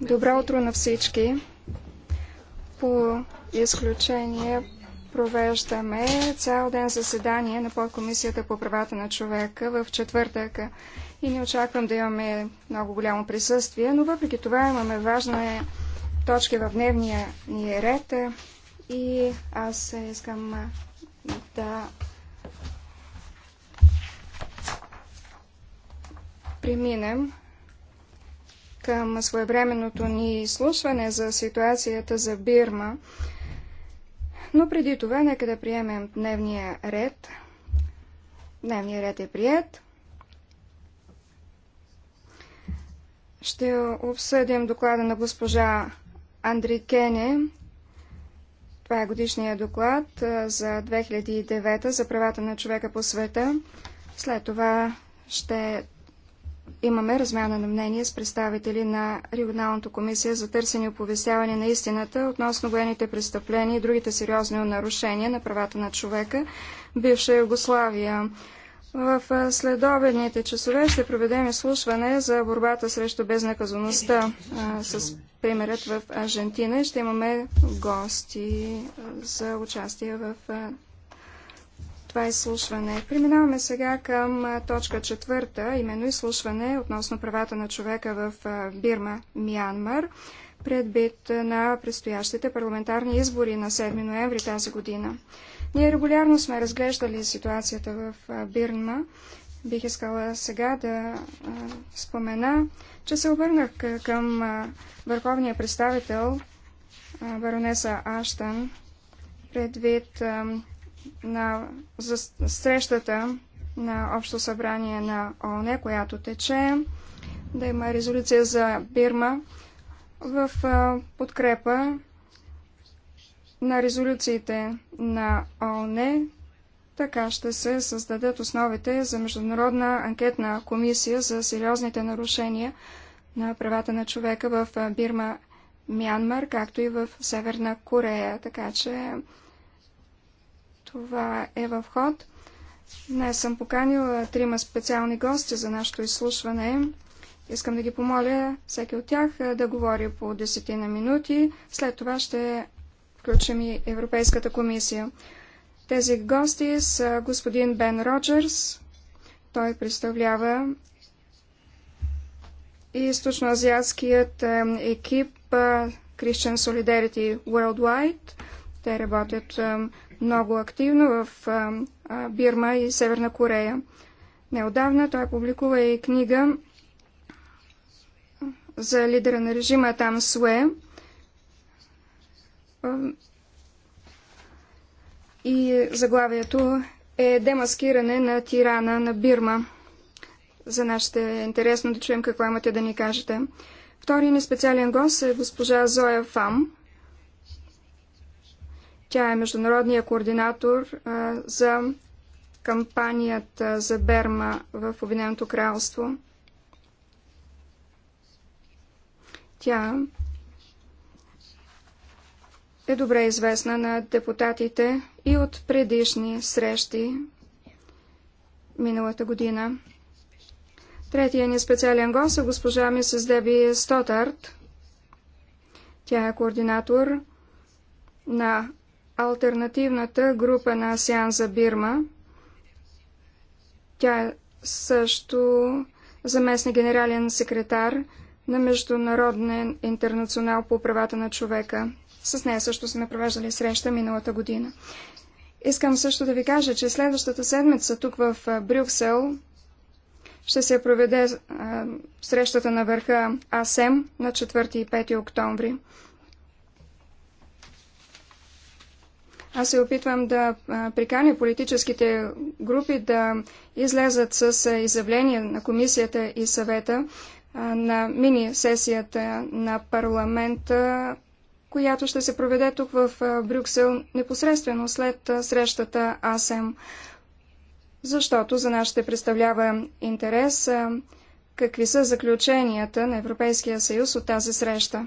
Добро утро на всички. По изключение провеждаме цял ден заседание на подкомисията по правата на човека в четвъртък и не очаквам да имаме много голямо присъствие, но въпреки това имаме важни точки в дневния ни ред и аз искам да преминем към своевременното ни изслушване за ситуацията за Бирма. Но преди това нека да приемем дневния ред. Дневния ред е прият. Ще обсъдим доклада на госпожа Андри Кене. Това е годишният доклад за 2009 за правата на човека по света. След това ще имаме размяна на мнение с представители на Регионалната комисия за търсене и оповестяване на истината относно военните престъпления и другите сериозни нарушения на правата на човека бивша Югославия. В следобедните часове ще проведем изслушване за борбата срещу безнаказаността с примерът в Аржентина и ще имаме гости за участие в това изслушване. Преминаваме сега към точка четвърта, именно изслушване относно правата на човека в Бирма, Мянмар, предбит на предстоящите парламентарни избори на 7 ноември тази година. Ние регулярно сме разглеждали ситуацията в Бирма. Бих искала сега да спомена, че се обърнах към върховния представител баронеса Аштън предвид на, за срещата на Общо събрание на ООН, която тече, да има резолюция за Бирма в подкрепа на резолюциите на ООН. Така ще се създадат основите за Международна анкетна комисия за сериозните нарушения на правата на човека в Бирма, Мянмар, както и в Северна Корея. Така че това е в ход. Днес съм поканила трима специални гости за нашето изслушване. Искам да ги помоля всеки от тях да говори по 10 на минути. След това ще включим и Европейската комисия. Тези гости са господин Бен Роджерс. Той представлява източноазиатският екип Christian Solidarity Worldwide. Те работят много активно в Бирма и Северна Корея. Неодавна той публикува и книга за лидера на режима Там Суе. И заглавието е Демаскиране на тирана на Бирма. За нас ще е интересно да чуем какво имате да ни кажете. Втори ни специален гост е госпожа Зоя Фам, тя е международния координатор за кампанията за Берма в Обединеното кралство. Тя е добре известна на депутатите и от предишни срещи миналата година. Третия ни специален гост е госпожа мисис Деби Стотарт. Тя е координатор на альтернативната група на Асиан за Бирма. Тя е също заместник генерален секретар на Международен интернационал по правата на човека. С нея също сме провеждали среща миналата година. Искам също да ви кажа, че следващата седмица тук в Брюксел ще се проведе а, срещата на върха АСЕМ на 4 и 5 октомври. Аз се опитвам да приканя политическите групи да излезат с изявление на комисията и съвета на мини-сесията на парламента, която ще се проведе тук в Брюксел непосредствено след срещата АСЕМ, защото за нас ще представлява интерес какви са заключенията на Европейския съюз от тази среща.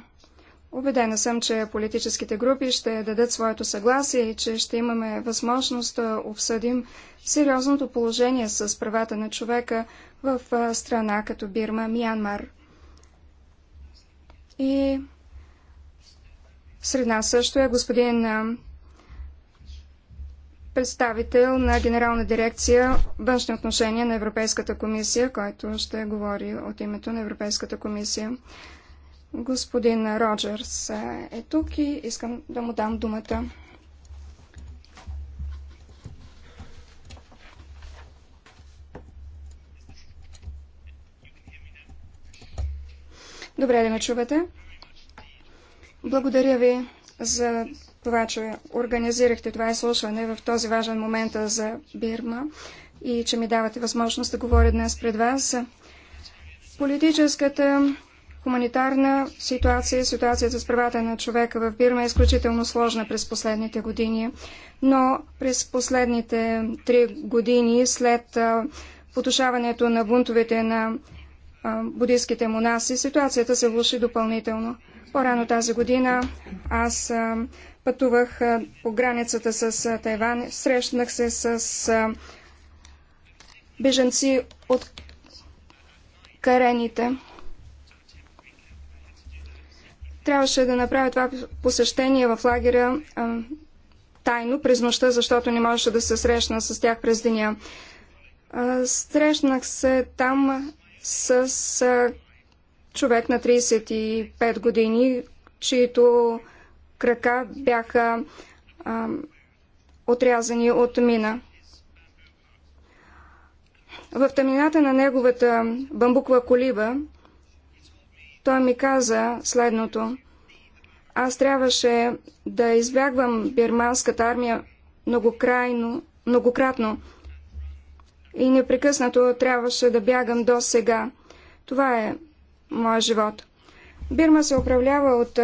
Убедена съм, че политическите групи ще дадат своето съгласие и че ще имаме възможност да обсъдим сериозното положение с правата на човека в страна като Бирма, Мянмар. И сред нас също е господин представител на Генерална дирекция външни отношения на Европейската комисия, който ще говори от името на Европейската комисия. Господин Роджерс е, е тук и искам да му дам думата. Добре да ме чувате. Благодаря ви за това, че организирахте това изслушване в този важен момент за Бирма и че ми давате възможност да говоря днес пред вас. Политическата Хуманитарна ситуация, ситуацията с правата на човека в Бирма е изключително сложна през последните години, но през последните три години след потушаването на бунтовете на буддийските монаси, ситуацията се влуши допълнително. По-рано тази година аз пътувах по границата с Тайван, срещнах се с беженци от карените. Трябваше да направя това посещение в лагера а, тайно през нощта, защото не можеше да се срещна с тях през деня. А, срещнах се там с а, човек на 35 години, чието крака бяха а, отрязани от мина. В тъмнината на неговата бамбуква колиба той ми каза следното. Аз трябваше да избягвам бирманската армия многокрайно, многократно и непрекъснато трябваше да бягам до сега. Това е моя живот. Бирма се управлява от,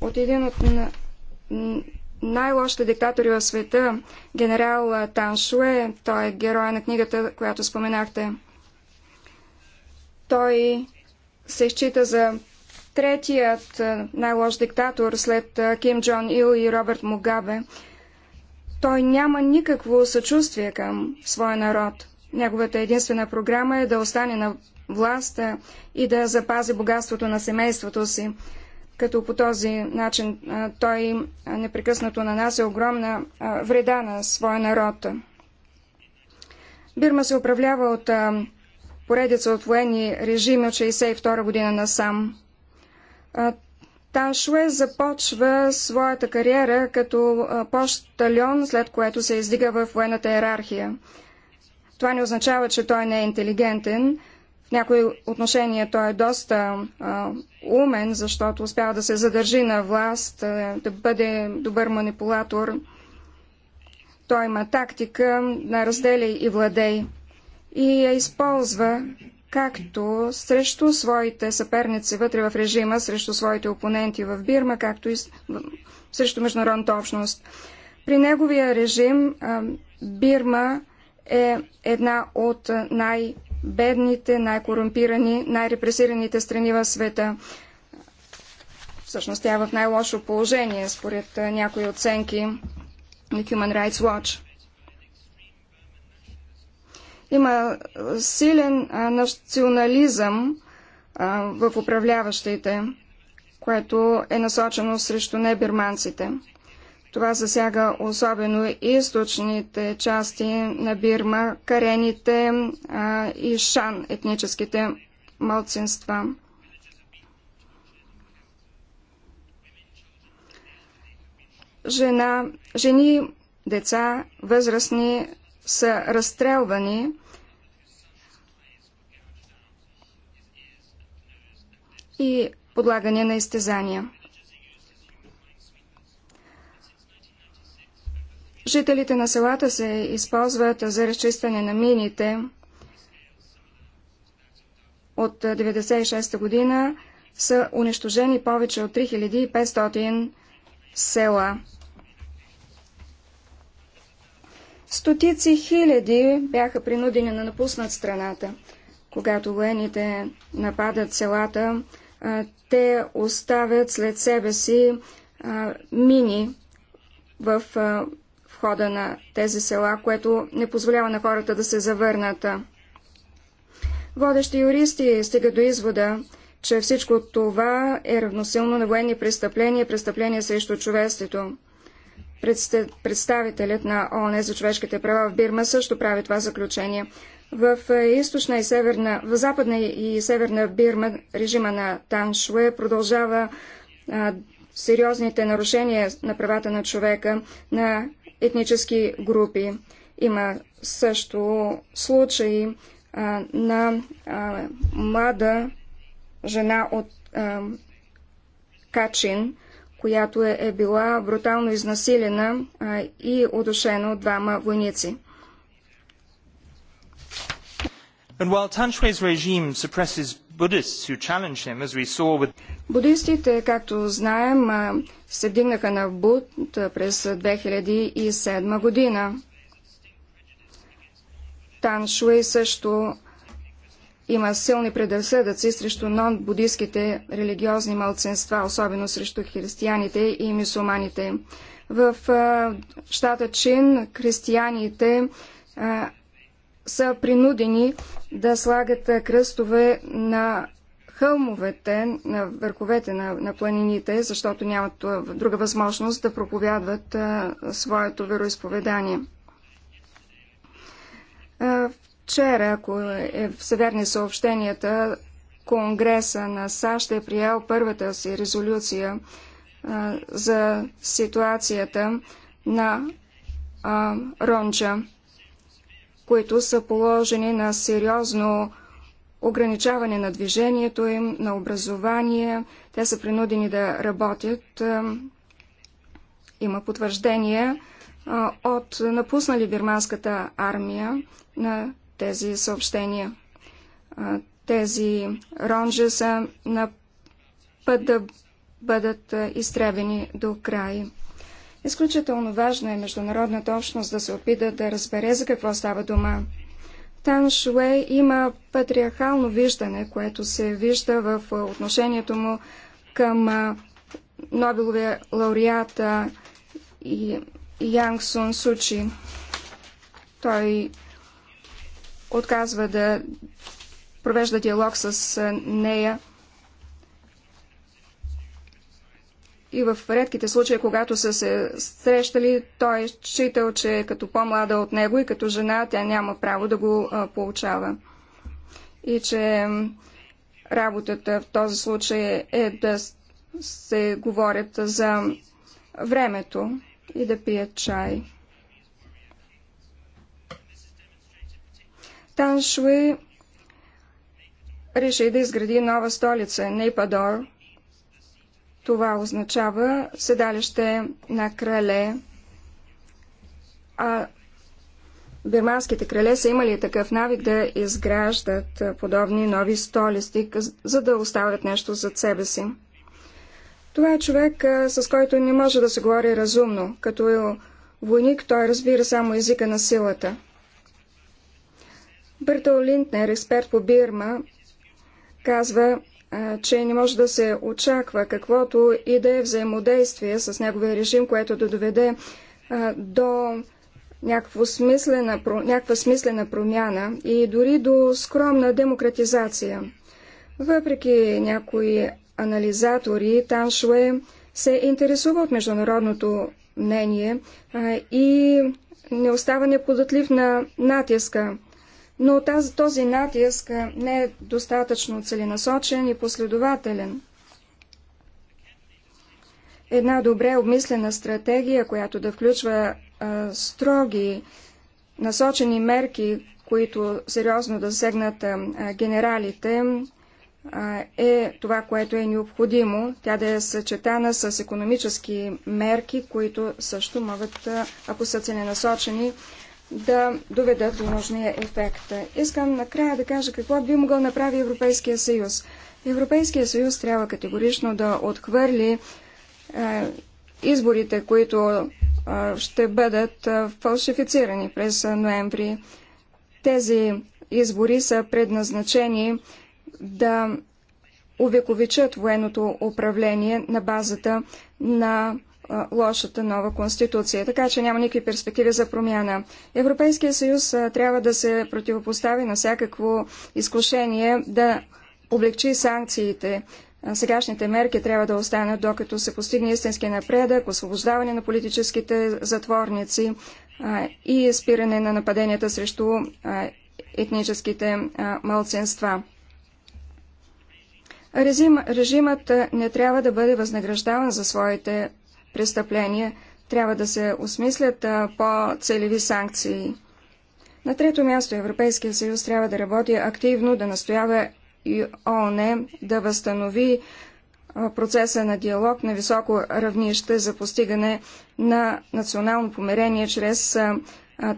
от един от най-лошите диктатори в света, генерал Тан Шуе. Той е героя на книгата, която споменахте. Той се счита за третият е, най-лош диктатор след е, Ким Джон Ил и Робърт Мугабе. Той няма никакво съчувствие към своя народ. Неговата единствена програма е да остане на власт е, и да запази богатството на семейството си, като по този начин той непрекъснато нанася огромна вреда на своя народ. Бирма се управлява от поредица от военни режими от 1962 година насам. Ташуе започва своята кариера като почтальон, след което се издига в военната иерархия. Това не означава, че той не е интелигентен. В някои отношения той е доста а, умен, защото успява да се задържи на власт, а, да бъде добър манипулатор. Той има тактика на разделяй и владей и я използва както срещу своите съперници вътре в режима, срещу своите опоненти в Бирма, както и срещу международната общност. При неговия режим Бирма е една от най-бедните, най-корумпирани, най-репресираните страни в света. Всъщност тя е в най-лошо положение, според някои оценки на Human Rights Watch. Има силен национализъм в управляващите, което е насочено срещу небирманците. Това засяга особено и източните части на Бирма, карените а, и шан, етническите малцинства. Жена, жени, деца, възрастни са разстрелвани и подлагане на изтезания. Жителите на селата се използват за разчистване на мините. От 1996 година са унищожени повече от 3500 села. Стотици хиляди бяха принудени да на напуснат страната. Когато военните нападат селата, те оставят след себе си мини в входа на тези села, което не позволява на хората да се завърнат. Водещи юристи стига до извода, че всичко това е равносилно на военни престъпления, престъпления срещу човестето. Представителят на ООН за човешките права в Бирма също прави това заключение. В е, източна и северна, в западна и северна Бирма режима на Таншуе продължава а, сериозните нарушения на правата на човека на етнически групи. Има също случаи а, на а, млада жена от а, Качин, която е, е била брутално изнасилена а, и удушена от двама войници. Будистите, както знаем, се дигнаха на Буд през 2007 година. Тан Шуей също има силни предразсъдъци срещу нон-будистските религиозни мълценства, особено срещу християните и мусулманите. В щата Чин християните са принудени да слагат кръстове на хълмовете, на върховете на, на планините, защото нямат друга възможност да проповядват а, своето вероисповедание. А, вчера, ако е в северни съобщенията, Конгреса на САЩ е приял първата си резолюция а, за ситуацията на а, Ронча които са положени на сериозно ограничаване на движението им, на образование. Те са принудени да работят. Е, има потвърждение е, от напуснали бирманската армия на тези съобщения. Е, тези ронжи са на път да бъдат изтребени до края. Изключително важно е международната общност да се опита да разбере за какво става дума. Тан Шуе има патриархално виждане, което се вижда в отношението му към Нобеловия лауреат Янг Сун Сучи. Той отказва да провежда диалог с нея и в редките случаи, когато са се срещали, той е считал, че е като по-млада от него и като жена тя няма право да го а, получава. И че работата в този случай е да се говорят за времето и да пият чай. Таншуи реши да изгради нова столица, Нейпадор – това означава седалище на крале. А бирманските крале са имали такъв навик да изграждат подобни нови столисти, за да оставят нещо зад себе си. Това е човек, с който не може да се говори разумно. Като войник той разбира само езика на силата. Бъртъл Линтнер, експерт по Бирма, казва, че не може да се очаква каквото и да е взаимодействие с неговия режим, което да доведе до някаква смислена, някаква смислена промяна и дори до скромна демократизация. Въпреки някои анализатори, Шуе се интересува от международното мнение и не остава неподатлив на натиска но тази, този натиск не е достатъчно целенасочен и последователен. Една добре обмислена стратегия, която да включва а, строги, насочени мерки, които сериозно да сегнат генералите, а, е това, което е необходимо. Тя да е съчетана с економически мерки, които също могат, ако са целенасочени, да доведат до нужния ефект. Искам накрая да кажа какво би могъл направи Европейския съюз. Европейския съюз трябва категорично да отхвърли е, изборите, които е, ще бъдат е, фалшифицирани през ноември. Тези избори са предназначени да увековичат военното управление на базата на лошата нова конституция, така че няма никакви перспективи за промяна. Европейския съюз трябва да се противопостави на всякакво изкушение да облегчи санкциите. Сегашните мерки трябва да останат, докато се постигне истински напредък, освобождаване на политическите затворници и спиране на нападенията срещу етническите малцинства. Режим, режимът не трябва да бъде възнаграждаван за своите престъпления, трябва да се осмислят по-целеви санкции. На трето място Европейския съюз трябва да работи активно, да настоява и ООН да възстанови процеса на диалог на високо равнище за постигане на национално помирение чрез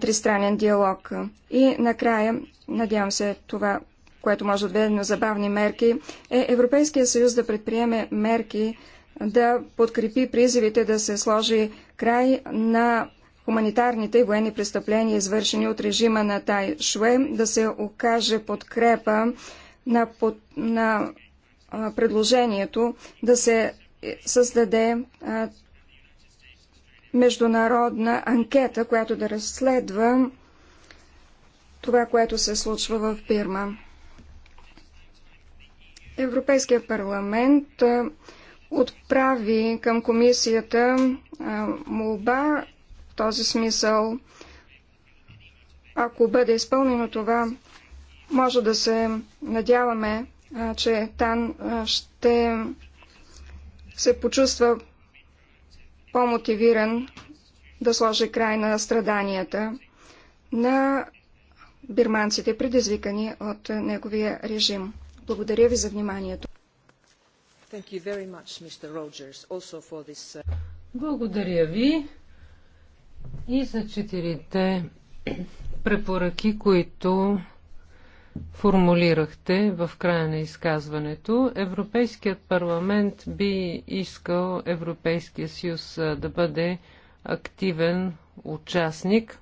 тристранен диалог. И накрая, надявам се това, което може да доведе на забавни мерки, е Европейския съюз да предприеме мерки да подкрепи призивите да се сложи край на хуманитарните и военни престъпления, извършени от режима на Тай Шуе, да се окаже подкрепа на, под, на а, предложението да се е, създаде а, международна анкета, която да разследва това, което се случва в Пирма. Европейския парламент а, отправи към комисията молба в този смисъл. Ако бъде изпълнено това, може да се надяваме, че Тан ще се почувства по-мотивиран да сложи край на страданията на бирманците, предизвикани от неговия режим. Благодаря ви за вниманието. Uh, Благодаря ви и за четирите препоръки, които формулирахте в края на изказването. Европейският парламент би искал Европейския съюз да бъде активен участник.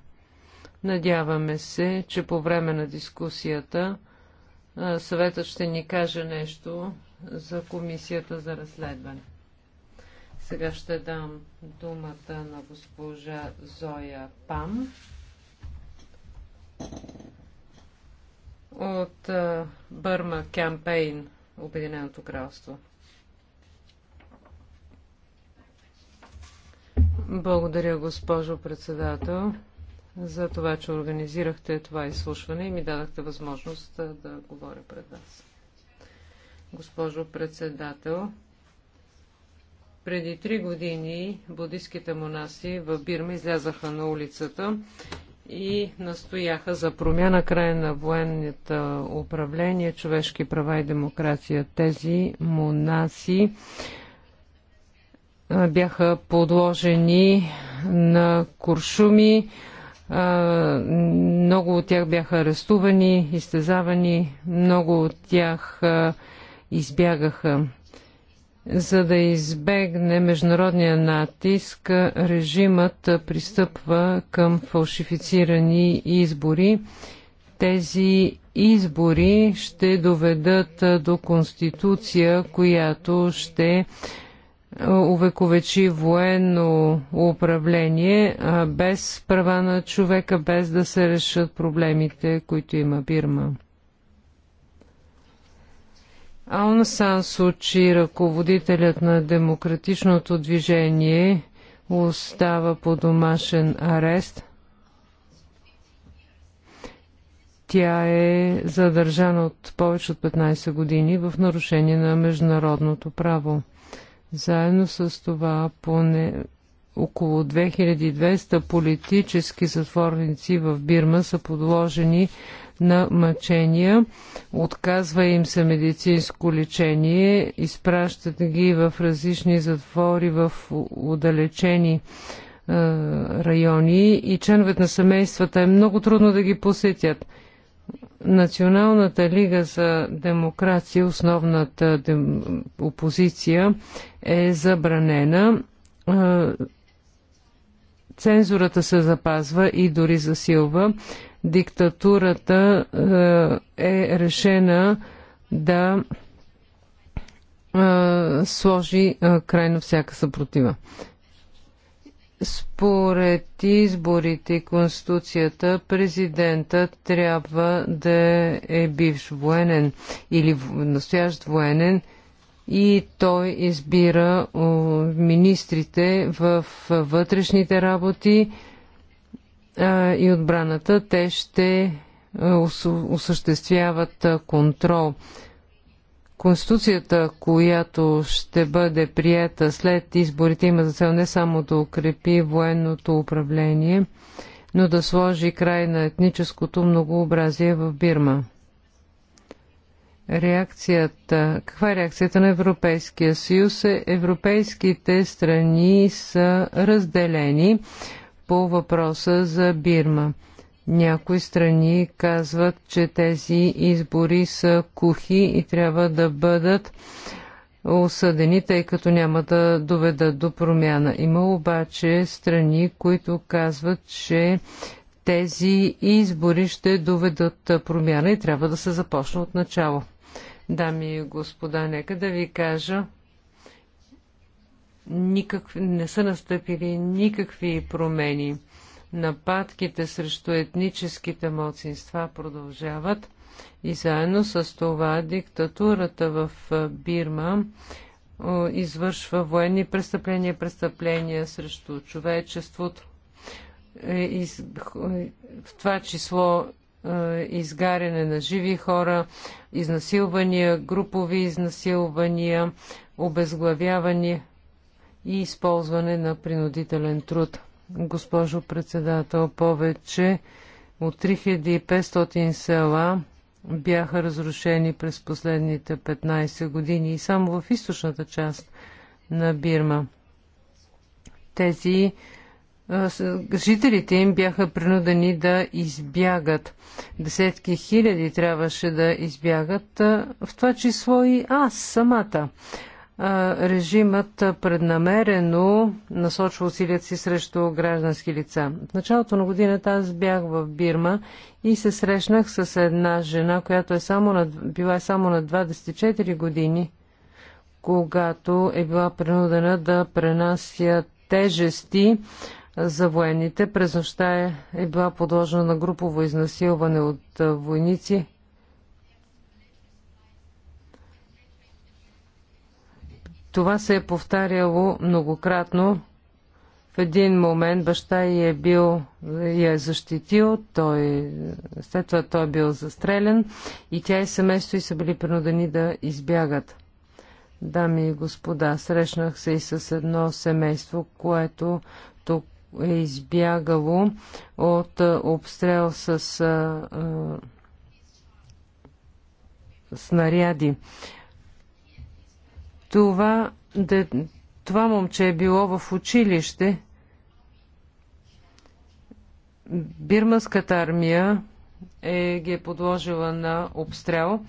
Надяваме се, че по време на дискусията съветът ще ни каже нещо за комисията за разследване. Сега ще дам думата на госпожа Зоя Пам от Бърма Кампейн, Обединеното кралство. Благодаря, госпожо председател, за това, че организирахте това изслушване и ми дадахте възможност да говоря пред вас госпожо председател. Преди три години будистските монаси в Бирма излязаха на улицата и настояха за промяна края на военната управление, човешки права и демокрация. Тези монаси бяха подложени на куршуми, много от тях бяха арестувани, изтезавани, много от тях избягаха. За да избегне международния натиск, режимът пристъпва към фалшифицирани избори. Тези избори ще доведат до конституция, която ще е, увековечи военно управление без права на човека, без да се решат проблемите, които има Бирма. Аун Сан Сучи, ръководителят на демократичното движение, остава по домашен арест. Тя е задържана от повече от 15 години в нарушение на международното право. Заедно с това поне около 2200 политически затворници в Бирма са подложени на мъчения, отказва им се медицинско лечение, изпращат ги в различни затвори в отдалечени райони и членовете на семействата е много трудно да ги посетят. Националната лига за демокрация, основната дем... опозиция, е забранена. цензурата се запазва и дори засилва диктатурата е, е решена да е, сложи е, край на всяка съпротива. Според изборите и Конституцията, президента трябва да е бивш военен или настоящ военен и той избира министрите в вътрешните работи, и отбраната, те ще осъществяват контрол. Конституцията, която ще бъде прията след изборите, има за цел не само да укрепи военното управление, но да сложи край на етническото многообразие в Бирма. Реакцията, каква е реакцията на Европейския съюз? Европейските страни са разделени по въпроса за Бирма. Някои страни казват, че тези избори са кухи и трябва да бъдат осъдени, тъй като няма да доведат до промяна. Има обаче страни, които казват, че тези избори ще доведат промяна и трябва да се започне от начало. Дами и господа, нека да ви кажа, никак, не са настъпили никакви промени. Нападките срещу етническите младсинства продължават и заедно с това диктатурата в Бирма извършва военни престъпления, престъпления срещу човечеството, е, е, в това число изгаряне на живи хора, изнасилвания, групови изнасилвания, обезглавявания и използване на принудителен труд. Госпожо председател, повече от 3500 села бяха разрушени през последните 15 години и само в източната част на Бирма. Тези жителите им бяха принудени да избягат. Десетки хиляди трябваше да избягат, в това число и аз самата режимът преднамерено насочва усилията си срещу граждански лица. В началото на годината аз бях в Бирма и се срещнах с една жена, която е само на, била е само на 24 години, когато е била принудена да пренася тежести за военните. През нощта е, е била подложена на групово изнасилване от войници. Това се е повтаряло многократно. В един момент баща й е бил, я е защитил, той, след това той е бил застрелен и тя и семейство и са били принудени да избягат. Дами и господа, срещнах се и с едно семейство, което тук е избягало от обстрел с а, а, снаряди. Това, де, това момче е било в училище. Бирманската армия е, ги е подложила на обстрел.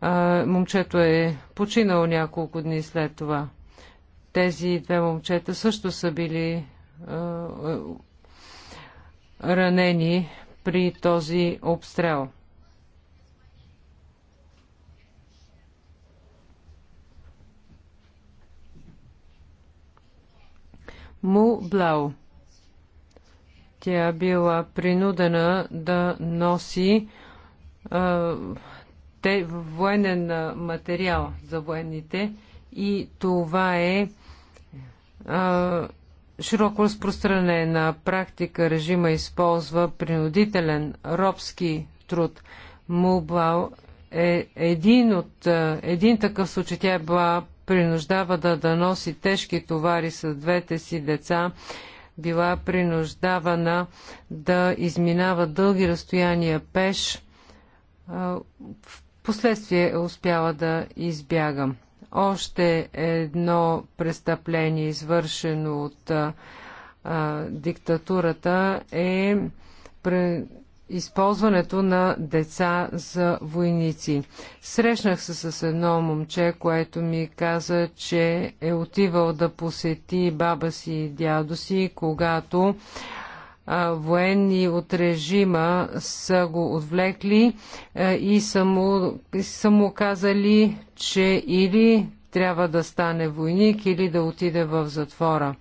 А, момчето е починало няколко дни след това. Тези две момчета също са били а, е, ранени при този обстрел. Му Блау. Тя била принудена да носи а, те, военен материал за военните и това е а, широко разпространена практика. Режима използва принудителен робски труд. Блау е един, от, един такъв случай. Тя е била принуждава да, да носи тежки товари с двете си деца, била принуждавана да изминава дълги разстояния пеш. Впоследствие е успяла да избяга. Още едно престъпление, извършено от а, диктатурата, е използването на деца за войници. Срещнах се с едно момче, което ми каза, че е отивал да посети баба си и дядо си, когато а, военни от режима са го отвлекли а, и са му, са му казали, че или трябва да стане войник, или да отиде в затвора.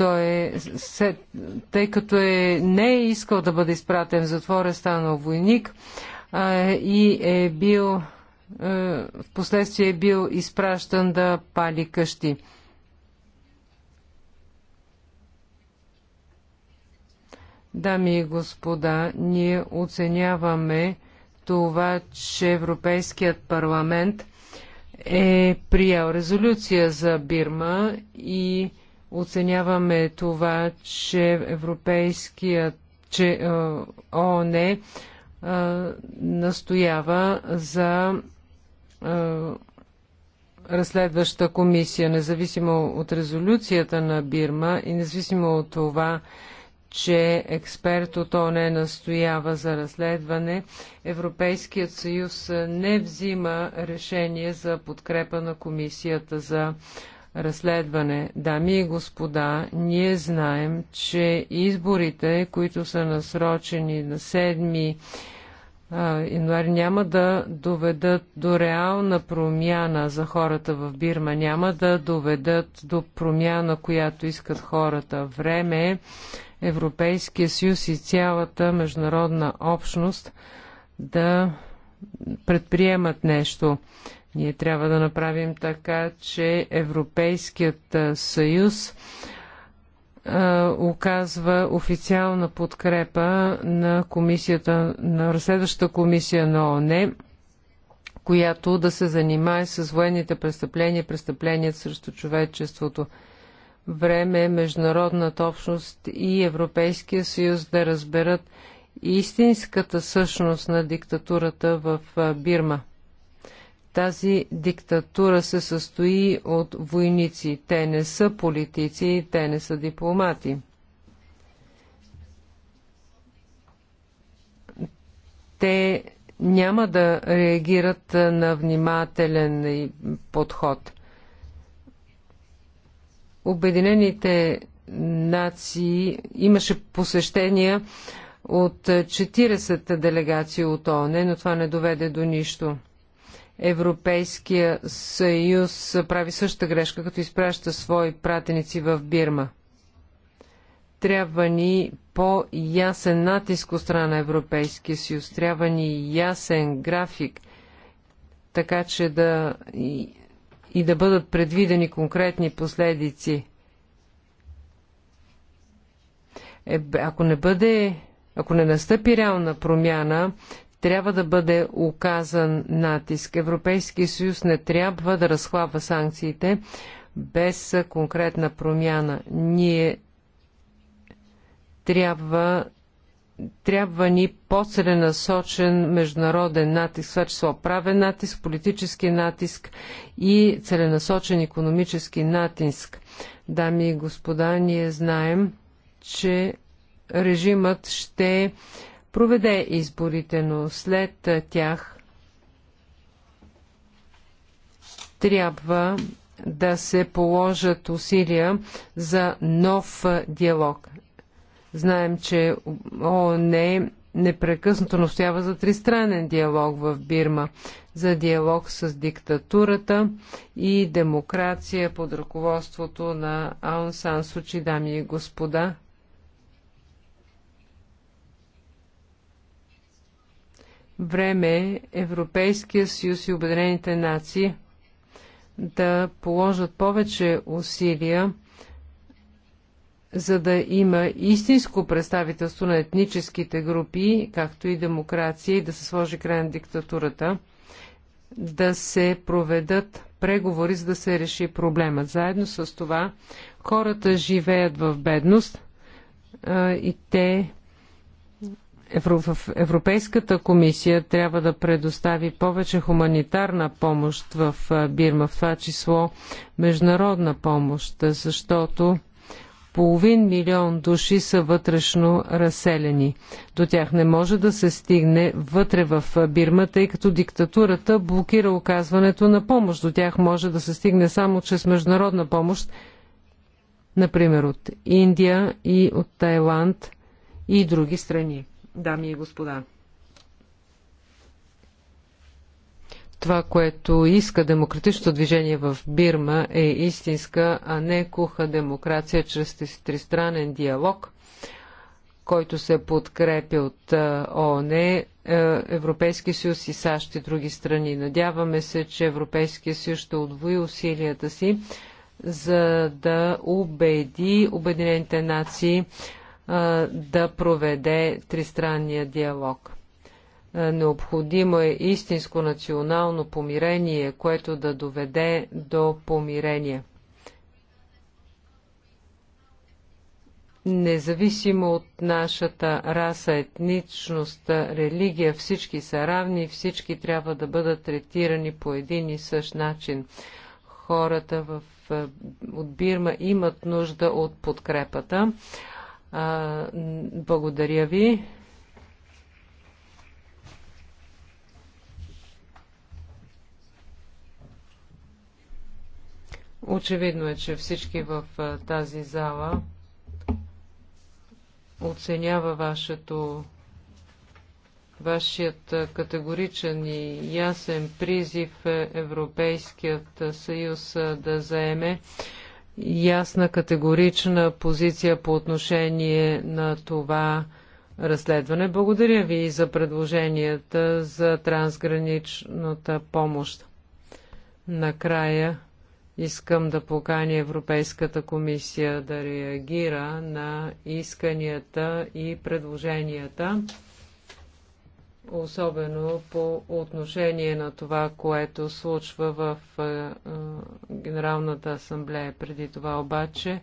Той е, се, тъй като е, не е искал да бъде изпратен в затвор, е станал войник а, и е бил е, в последствие е бил изпращан да пали къщи. Дами и господа, ние оценяваме това, че Европейският парламент е приял резолюция за Бирма и Оценяваме това, че Европейският, че е, ООН е, настоява за е, разследваща комисия, независимо от резолюцията на Бирма и независимо от това, че експерт от ОНЕ настоява за разследване, Европейският съюз не взима решение за подкрепа на комисията за разследване. Дами и господа, ние знаем, че изборите, които са насрочени на 7 януари, няма да доведат до реална промяна за хората в Бирма, няма да доведат до промяна, която искат хората. Време е Европейския съюз и цялата международна общност да предприемат нещо. Ние трябва да направим така, че Европейският съюз оказва официална подкрепа на комисията, на разследваща комисия на ОНЕ, която да се занимае с военните престъпления, престъпления срещу човечеството. Време е международната общност и Европейския съюз да разберат истинската същност на диктатурата в Бирма. Тази диктатура се състои от войници. Те не са политици, те не са дипломати. Те няма да реагират на внимателен подход. Обединените нации имаше посещения от 40 делегации от ОНЕ, но това не доведе до нищо. Европейския съюз прави същата грешка, като изпраща свои пратеници в Бирма. Трябва ни по-ясен натиск от страна на Европейския съюз. Трябва ни ясен график, така че да и, и да бъдат предвидени конкретни последици. Е, ако не бъде ако не настъпи реална промяна, трябва да бъде оказан натиск. Европейския съюз не трябва да разхлабва санкциите без конкретна промяна. Ние трябва трябва ни по-целенасочен международен натиск, това число правен натиск, политически натиск и целенасочен економически натиск. Дами и господа, ние знаем, че режимът ще проведе изборите, но след тях трябва да се положат усилия за нов диалог. Знаем, че ООН е непрекъснато настоява за тристранен диалог в Бирма, за диалог с диктатурата и демокрация под ръководството на Аун Сан Сучи, дами и господа. време Европейския съюз и Обединените нации да положат повече усилия, за да има истинско представителство на етническите групи, както и демокрация, и да се сложи край на диктатурата, да се проведат преговори, за да се реши проблемът. Заедно с това хората живеят в бедност и те в Европейската комисия трябва да предостави повече хуманитарна помощ в Бирма, в това число международна помощ, защото половин милион души са вътрешно разселени. До тях не може да се стигне вътре в Бирма, тъй като диктатурата блокира оказването на помощ. До тях може да се стигне само чрез международна помощ, например от Индия и от Тайланд и други страни дами и господа. Това, което иска демократичното движение в Бирма е истинска, а не куха демокрация чрез тристранен диалог, който се подкрепи от ООН, е, Европейския съюз и САЩ и други страни. Надяваме се, че Европейския съюз ще отвои усилията си за да убеди Обединените нации да проведе тристранния диалог. Необходимо е истинско национално помирение, което да доведе до помирение. Независимо от нашата раса, етничност, религия, всички са равни, всички трябва да бъдат третирани по един и същ начин. Хората в, от Бирма имат нужда от подкрепата а, благодаря ви. Очевидно е, че всички в тази зала оценява вашето, вашият категоричен и ясен призив е, Европейският съюз да заеме ясна категорична позиция по отношение на това разследване. Благодаря ви за предложенията за трансграничната помощ. Накрая искам да поканя Европейската комисия да реагира на исканията и предложенията особено по отношение на това, което случва в Генералната асамблея. Преди това обаче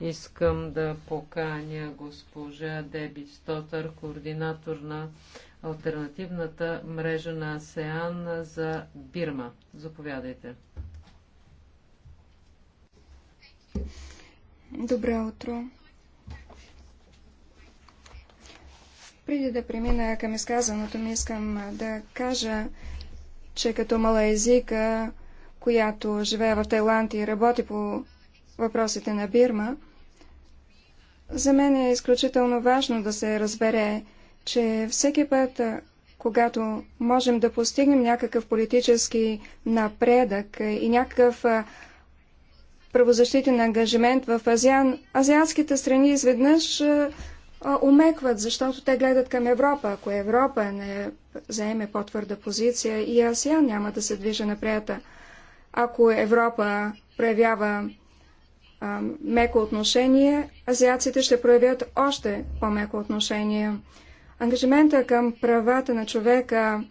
искам да поканя госпожа Деби Стотър, координатор на альтернативната мрежа на АСЕАН за Бирма. Заповядайте. Добро утро. Преди да премина към изказаното ми, искам да кажа, че като езика, която живее в Тайланд и работи по въпросите на Бирма, за мен е изключително важно да се разбере, че всеки път, когато можем да постигнем някакъв политически напредък и някакъв правозащитен ангажимент в Азиан, азиатските страни изведнъж омекват, защото те гледат към Европа. Ако Европа не заеме по-твърда позиция, и АСИАН няма да се движи напред. Ако Европа проявява а, меко отношение, азиаците ще проявят още по-меко отношение. Ангажимента към правата на човека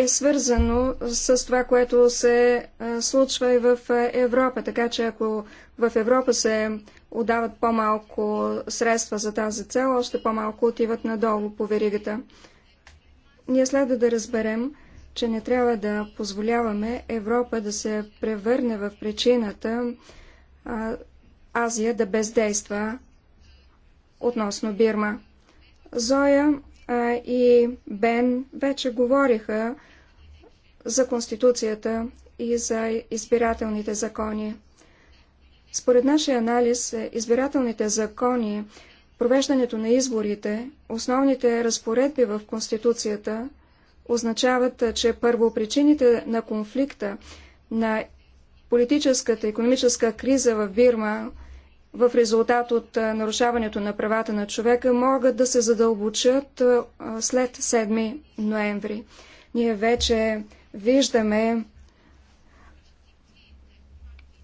е свързано с това, което се случва и в Европа. Така че ако в Европа се отдават по-малко средства за тази цел, още по-малко отиват надолу по веригата. Ние следва да разберем, че не трябва да позволяваме Европа да се превърне в причината а, Азия да бездейства относно Бирма. Зоя а, и Бен вече говориха за Конституцията и за избирателните закони. Според нашия анализ, е, избирателните закони, провеждането на изборите, основните разпоредби в Конституцията означават, е, че първо причините на конфликта, на политическата, и економическа криза в Бирма, в резултат от е, нарушаването на правата на човека, могат да се задълбочат след 7 ноември. Ние вече виждаме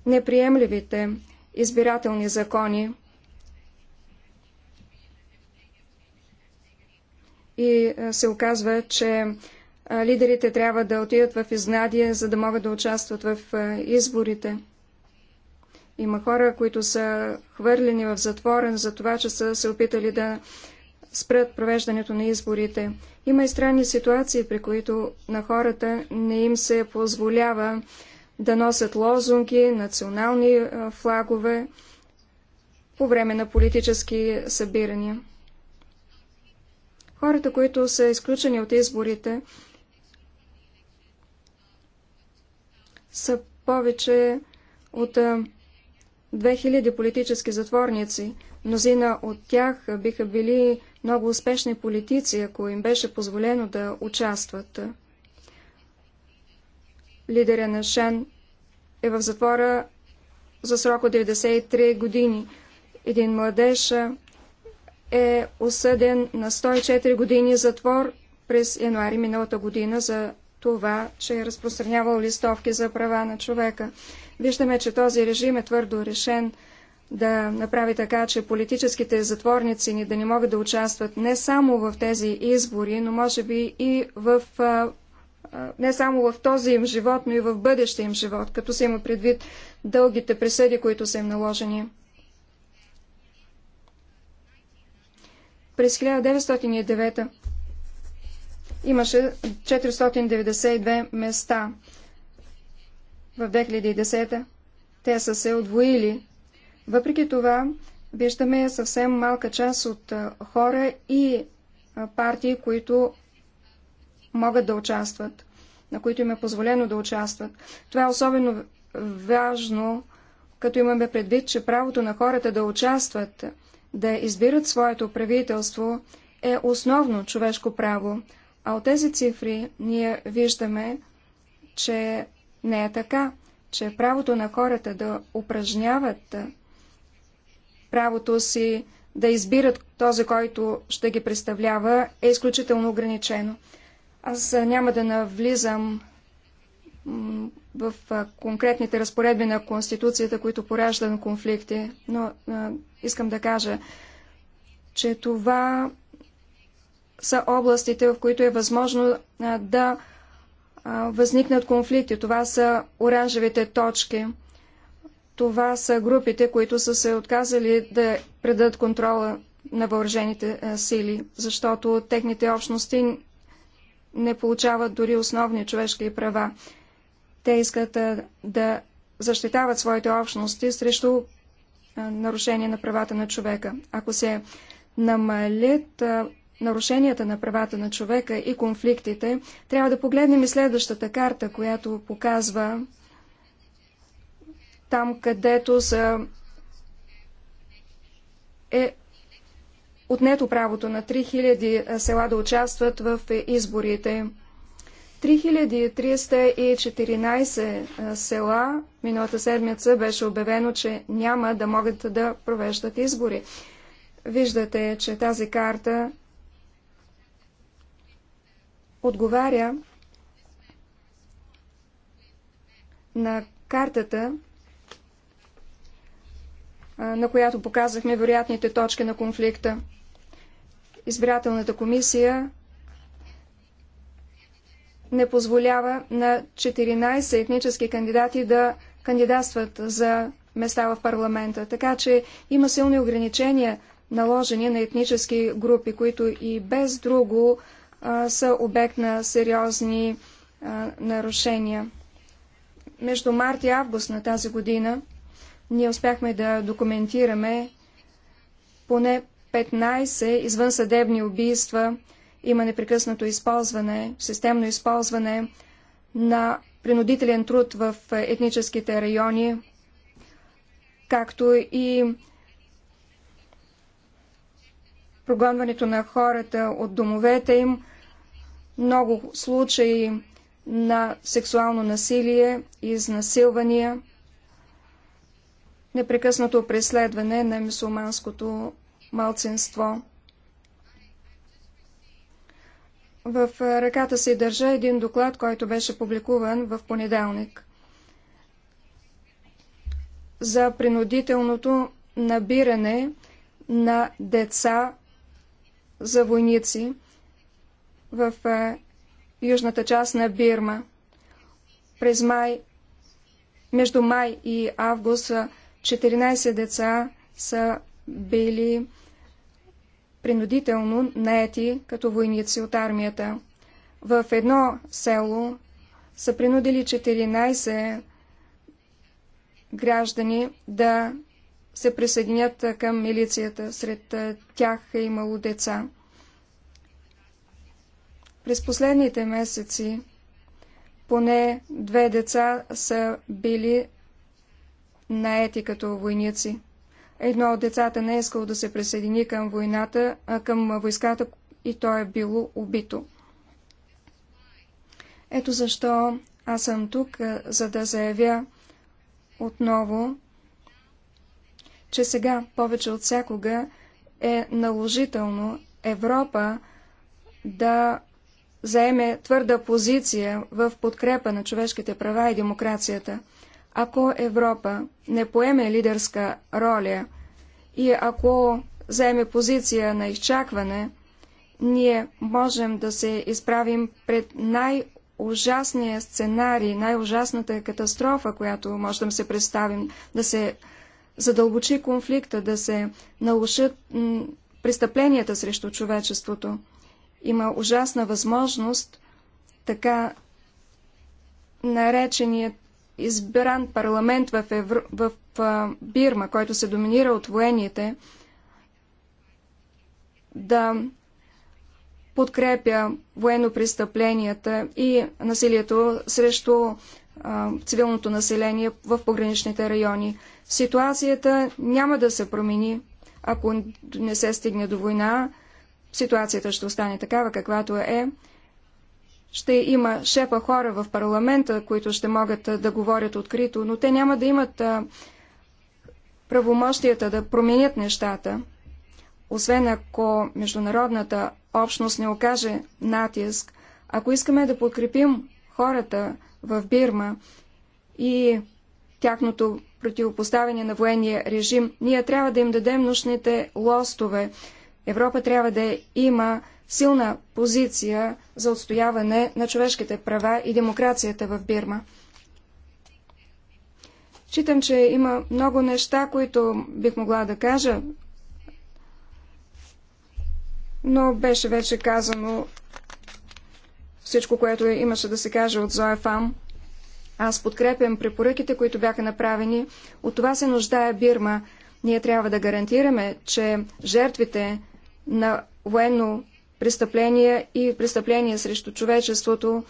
неприемливите избирателни закони и е, се оказва, че е, лидерите трябва да отидат в изнадие, за да могат да участват в е, изборите. Има хора, които са хвърлени в затвора за това, че са се опитали да спрат провеждането на изборите. Има и странни ситуации, при които на хората не им се позволява да носят лозунги, национални флагове по време на политически събирания. Хората, които са изключени от изборите, са повече от 2000 политически затворници. Мнозина от тях биха били много успешни политици, ако им беше позволено да участват. лидера на Шен е в затвора за срок от 93 години. Един младеж е осъден на 104 години затвор през януари миналата година за това, че е разпространявал листовки за права на човека. Виждаме, че този режим е твърдо решен да направи така, че политическите затворници ни да не могат да участват не само в тези избори, но може би и в не само в този им живот, но и в бъдещия им живот, като се има предвид дългите присъди, които са им наложени. През 1909 имаше 492 места. В 2010 те са се отвоили въпреки това, виждаме съвсем малка част от хора и партии, които могат да участват, на които им е позволено да участват. Това е особено важно, като имаме предвид, че правото на хората да участват, да избират своето правителство, е основно човешко право. А от тези цифри ние виждаме, че не е така, че правото на хората да упражняват правото си да избират този, който ще ги представлява, е изключително ограничено. Аз няма да навлизам в конкретните разпоредби на Конституцията, които пораждат на конфликти, но искам да кажа, че това са областите, в които е възможно да възникнат конфликти. Това са оранжевите точки – това са групите, които са се отказали да предадат контрола на въоръжените е, сили, защото техните общности не получават дори основни човешки права. Те искат е, да защитават своите общности срещу е, нарушение на правата на човека. Ако се намалят нарушенията на правата на човека и конфликтите, трябва да погледнем и следващата карта, която показва там където са е отнето правото на 3000 села да участват в изборите. 3314 села миналата седмица беше обявено, че няма да могат да провеждат избори. Виждате, че тази карта отговаря на картата на която показахме вероятните точки на конфликта. Избирателната комисия не позволява на 14 етнически кандидати да кандидатстват за места в парламента. Така че има силни ограничения наложени на етнически групи, които и без друго а, са обект на сериозни а, нарушения. Между март и август на тази година ние успяхме да документираме поне 15 извънсъдебни убийства. Има непрекъснато използване, системно използване на принудителен труд в е, етническите райони, както и прогонването на хората от домовете им, много случаи на сексуално насилие, изнасилвания – непрекъснато преследване на мусулманското малцинство. В ръката си държа един доклад, който беше публикуван в понеделник за принудителното набиране на деца за войници в южната част на Бирма. През май, между май и август 14 деца са били принудително наети като войници от армията. В едно село са принудили 14 граждани да се присъединят към милицията. Сред тях е имало деца. През последните месеци поне две деца са били наети като войници. Едно от децата не е искало да се присъедини към войната, а към войската и то е било убито. Ето защо аз съм тук, за да заявя отново, че сега повече от всякога е наложително Европа да заеме твърда позиция в подкрепа на човешките права и демокрацията. Ако Европа не поеме лидерска роля и ако заеме позиция на изчакване, ние можем да се изправим пред най-ужасния сценарий, най-ужасната катастрофа, която можем да се представим, да се задълбочи конфликта, да се нарушат престъпленията срещу човечеството. Има ужасна възможност така нареченият избран парламент в, Евро... в Бирма, който се доминира от военните, да подкрепя военно-престъпленията и насилието срещу цивилното население в пограничните райони. Ситуацията няма да се промени, ако не се стигне до война. Ситуацията ще остане такава, каквато е ще има шепа хора в парламента, които ще могат да говорят открито, но те няма да имат правомощията да променят нещата, освен ако международната общност не окаже натиск, ако искаме да подкрепим хората в Бирма и тяхното противопоставяне на военния режим, ние трябва да им дадем нужните лостове. Европа трябва да има силна позиция за отстояване на човешките права и демокрацията в Бирма. Читам, че има много неща, които бих могла да кажа, но беше вече казано всичко, което имаше да се каже от Зоя Фам. Аз подкрепям препоръките, които бяха направени. От това се нуждае Бирма. Ние трябва да гарантираме, че жертвите на военно престъпления и престъпления срещу човечеството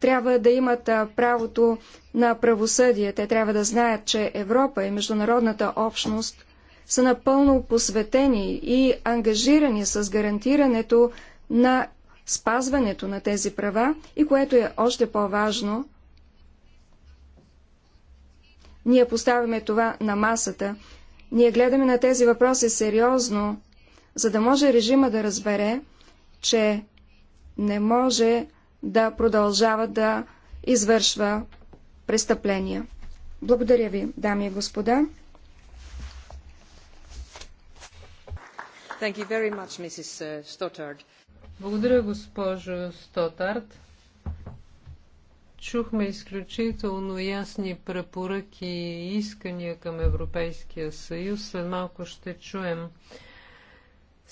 трябва да имат правото на правосъдие. Те трябва да знаят, че Европа и международната общност са напълно посветени и ангажирани с гарантирането на спазването на тези права и което е още по-важно, ние поставяме това на масата. Ние гледаме на тези въпроси сериозно, за да може режима да разбере, че не може да продължава да извършва престъпления. Благодаря ви, дами и господа. Much, Благодаря, госпожо Стотард. Чухме изключително ясни препоръки и искания към Европейския съюз. След малко ще чуем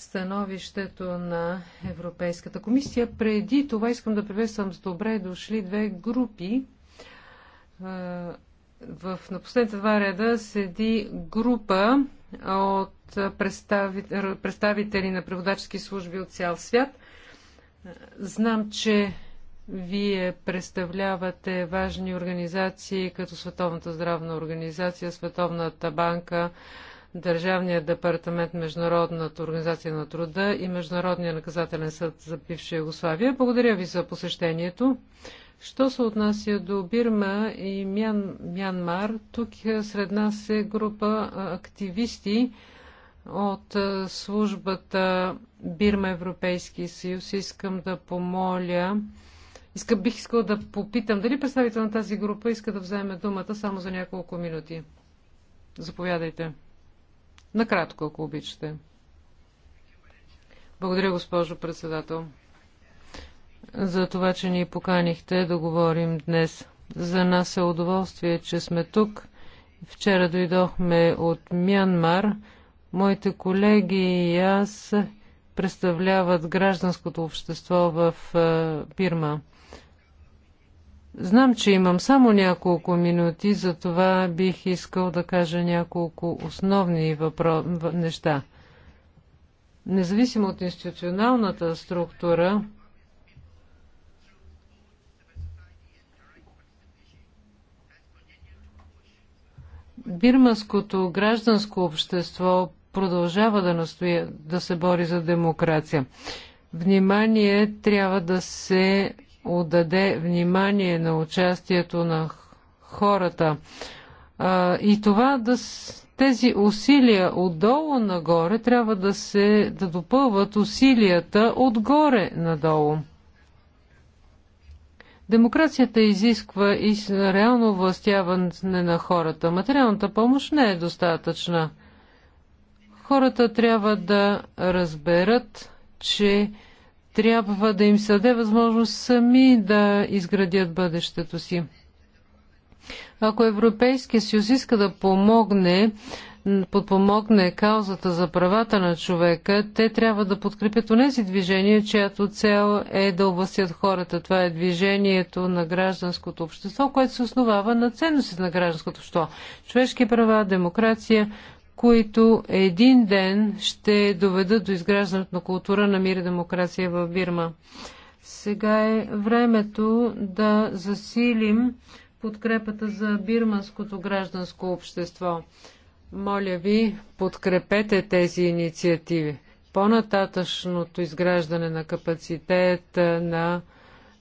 становището на Европейската комисия. Преди това искам да приветствам с добре дошли две групи. Е, в, на последните два реда седи група от представители на преводачески служби от цял свят. Знам, че вие представлявате важни организации като Световната здравна организация, Световната банка, Държавния департамент Международната организация на труда и Международния наказателен съд за бивша Югославия. Благодаря ви за посещението. Що се отнася до Бирма и Мян, Мянмар, тук сред нас е група активисти от службата Бирма Европейски съюз. Искам да помоля Иска, бих искал да попитам дали представител на тази група иска да вземе думата само за няколко минути. Заповядайте. Накратко, ако обичате. Благодаря, госпожо председател, за това, че ни поканихте да говорим днес. За нас е удоволствие, че сме тук. Вчера дойдохме от Мянмар. Моите колеги и аз представляват гражданското общество в Uh, Знам, че имам само няколко минути, затова бих искал да кажа няколко основни въпро... неща. Независимо от институционалната структура, бирманското гражданско общество продължава да настоя да се бори за демокрация. Внимание трябва да се отдаде внимание на участието на хората. А, и това да с... тези усилия отдолу нагоре трябва да се да допълват усилията отгоре надолу. Демокрацията изисква и реално властяване на хората. Материалната помощ не е достатъчна. Хората трябва да разберат, че трябва да им се даде възможност сами да изградят бъдещето си. Ако Европейския съюз иска да помогне, подпомогне каузата за правата на човека, те трябва да подкрепят онези движения, чиято цел е да областят хората. Това е движението на гражданското общество, което се основава на ценностите на гражданското общество. Човешки права, демокрация, които един ден ще доведат до изграждането на култура на мир и демокрация в Бирма. Сега е времето да засилим подкрепата за бирманското гражданско общество. Моля ви, подкрепете тези инициативи. По-нататъчното изграждане на капацитет на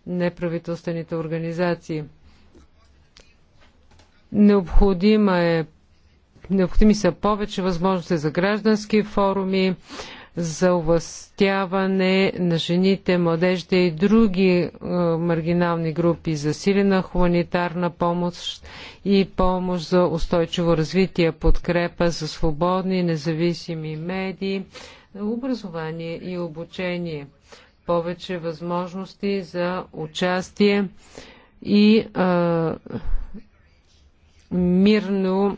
неправителствените организации. Необходима е Необходими са повече възможности за граждански форуми, за овластяване на жените, младежите и други е, маргинални групи, засилена хуманитарна помощ и помощ за устойчиво развитие, подкрепа за свободни независими медии, образование и обучение, повече възможности за участие и е, мирно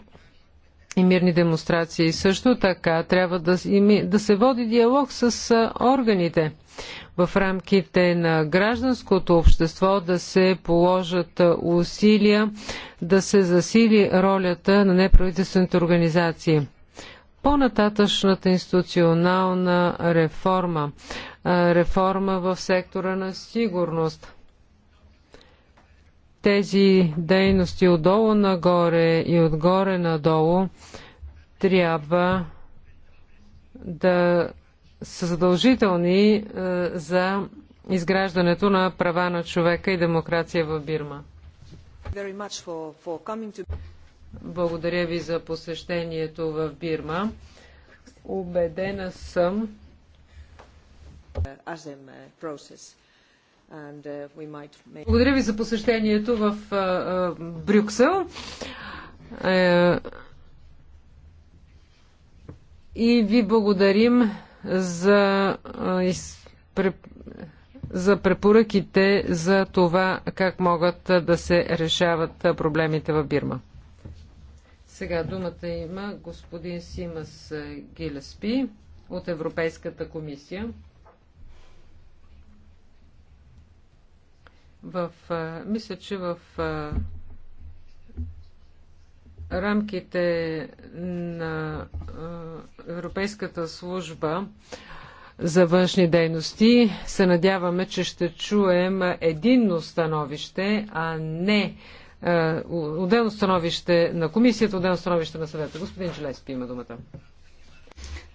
и мирни демонстрации. Също така трябва да, да се води диалог с органите в рамките на гражданското общество да се положат усилия да се засили ролята на неправителствените организации. По-нататъчната институционална реформа, реформа в сектора на сигурност – тези дейности отдолу нагоре и отгоре надолу трябва да са задължителни е, за изграждането на права на човека и демокрация в Бирма. Благодаря ви за посещението в Бирма. Убедена съм, Uh, Благодаря ви за посещението в Брюксел. Е, и ви благодарим за, за препоръките за това как могат да се решават проблемите в Бирма. Сега думата има господин Симас Гилеспи от Европейската комисия. В, мисля, че в рамките на Европейската служба за външни дейности се надяваме, че ще чуем единно становище, а не отделно становище на комисията, отделно становище на съвета. Господин Желеспи има думата.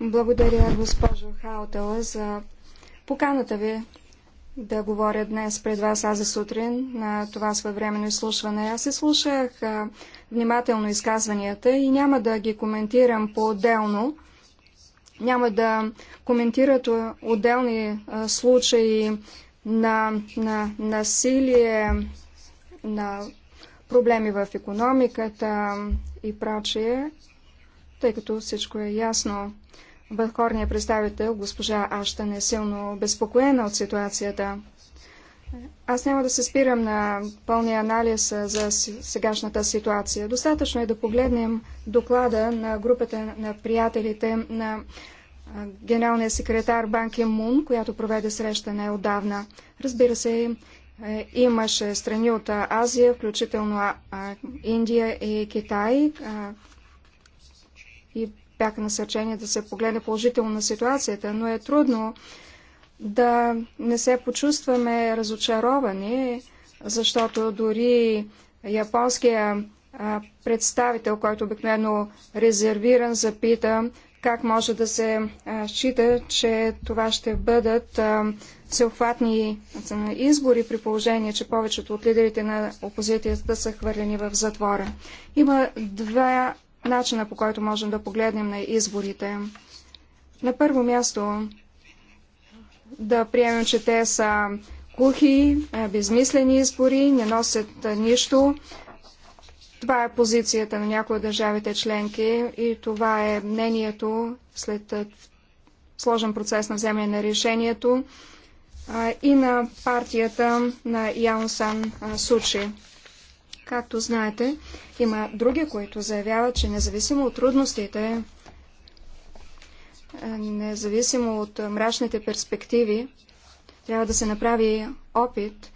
Благодаря, госпожо Хаотела за поканата ви да говоря днес пред вас тази сутрин на това своевременно изслушване. Аз слушах а, внимателно изказванията и няма да ги коментирам по-отделно. Няма да коментират отделни а, случаи на, на насилие, на проблеми в економиката и прочие, тъй като всичко е ясно. Върховният представител госпожа Аштан е силно безпокоена от ситуацията. Аз няма да се спирам на пълния анализ за сегашната ситуация. Достатъчно е да погледнем доклада на групата на приятелите на генералния секретар Банки Мун, която проведе среща отдавна. Разбира се, е, имаше страни от Азия, включително Индия и Китай, бяха насърчени да се погледне положително на ситуацията, но е трудно да не се почувстваме разочаровани, защото дори японския представител, който обикновено резервиран, запита как може да се счита, че това ще бъдат всеохватни избори при положение, че повечето от лидерите на опозицията са хвърлени в затвора. Има два начина по който можем да погледнем на изборите. На първо място да приемем, че те са кухи, е, безмислени избори, не носят е, нищо. Това е позицията на някои от държавите членки и това е мнението след е, сложен процес на вземане на решението и на партията на Янсан Сучи. Както знаете, има други, които заявяват, че независимо от трудностите, е, независимо от мрачните перспективи, трябва да се направи опит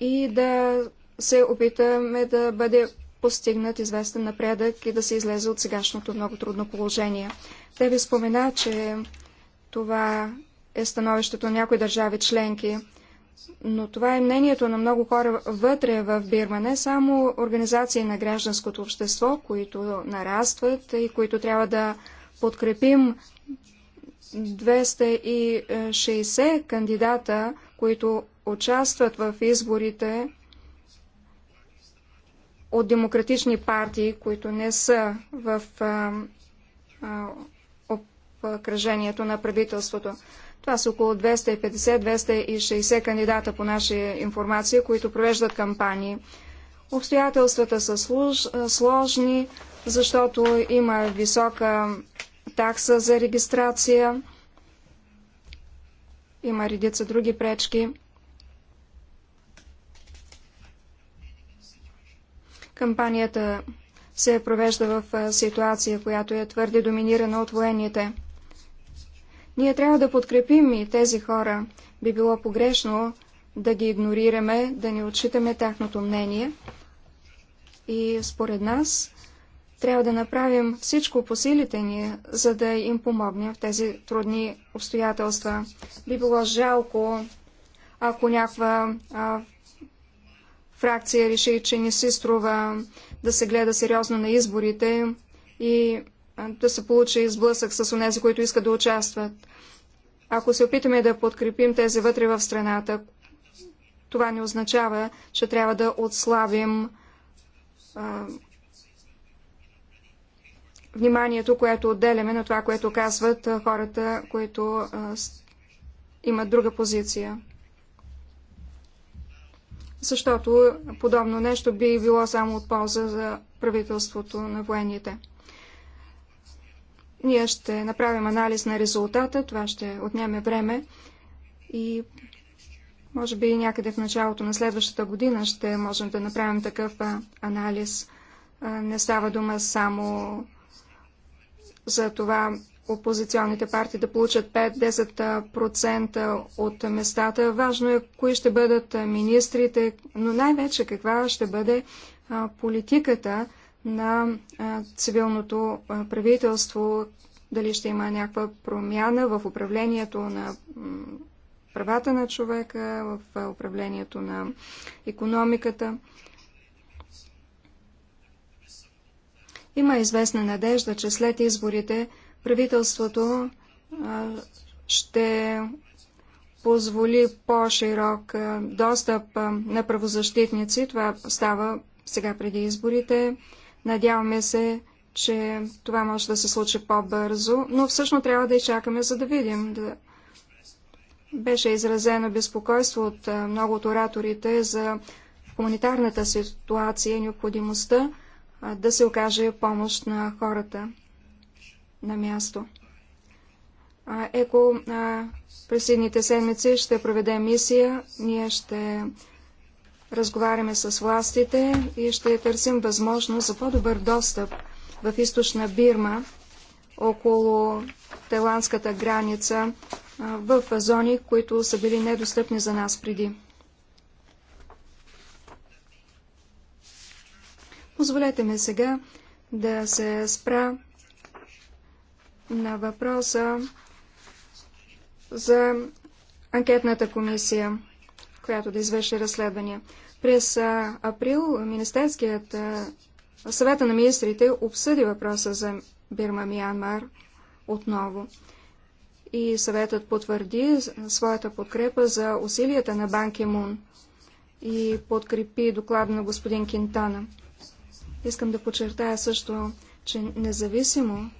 и да се опитаме да бъде постигнат известен напредък и да се излезе от сегашното много трудно положение. Те ви спомена, че това е становището на някои държави членки но това е мнението на много хора вътре в Бирма, не само организации на гражданското общество, които нарастват и които трябва да подкрепим 260 кандидата, които участват в изборите от демократични партии, които не са в а, а, на правителството. Това са около 250-260 кандидата по наша информация, които провеждат кампании. Обстоятелствата са сложни, защото има висока такса за регистрация. Има редица други пречки. Кампанията се провежда в ситуация, която е твърде доминирана от военните. Ние трябва да подкрепим и тези хора. Би било погрешно да ги игнорираме, да не отчитаме тяхното мнение. И според нас трябва да направим всичко по силите ни, за да им помогнем в тези трудни обстоятелства. Би било жалко, ако някаква а, фракция реши, че не си струва да се гледа сериозно на изборите и да се получи изблъсък с онези, които искат да участват. Ако се опитаме да подкрепим тези вътре в страната, това не означава, че трябва да отслабим а, вниманието, което отделяме на това, което казват а, хората, които а, имат друга позиция. Защото подобно нещо би било само от полза за правителството на военните. Ние ще направим анализ на резултата, това ще отнеме време и може би някъде в началото на следващата година ще можем да направим такъв анализ. Не става дума само за това опозиционните партии да получат 5-10% от местата. Важно е кои ще бъдат министрите, но най-вече каква ще бъде политиката на цивилното правителство, дали ще има някаква промяна в управлението на правата на човека, в управлението на економиката. Има известна надежда, че след изборите правителството ще позволи по-широк достъп на правозащитници. Това става сега преди изборите. Надяваме се, че това може да се случи по-бързо, но всъщност трябва да изчакаме, за да видим. Да... Беше изразено безпокойство от много от ораторите за хуманитарната ситуация и необходимостта да се окаже помощ на хората на място. Еко, през следните седмици ще проведем мисия. Ние ще разговаряме с властите и ще търсим възможност за по-добър достъп в източна Бирма, около тайландската граница, в зони, които са били недостъпни за нас преди. Позволете ми сега да се спра на въпроса за анкетната комисия която да извърши разследвания. През април Министерският съвета на министрите обсъди въпроса за Бирма-Мянмар отново. И съветът потвърди своята подкрепа за усилията на Банки Мун и подкрепи доклада на господин Кинтана. Искам да подчертая също, че независимо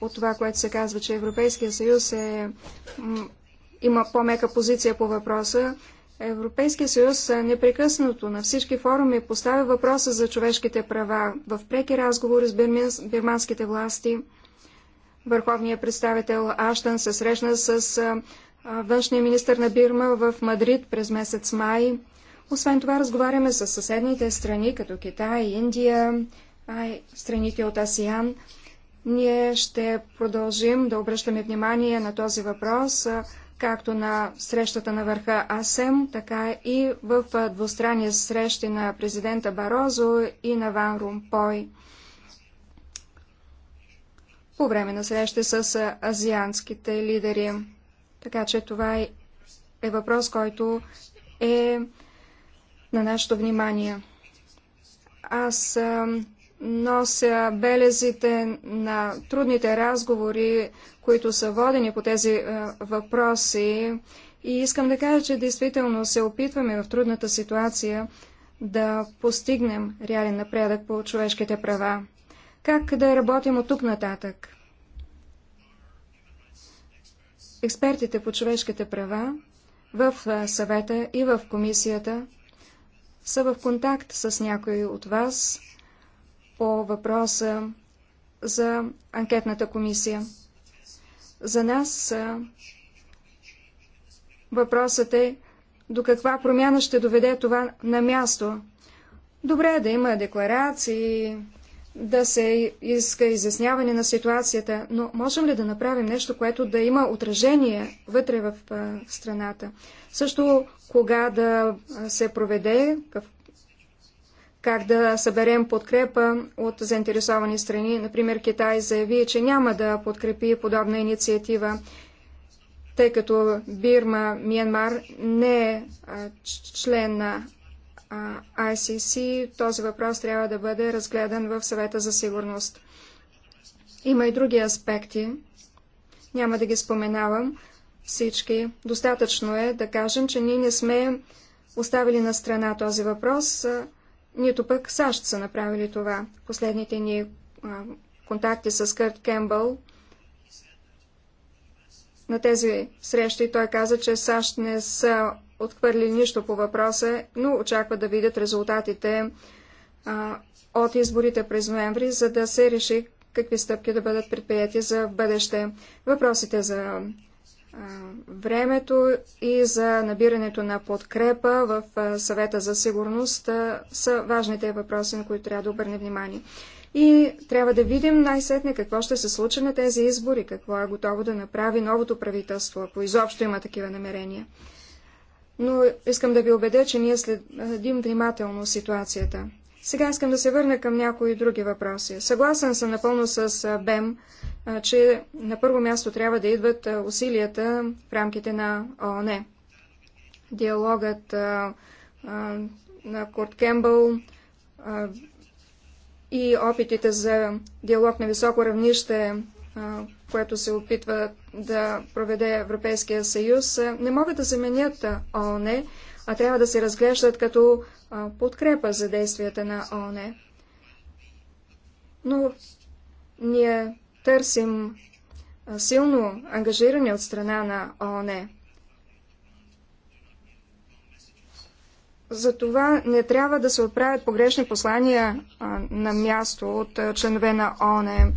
от това, което се казва, че Европейския съюз е има по-мека позиция по въпроса. Европейския съюз непрекъснато на всички форуми поставя въпроса за човешките права в преки разговори с бирманските власти. Върховният представител Аштан се срещна с външния министр на Бирма в Мадрид през месец май. Освен това разговаряме с съседните страни, като Китай, Индия, страните от АСИАН. Ние ще продължим да обръщаме внимание на този въпрос както на срещата на върха АСЕМ, така и в двустранни срещи на президента Барозо и на Ван Румпой. По време на срещи с азианските лидери. Така че това е, е въпрос, който е на нашето внимание. Аз нося белезите на трудните разговори, които са водени по тези е, въпроси. И искам да кажа, че действително се опитваме в трудната ситуация да постигнем реален напредък по човешките права. Как да работим от тук нататък? Експертите по човешките права в е, съвета и в комисията са в контакт с някои от вас – по въпроса за анкетната комисия. За нас въпросът е до каква промяна ще доведе това на място. Добре е да има декларации, да се иска изясняване на ситуацията, но можем ли да направим нещо, което да има отражение вътре в страната? Също кога да се проведе, как да съберем подкрепа от заинтересовани страни. Например, Китай заяви, че няма да подкрепи подобна инициатива, тъй като Бирма, Миенмар не е член на ICC. Този въпрос трябва да бъде разгледан в съвета за сигурност. Има и други аспекти. Няма да ги споменавам всички. Достатъчно е да кажем, че ние не сме оставили на страна този въпрос нито пък САЩ са направили това. Последните ни контакти с Кърт Кембъл на тези срещи той каза, че САЩ не са отхвърли нищо по въпроса, но очаква да видят резултатите а, от изборите през ноември, за да се реши какви стъпки да бъдат предприяти за бъдеще. Въпросите за времето и за набирането на подкрепа в съвета за сигурност са важните въпроси, на които трябва да обърне внимание. И трябва да видим най-сетне какво ще се случи на тези избори, какво е готово да направи новото правителство, ако изобщо има такива намерения. Но искам да ви убедя, че ние следим внимателно ситуацията. Сега искам да се върна към някои други въпроси. Съгласен съм напълно с БЕМ, че на първо място трябва да идват усилията в рамките на ООН. Диалогът на Корт Кембъл и опитите за диалог на високо равнище, което се опитва да проведе Европейския съюз, не могат да заменят ООН, а трябва да се разглеждат като подкрепа за действията на ОНЕ. Но ние търсим силно ангажиране от страна на За Затова не трябва да се отправят погрешни послания на място от членове на ОНЕ,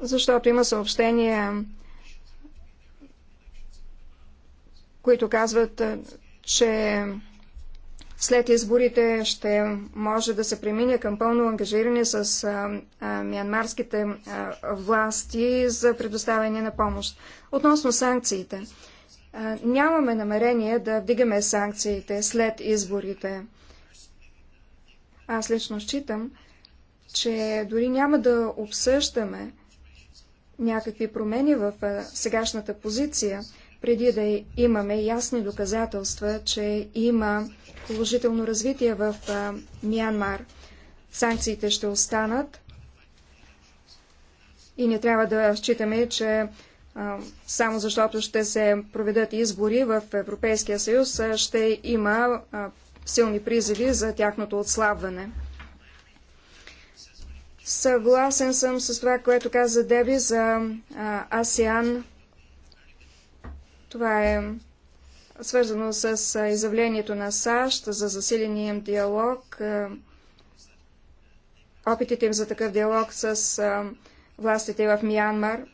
защото има съобщения, които казват, че след изборите ще може да се премине към пълно ангажиране с а, а, мянмарските а, власти за предоставяне на помощ. Относно санкциите. А, нямаме намерение да вдигаме санкциите след изборите. Аз лично считам, че дори няма да обсъждаме някакви промени в сегашната позиция, преди да имаме ясни доказателства, че има положително развитие в Мянмар. Санкциите ще останат и не трябва да считаме, че само защото ще се проведат избори в Европейския съюз, ще има силни призиви за тяхното отслабване. Съгласен съм с това, което каза Деви за АСИАН това е свързано с изявлението на САЩ за засиления им диалог, опитите им за такъв диалог с властите в Миянмар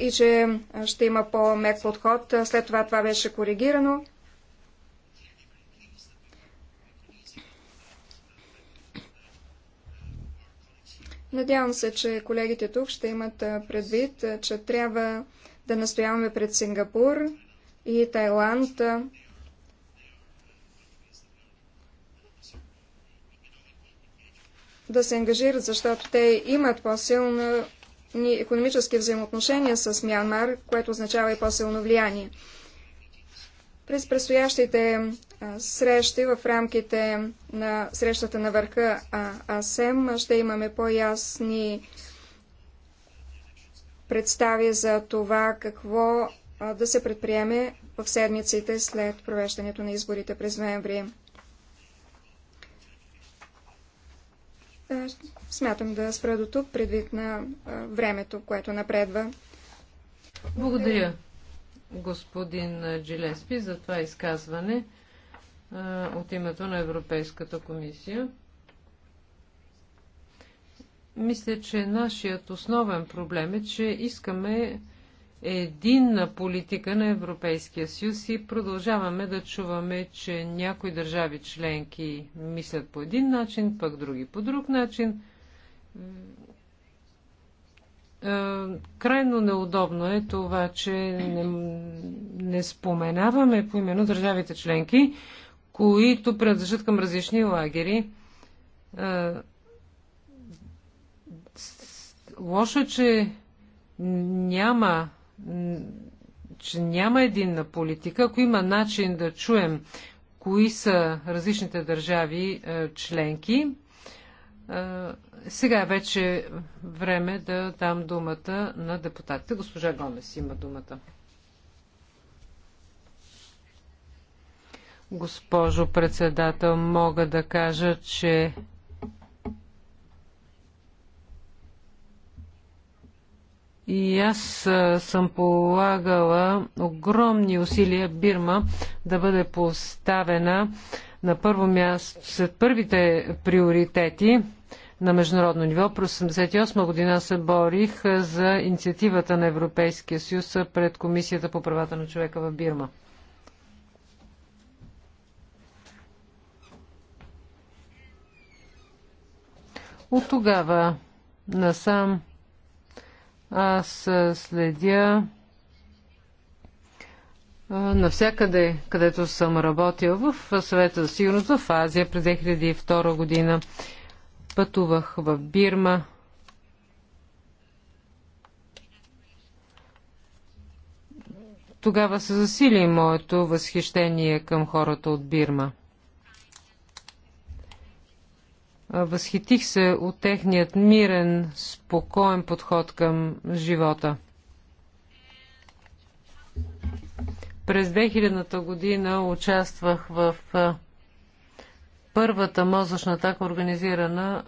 и че ще има по-мек подход. След това това беше коригирано. Надявам се, че колегите тук ще имат предвид, че трябва да настояваме пред Сингапур и Тайланд да се ангажират, защото те имат по-силни економически взаимоотношения с Мянмар, което означава и по-силно влияние. През предстоящите срещи в рамките на срещата на върха АСЕМ ще имаме по-ясни Представя за това какво да се предприеме в седмиците след провеждането на изборите през ноември. Е, смятам да спра до тук, предвид на времето, което напредва. Благодаря, господин Джилеспи, за това изказване от името на Европейската комисия. Мисля, че нашият основен проблем е, че искаме единна политика на Европейския съюз и продължаваме да чуваме, че някои държави членки мислят по един начин, пък други по друг начин. Е, крайно неудобно е това, че не, не споменаваме по именно държавите членки, които принадлежат към различни лагери. Е, Лошо е, че няма, че няма единна политика. Ако има начин да чуем кои са различните държави е, членки, е, сега е вече време да дам думата на депутатите. Госпожа Гомес има думата. Госпожо председател, мога да кажа, че И аз съм полагала огромни усилия Бирма да бъде поставена на първо място след първите приоритети на международно ниво. През 1988 година се борих за инициативата на Европейския съюз пред Комисията по правата на човека в Бирма. От тогава насам аз следя навсякъде, където съм работил в съвета за сигурност в Азия през 2002 година. Пътувах в Бирма. Тогава се засили моето възхищение към хората от Бирма. Възхитих се от техният мирен, спокоен подход към живота. През 2000-та година участвах в първата мозъчна атака, организирана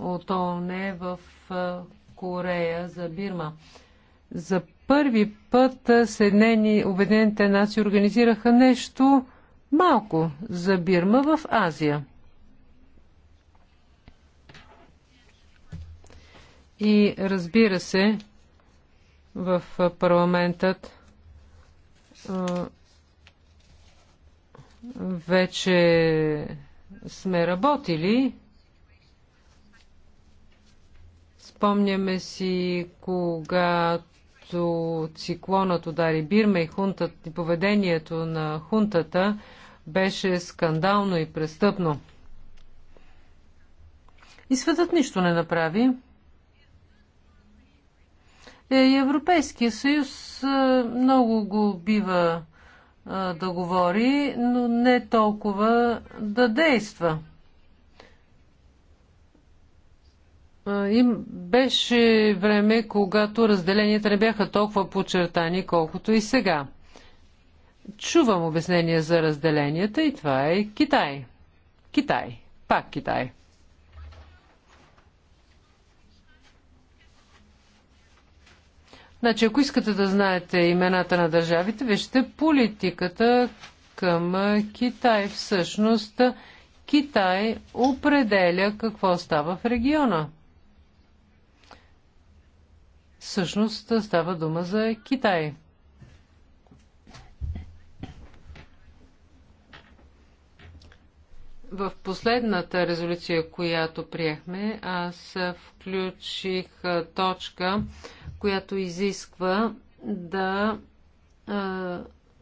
от ООН в Корея за Бирма. За първи път Съединени Обединените нации организираха нещо малко за Бирма в Азия. И разбира се, в парламентът вече сме работили. Спомняме си, когато циклонът удари Бирма и, хунтът, и поведението на хунтата беше скандално и престъпно. И светът нищо не направи. Е, Европейския съюз е, много го бива е, да говори, но не толкова да действа. Им беше време, когато разделенията не бяха толкова подчертани, колкото и сега. Чувам обяснение за разделенията и това е Китай. Китай. Пак Китай. Значи, ако искате да знаете имената на държавите, вижте политиката към Китай. Всъщност, Китай определя какво става в региона. Всъщност става дума за Китай. В последната резолюция, която приехме, аз включих точка която изисква да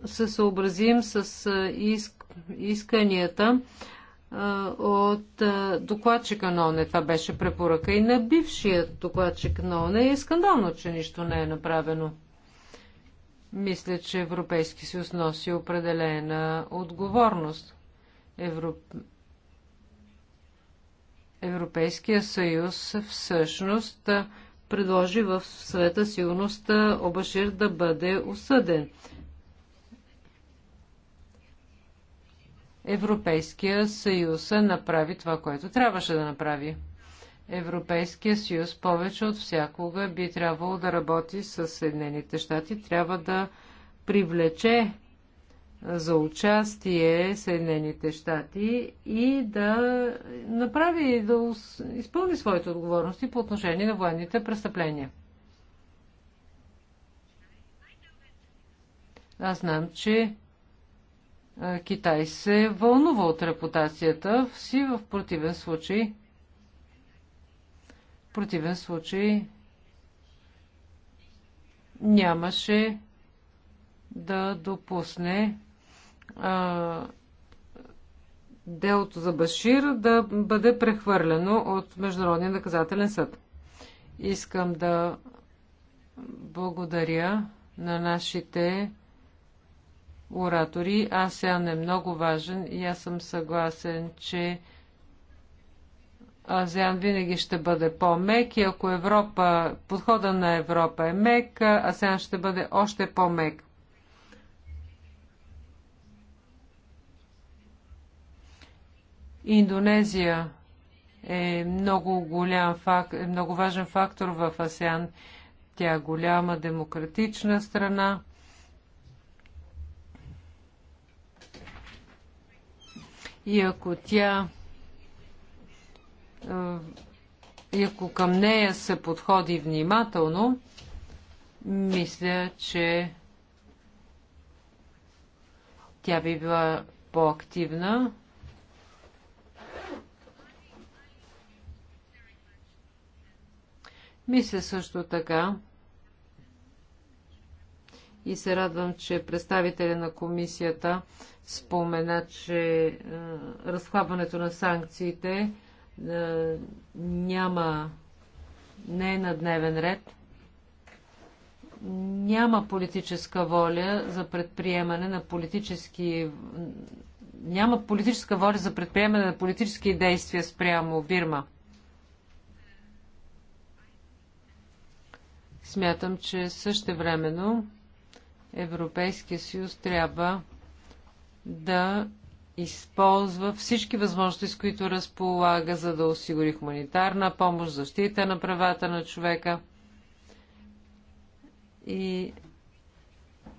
се съобразим с иск, исканията от докладчика на ОНЕ. Това беше препоръка и на бившия докладчик на ОНЕ. Е скандално, че нищо не е направено. Мисля, че Европейски съюз носи определена отговорност. Европейския съюз всъщност предложи в съвета сигурност Обашир да бъде осъден. Европейския съюз направи това, което трябваше да направи. Европейския съюз повече от всякога би трябвало да работи с Съединените щати, трябва да привлече за участие Съединените щати и да направи, и да изпълни своите отговорности по отношение на военните престъпления. Аз знам, че Китай се вълнува от репутацията си в противен случай. В противен случай нямаше да допусне а, делото за Башир да бъде прехвърлено от Международния наказателен съд. Искам да благодаря на нашите оратори. АСЕАН е много важен и аз съм съгласен, че АСЕАН винаги ще бъде по-мек и ако Европа, подхода на Европа е мек, АСЕАН ще бъде още по-мек. Индонезия е много голям фак, е много важен фактор в АСЕАН. Тя е голяма демократична страна. И ако тя е, и ако към нея се подходи внимателно, мисля, че тя би била по-активна Мисля също така и се радвам, че представителя на комисията спомена, че е, разхлабването на санкциите е, няма, не е на дневен ред. Няма политическа воля за предприемане на политически няма политическа воля за предприемане на политически действия спрямо Бирма. Смятам, че също времено Европейския съюз трябва да използва всички възможности, с които разполага, за да осигури хуманитарна помощ, защита на правата на човека. И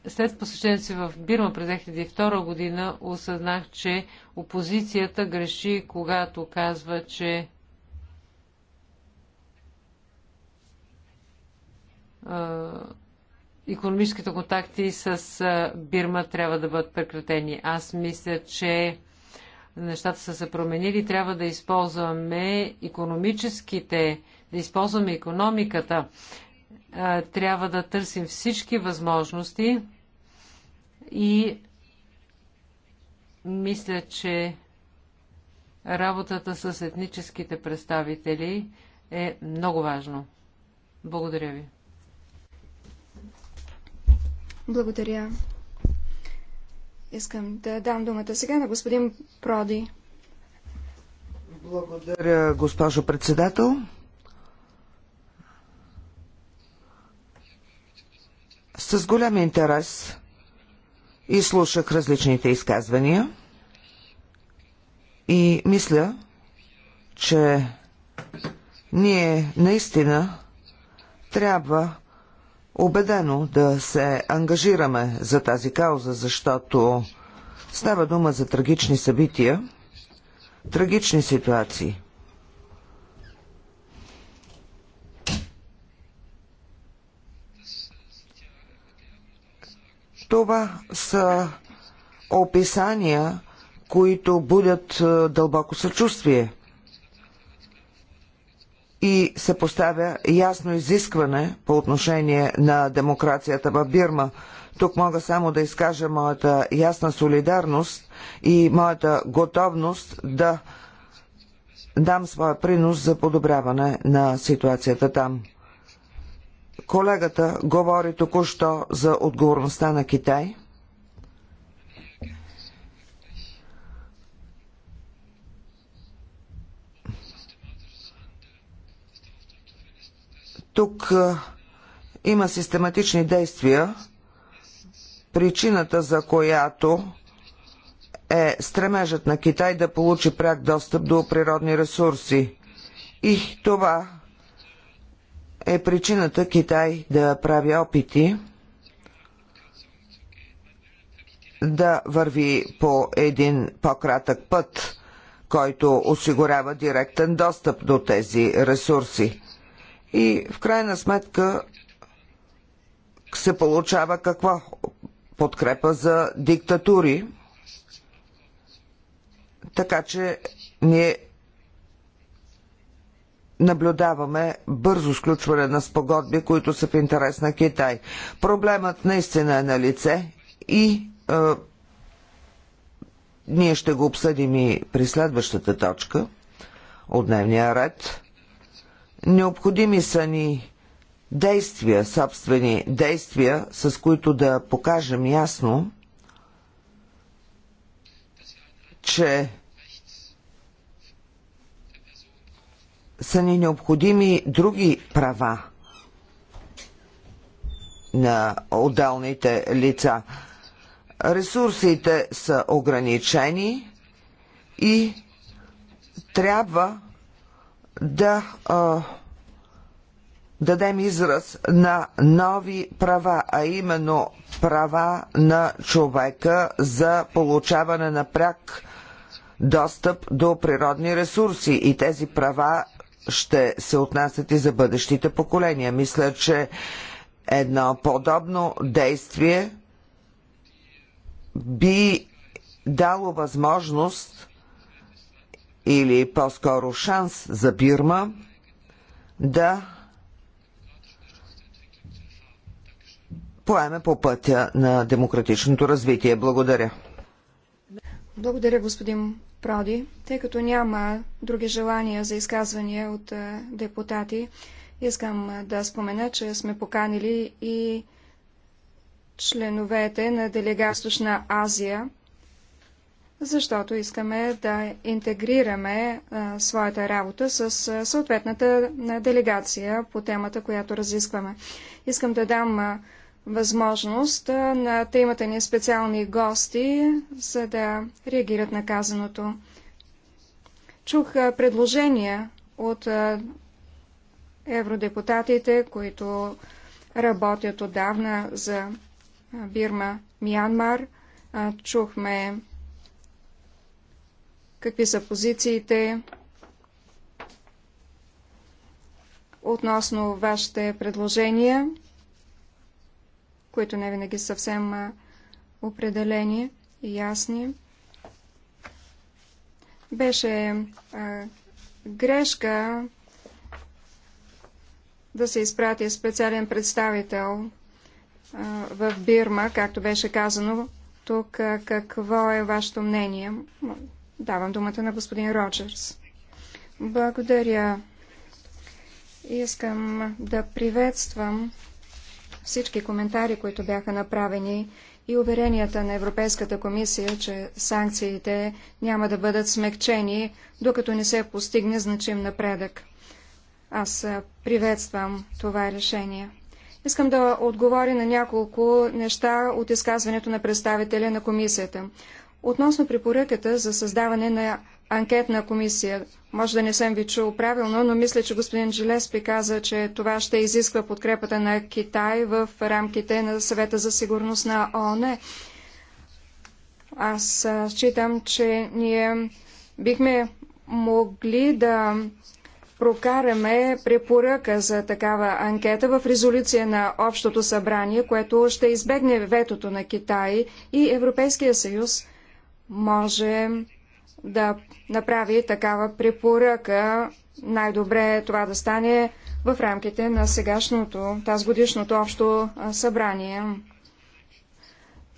след посещението си в Бирма през 2002 година осъзнах, че опозицията греши, когато казва, че економическите контакти с Бирма трябва да бъдат прекратени. Аз мисля, че нещата са се променили. Трябва да използваме економическите, да използваме економиката. Трябва да търсим всички възможности и мисля, че работата с етническите представители е много важно. Благодаря ви. Благодаря. Искам да дам думата сега на господин Проди. Благодаря, госпожо председател. С голям интерес изслушах различните изказвания и мисля, че ние наистина трябва убедено да се ангажираме за тази кауза, защото става дума за трагични събития, трагични ситуации. Това са описания, които будят е, дълбоко съчувствие – и се поставя ясно изискване по отношение на демокрацията в Бирма. Тук мога само да изкажа моята ясна солидарност и моята готовност да дам своя принос за подобряване на ситуацията там. Колегата говори току-що за отговорността на Китай. Тук има систематични действия, причината за която е стремежът на Китай да получи пряк достъп до природни ресурси. И това е причината Китай да прави опити да върви по един по-кратък път, който осигурява директен достъп до тези ресурси. И в крайна сметка се получава каква подкрепа за диктатури. Така че ние наблюдаваме бързо сключване на спогодби, които са в интерес на Китай. Проблемът наистина е на лице и е, ние ще го обсъдим и при следващата точка от дневния ред. Необходими са ни действия, собствени действия, с които да покажем ясно, че са ни необходими други права на отделните лица. Ресурсите са ограничени и трябва да а, дадем израз на нови права, а именно права на човека за получаване на пряк достъп до природни ресурси и тези права ще се отнасят и за бъдещите поколения. Мисля, че едно подобно действие би дало възможност или по-скоро шанс за Бирма да поеме по пътя на демократичното развитие. Благодаря. Благодаря, господин Проди. Тъй като няма други желания за изказвания от е, депутати, искам е, да спомена, че сме поканили и членовете на делегация Азия защото искаме да интегрираме а, своята работа с а, съответната а, делегация по темата, която разискваме. Искам да дам а, възможност а, на тримата ни специални гости, за да реагират на казаното. Чух а, предложения от а, евродепутатите, които работят отдавна за Бирма, Мянмар. Чухме какви са позициите относно вашите предложения, които не винаги са съвсем определени и ясни. Беше а, грешка да се изпрати специален представител а, в Бирма, както беше казано тук. Какво е вашето мнение? Давам думата на господин Роджерс. Благодаря. Искам да приветствам всички коментари, които бяха направени и уверенията на Европейската комисия, че санкциите няма да бъдат смекчени, докато не се постигне значим напредък. Аз приветствам това решение. Искам да отговоря на няколко неща от изказването на представителя на комисията. Относно препоръката за създаване на анкетна комисия, може да не съм ви чул правилно, но мисля, че господин Джилеспи каза, че това ще изисква подкрепата на Китай в рамките на съвета за сигурност на ООН. Аз считам, че ние бихме могли да прокараме препоръка за такава анкета в резолюция на Общото събрание, което ще избегне ветото на Китай и Европейския съюз може да направи такава препоръка. Най-добре е това да стане в рамките на сегашното, тази годишното общо събрание.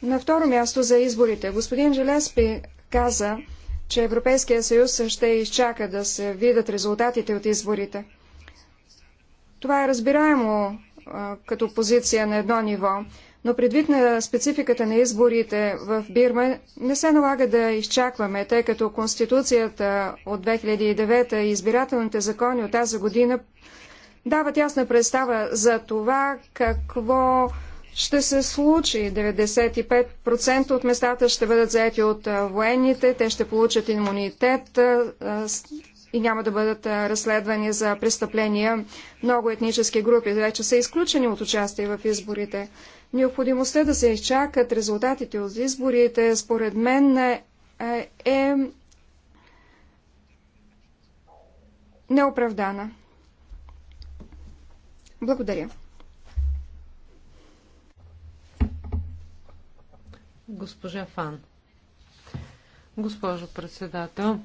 На второ място за изборите. Господин Желеспи каза, че Европейския съюз ще изчака да се видят резултатите от изборите. Това е разбираемо като позиция на едно ниво, но предвид на спецификата на изборите в Бирма, не се налага да изчакваме, тъй като Конституцията от 2009 и избирателните закони от тази година дават ясна представа за това какво ще се случи. 95% от местата ще бъдат заети от военните, те ще получат имунитет и няма да бъдат разследвани за престъпления. Много етнически групи вече са изключени от участие в изборите. Необходимостта да се изчакат резултатите от изборите, според мен, е, е неоправдана. Благодаря. Госпожа Фан. Госпожо председател,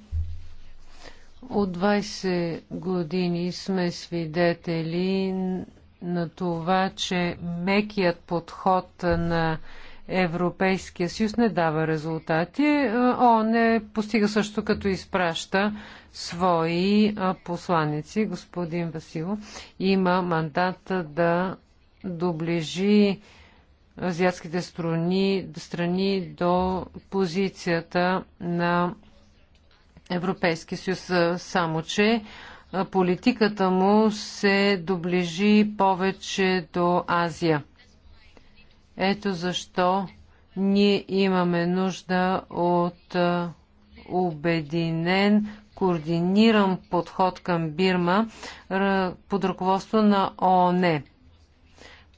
от 20 години сме свидетели на това, че мекият подход на Европейския съюз не дава резултати. ООН не постига също като изпраща свои посланици. Господин Васило има мандат да доближи азиатските страни, страни до позицията на Европейския съюз. Само, че политиката му се доближи повече до Азия. Ето защо ние имаме нужда от обединен, координиран подход към Бирма под ръководство на ООН.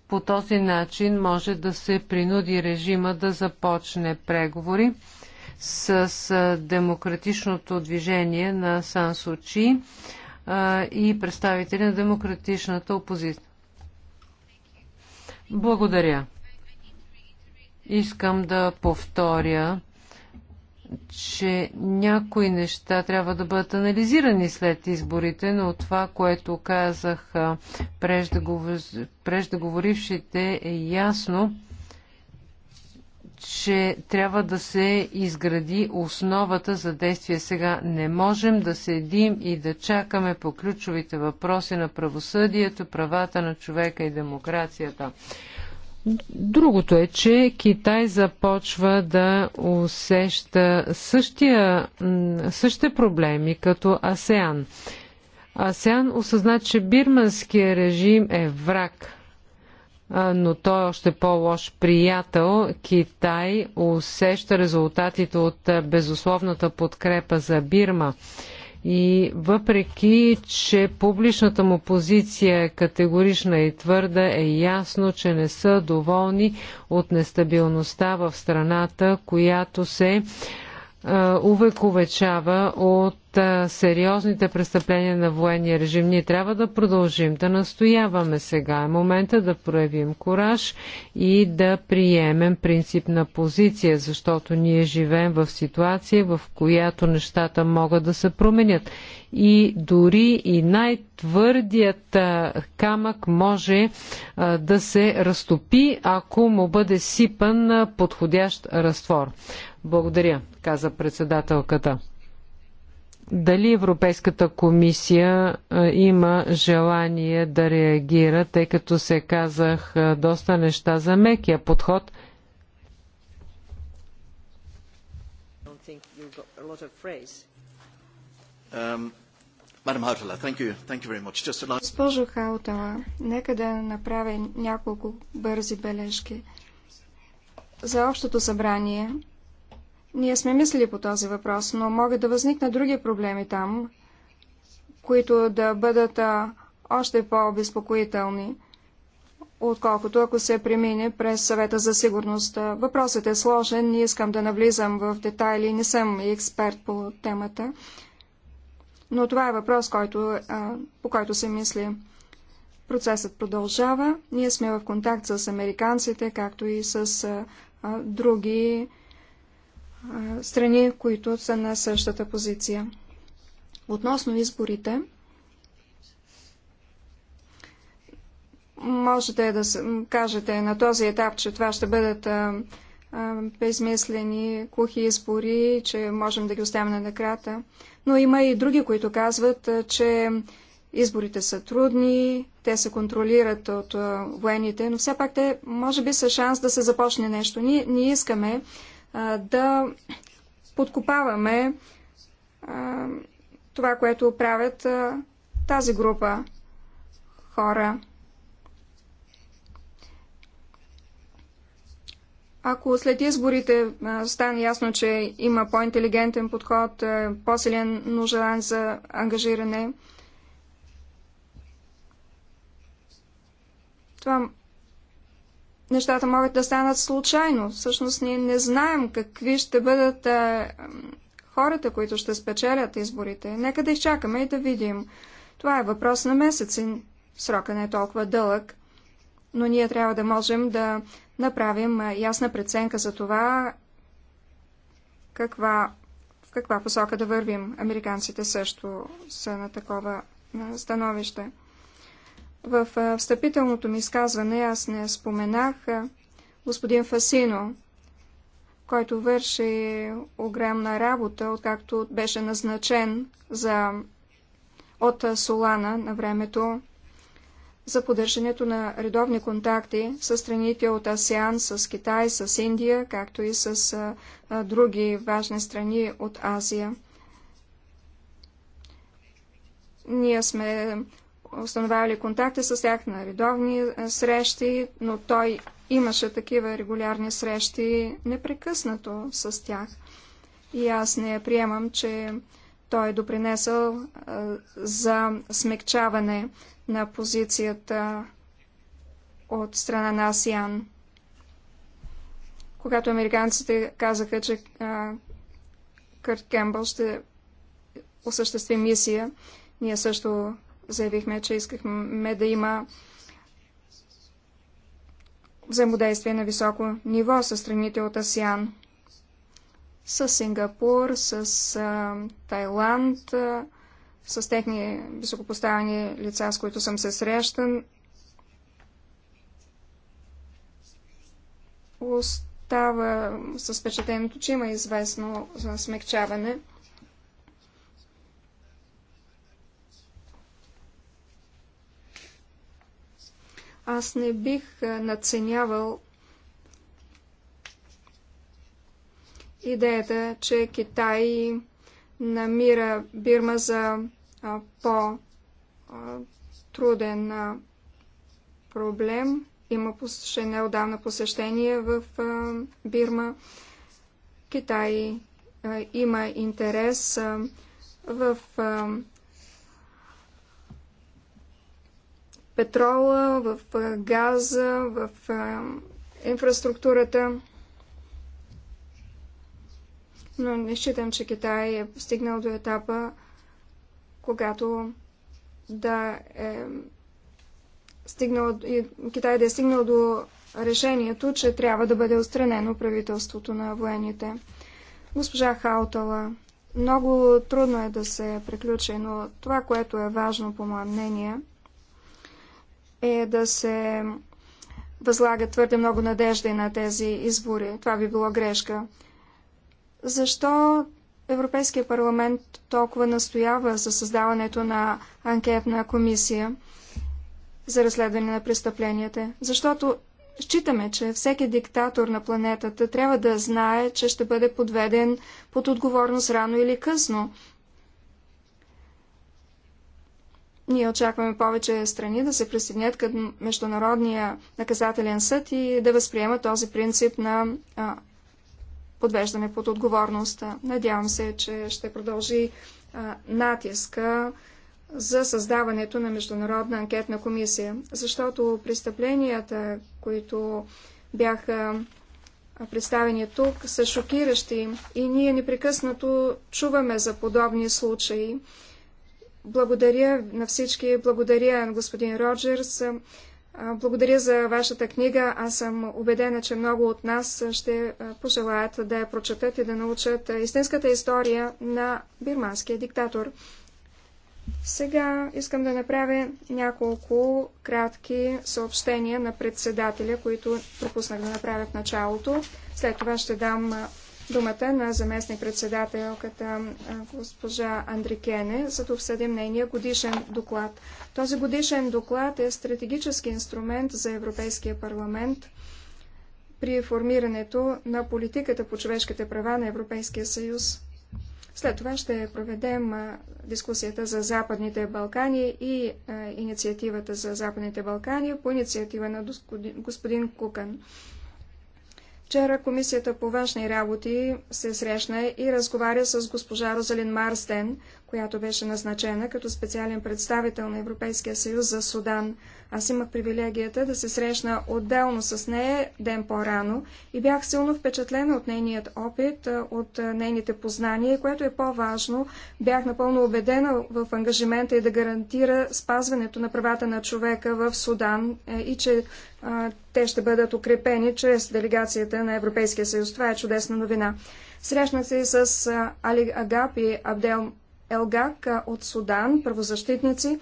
По този начин може да се принуди режима да започне преговори с демократичното движение на Сан Сучи и представители на демократичната опозиция. Благодаря. Искам да повторя, че някои неща трябва да бъдат анализирани след изборите, но това, което казах преждеговорившите е ясно че трябва да се изгради основата за действие сега. Не можем да седим и да чакаме по ключовите въпроси на правосъдието, правата на човека и демокрацията. Другото е, че Китай започва да усеща същия, същите проблеми като АСЕАН. АСЕАН осъзна, че бирманския режим е враг но той е още по-лош приятел. Китай усеща резултатите от безусловната подкрепа за Бирма. И въпреки, че публичната му позиция е категорична и твърда, е ясно, че не са доволни от нестабилността в страната, която се увековечава от сериозните престъпления на военния режим. Ние трябва да продължим да настояваме сега. Е момента да проявим кураж и да приемем принципна позиция, защото ние живеем в ситуация, в която нещата могат да се променят. И дори и най-твърдият камък може да се разтопи, ако му бъде сипан подходящ разтвор. Благодаря, каза председателката. Дали Европейската комисия има желание да реагира, тъй като се казах доста неща за мекия подход? Um, Госпожо Хаутала, нека да направя няколко бързи бележки. За общото събрание ние сме мислили по този въпрос, но могат да възникнат други проблеми там, които да бъдат още по-обезпокоителни, отколкото ако се премине през съвета за сигурност. Въпросът е сложен, не искам да навлизам в детайли, не съм експерт по темата, но това е въпрос, който, по който се мисли. Процесът продължава. Ние сме в контакт с американците, както и с други страни, които са на същата позиция. Относно изборите, можете да кажете на този етап, че това ще бъдат безмислени, кухи избори, че можем да ги оставим на накрата. Но има и други, които казват, че изборите са трудни, те се контролират от военните, но все пак те може би са шанс да се започне нещо. Ние, ние искаме да подкопаваме това, което правят тази група хора. Ако след изборите стане ясно, че има по-интелигентен подход, е, по-силен нуждан за ангажиране, това нещата могат да станат случайно. Всъщност ние не знаем какви ще бъдат а, хората, които ще спечелят изборите. Нека да изчакаме и да видим. Това е въпрос на месеци. Срока не е толкова дълъг, но ние трябва да можем да направим ясна преценка за това каква, в каква посока да вървим. Американците също са на такова становище. В встъпителното ми изказване аз не споменах господин Фасино, който върши огромна работа, откакто беше назначен за, от Солана на времето за поддържането на редовни контакти с страните от АСЕАН, с Китай, с Индия, както и с а, други важни страни от Азия. Ние сме установявали контакти с тях на редовни е, срещи, но той имаше такива регулярни срещи непрекъснато с тях. И аз не приемам, че той е допринесъл е, за смекчаване на позицията от страна на Асиан. Когато американците казаха, че е, Кърт Кембъл ще осъществи мисия, ние също заявихме, че искахме да има взаимодействие на високо ниво с страните от АСИАН. С Сингапур, с а, Тайланд, а, с техни високопоставени лица, с които съм се срещан. Остава с впечатлението, че има известно смягчаване. Аз не бих надценявал идеята, че Китай намира Бирма за по-труден проблем. Има посещение, неодавна посещение в Бирма. Китай има интерес в петрола, в газа, в инфраструктурата. Но не считам, че Китай е стигнал до етапа, когато да е стигнал, Китай да е стигнал до решението, че трябва да бъде отстранено правителството на военните. Госпожа Хаутала, много трудно е да се приключи, но това, което е важно по мое мнение, е да се възлага твърде много надежда на тези избори. Това би било грешка. Защо Европейския парламент толкова настоява за създаването на анкетна комисия за разследване на престъпленията? Защото считаме, че всеки диктатор на планетата трябва да знае, че ще бъде подведен под отговорност рано или късно. Ние очакваме повече страни да се присъединят към Международния наказателен съд и да възприемат този принцип на а, подвеждане под отговорност. Надявам се, че ще продължи а, натиска за създаването на Международна анкетна комисия, защото престъпленията, които бяха представени тук, са шокиращи и ние непрекъснато чуваме за подобни случаи. Благодаря на всички, благодаря на господин Роджерс, благодаря за вашата книга. Аз съм убедена, че много от нас ще пожелаят да я прочетат и да научат истинската история на бирманския диктатор. Сега искам да направя няколко кратки съобщения на председателя, които пропуснах да направя в началото. След това ще дам думата на заместник-председателката госпожа Андрикене, за да обсъдим нейния годишен доклад. Този годишен доклад е стратегически инструмент за Европейския парламент при формирането на политиката по човешките права на Европейския съюз. След това ще проведем дискусията за Западните Балкани и инициативата за Западните Балкани по инициатива на господин Кукан. Вчера Комисията по външни работи се срещна и разговаря с госпожа Розалин Марстен, която беше назначена като специален представител на Европейския съюз за Судан. Аз имах привилегията да се срещна отделно с нея ден по-рано и бях силно впечатлена от нейният опит, от нейните познания, което е по-важно. Бях напълно убедена в ангажимента и да гарантира спазването на правата на човека в Судан е, и че а, те ще бъдат укрепени чрез делегацията на Европейския съюз. Това е чудесна новина. Срещнах се и с Али Агап и Абдел Елгак от Судан, правозащитници,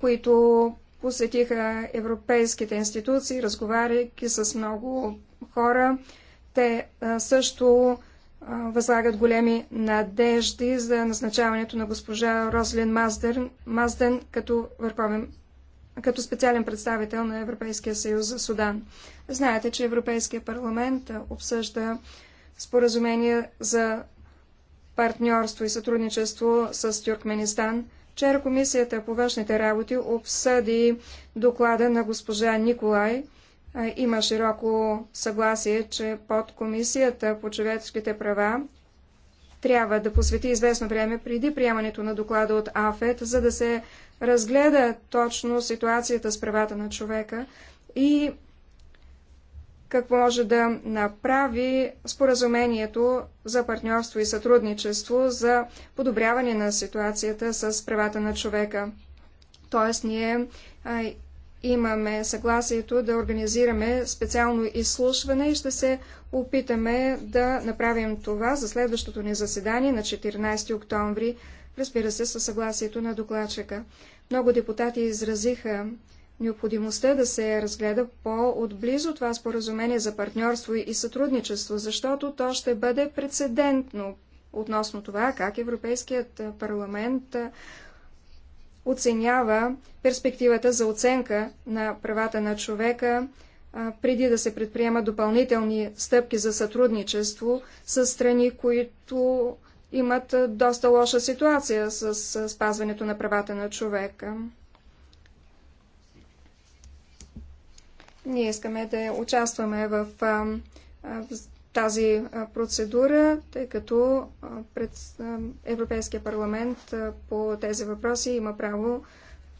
които посетиха европейските институции, разговаряйки с много хора. Те също възлагат големи надежди за назначаването на госпожа Розлин Мазден, Мазден като, върховен, като специален представител на Европейския съюз за Судан. Знаете, че Европейския парламент обсъжда споразумение за партньорство и сътрудничество с Тюркменистан – Вчера Комисията по външните работи обсъди доклада на госпожа Николай. Има широко съгласие, че под Комисията по човешките права трябва да посвети известно време преди приемането на доклада от АФЕТ, за да се разгледа точно ситуацията с правата на човека и какво може да направи споразумението за партньорство и сътрудничество за подобряване на ситуацията с правата на човека. Тоест, ние а, имаме съгласието да организираме специално изслушване и ще се опитаме да направим това за следващото ни заседание на 14 октомври, разбира се, със съгласието на докладчика. Много депутати изразиха необходимостта да се разгледа по-отблизо това споразумение за партньорство и сътрудничество, защото то ще бъде прецедентно относно това как Европейският парламент оценява перспективата за оценка на правата на човека преди да се предприемат допълнителни стъпки за сътрудничество с страни, които имат доста лоша ситуация с спазването на правата на човека. Ние искаме да участваме в тази процедура, тъй като пред Европейския парламент по тези въпроси има право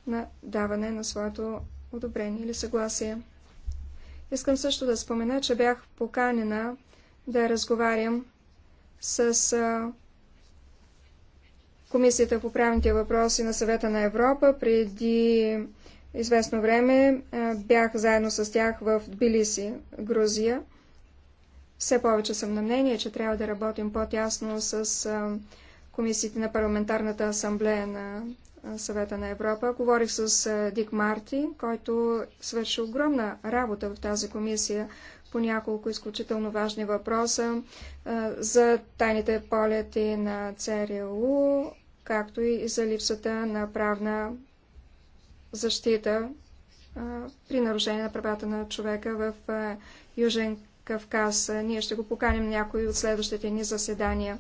на даване на своето одобрение или съгласие. Искам също да спомена, че бях поканена да разговарям с Комисията по правните въпроси на съвета на Европа преди известно време бях заедно с тях в Тбилиси, Грузия. Все повече съм на мнение, че трябва да работим по-тясно с комисиите на Парламентарната асамблея на Съвета на Европа. Говорих с Дик Марти, който свърши огромна работа в тази комисия по няколко изключително важни въпроса за тайните полети на ЦРУ, както и за липсата на правна защита при нарушение на правата на човека в Южен Кавказ. Ние ще го поканим някои от следващите ни заседания.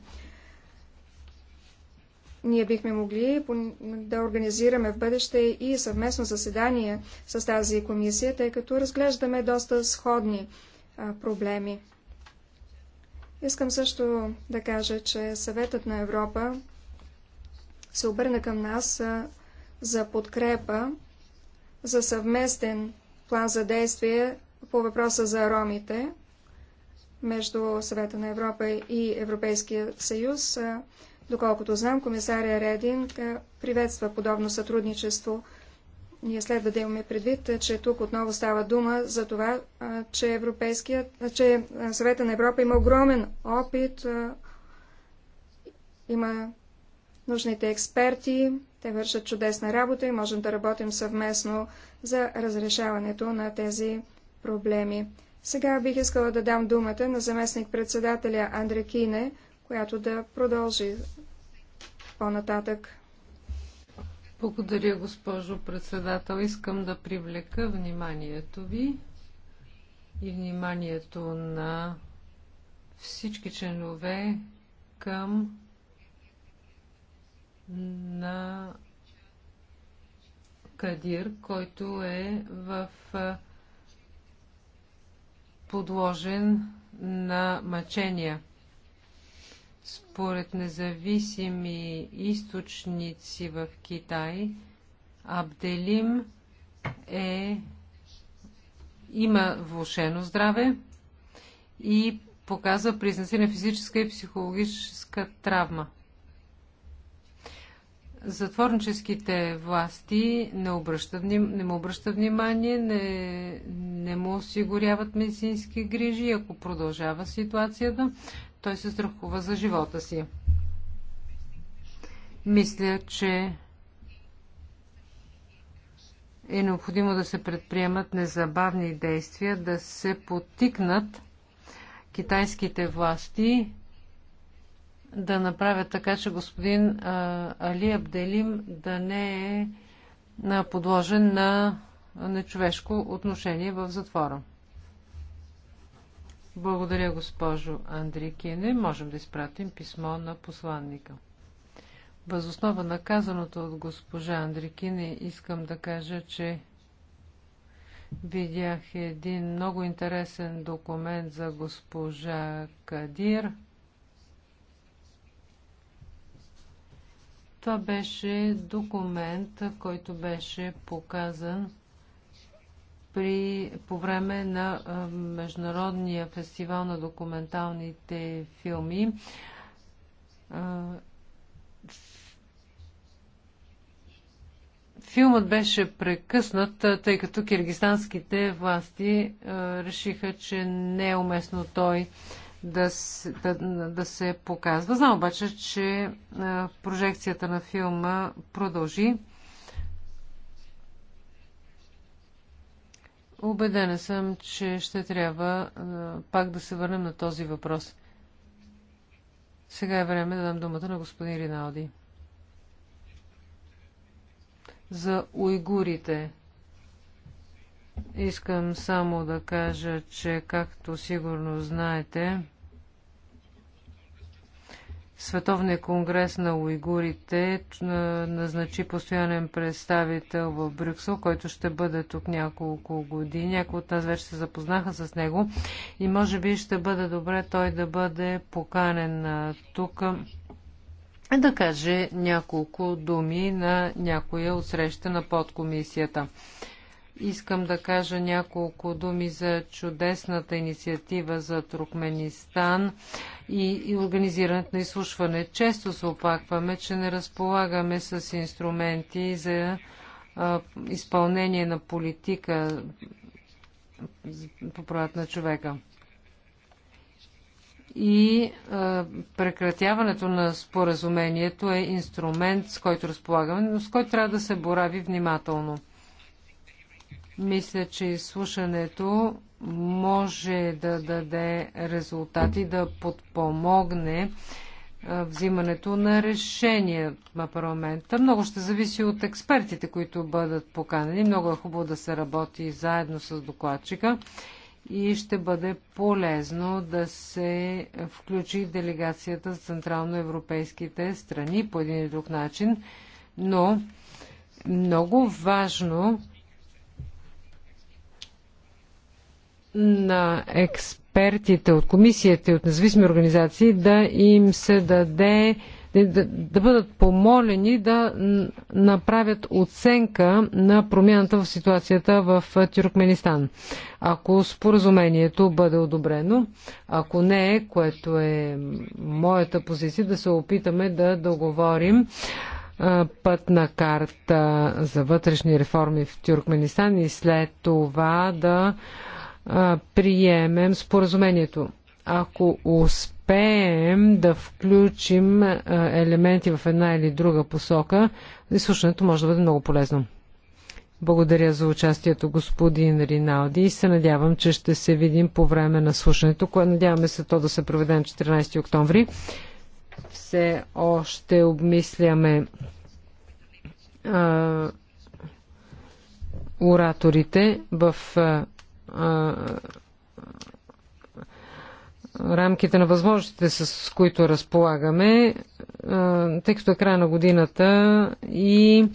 Ние бихме могли да организираме в бъдеще и съвместно заседание с тази комисия, тъй като разглеждаме доста сходни проблеми. Искам също да кажа, че съветът на Европа се обърна към нас за подкрепа за съвместен план за действие по въпроса за ромите между Съвета на Европа и Европейския съюз. Доколкото знам, комисаря Редин приветства подобно сътрудничество. Ние следва да имаме предвид, че тук отново става дума за това, че, че Съвета на Европа има огромен опит, има нужните експерти, те вършат чудесна работа и можем да работим съвместно за разрешаването на тези проблеми. Сега бих искала да дам думата на заместник-председателя Андре Кине, която да продължи по-нататък. Благодаря, госпожо председател. Искам да привлека вниманието ви и вниманието на всички членове към на Кадир, който е в подложен на мъчения. Според независими източници в Китай, Абделим е има влушено здраве и показва признаци на физическа и психологическа травма затворническите власти не, обръща, не му обръщат внимание, не, не му осигуряват медицински грижи. Ако продължава ситуацията, той се страхува за живота си. Мисля, че е необходимо да се предприемат незабавни действия, да се потикнат китайските власти да направят така, че господин Али Абделим да не е подложен на нечовешко отношение в затвора. Благодаря, госпожо Андрикине. Можем да изпратим писмо на посланника. Възоснова на казаното от госпожа Кине, искам да кажа, че видях един много интересен документ за госпожа Кадир – Това беше документ, който беше показан при, по време на Международния фестивал на документалните филми. филмът беше прекъснат, тъй като киргистанските власти решиха, че не е уместно той да, да, да се показва. Знам обаче, че а, прожекцията на филма продължи. Убедена съм, че ще трябва а, пак да се върнем на този въпрос. Сега е време да дам думата на господин Риналди. За уйгурите. Искам само да кажа, че както сигурно знаете, Световния конгрес на уйгурите назначи постоянен представител в Брюксел, който ще бъде тук няколко години. Някои от нас вече се запознаха с него и може би ще бъде добре той да бъде поканен тук да каже няколко думи на някоя от среща на подкомисията. Искам да кажа няколко думи за чудесната инициатива за Туркменистан и, и организирането на изслушване. Често се оплакваме, че не разполагаме с инструменти за а, изпълнение на политика по правата на човека. И а, прекратяването на споразумението е инструмент, с който разполагаме, но с който трябва да се борави внимателно. Мисля, че изслушането може да даде резултати, да подпомогне взимането на решения на парламента. Много ще зависи от експертите, които бъдат поканени. Много е хубаво да се работи заедно с докладчика и ще бъде полезно да се включи делегацията с централноевропейските страни по един или друг начин. Но много важно на експертите от комисията и от независими организации да им се даде да, да бъдат помолени да направят оценка на промяната в ситуацията в Тюркменистан. Ако споразумението бъде одобрено, ако не, което е моята позиция, да се опитаме да договорим пътна карта за вътрешни реформи в Тюркменистан и след това да приемем споразумението. Ако успеем да включим елементи в една или друга посока, изслушването може да бъде много полезно. Благодаря за участието, господин Риналди, и се надявам, че ще се видим по време на слушането, което надяваме се то да се проведе на 14 октомври. Все още обмисляме а, ораторите в а, рамките на възможностите, с които разполагаме, тъй като е края на годината и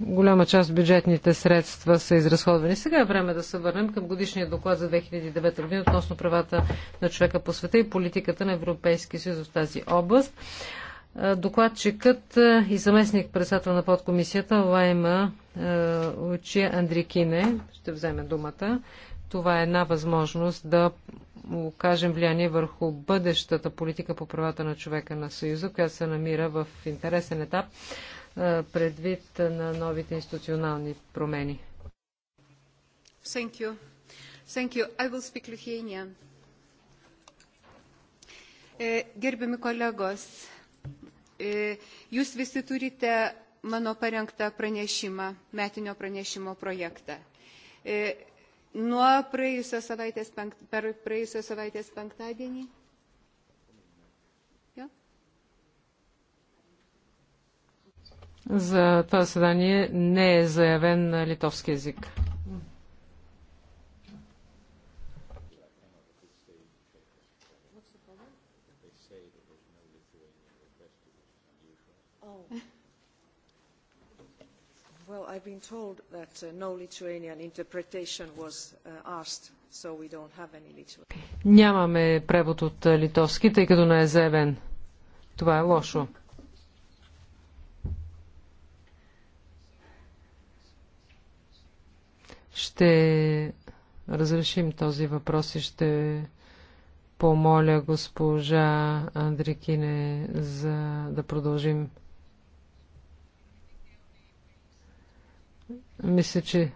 голяма част от бюджетните средства са изразходвани. Сега е време да се върнем към годишния доклад за 2009 година относно правата на човека по света и политиката на Европейския съюз в тази област. Докладчикът е, и заместник председател на подкомисията Лайма е, Учи Андрикине ще вземе думата. Това е една възможност да окажем влияние върху бъдещата политика по правата на човека на Съюза, която се намира в интересен етап е, предвид на новите институционални промени. Thank you. Thank you. I will speak Lithuanian. Gerbiami kolegos, Jūs visi turite mano parengtą pranešimą, metinio pranešimo projektą. Nuo praėjusios savaitės, per praėjusios savaitės penktadienį. За това съдание не е заявен литовски язик. I have been told that uh, no Lithuanian interpretation was uh, asked, so we don't have any Lithuanian. Нямаме превод от uh, литовски, тъй като не е заявен. Това е лошо. Ще разрешим този въпрос и ще помоля госпожа Андрекине за да продължим Мисля, че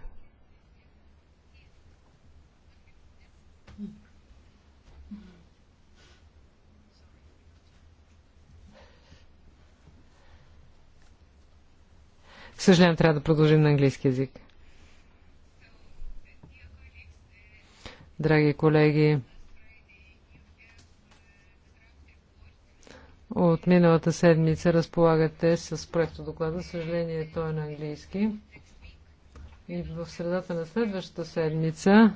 Съжалявам, трябва да продължим на английски язик. Драги колеги, от миналата седмица разполагате с проекто доклада. Съжаление, той е на английски и в средата на следващата седмица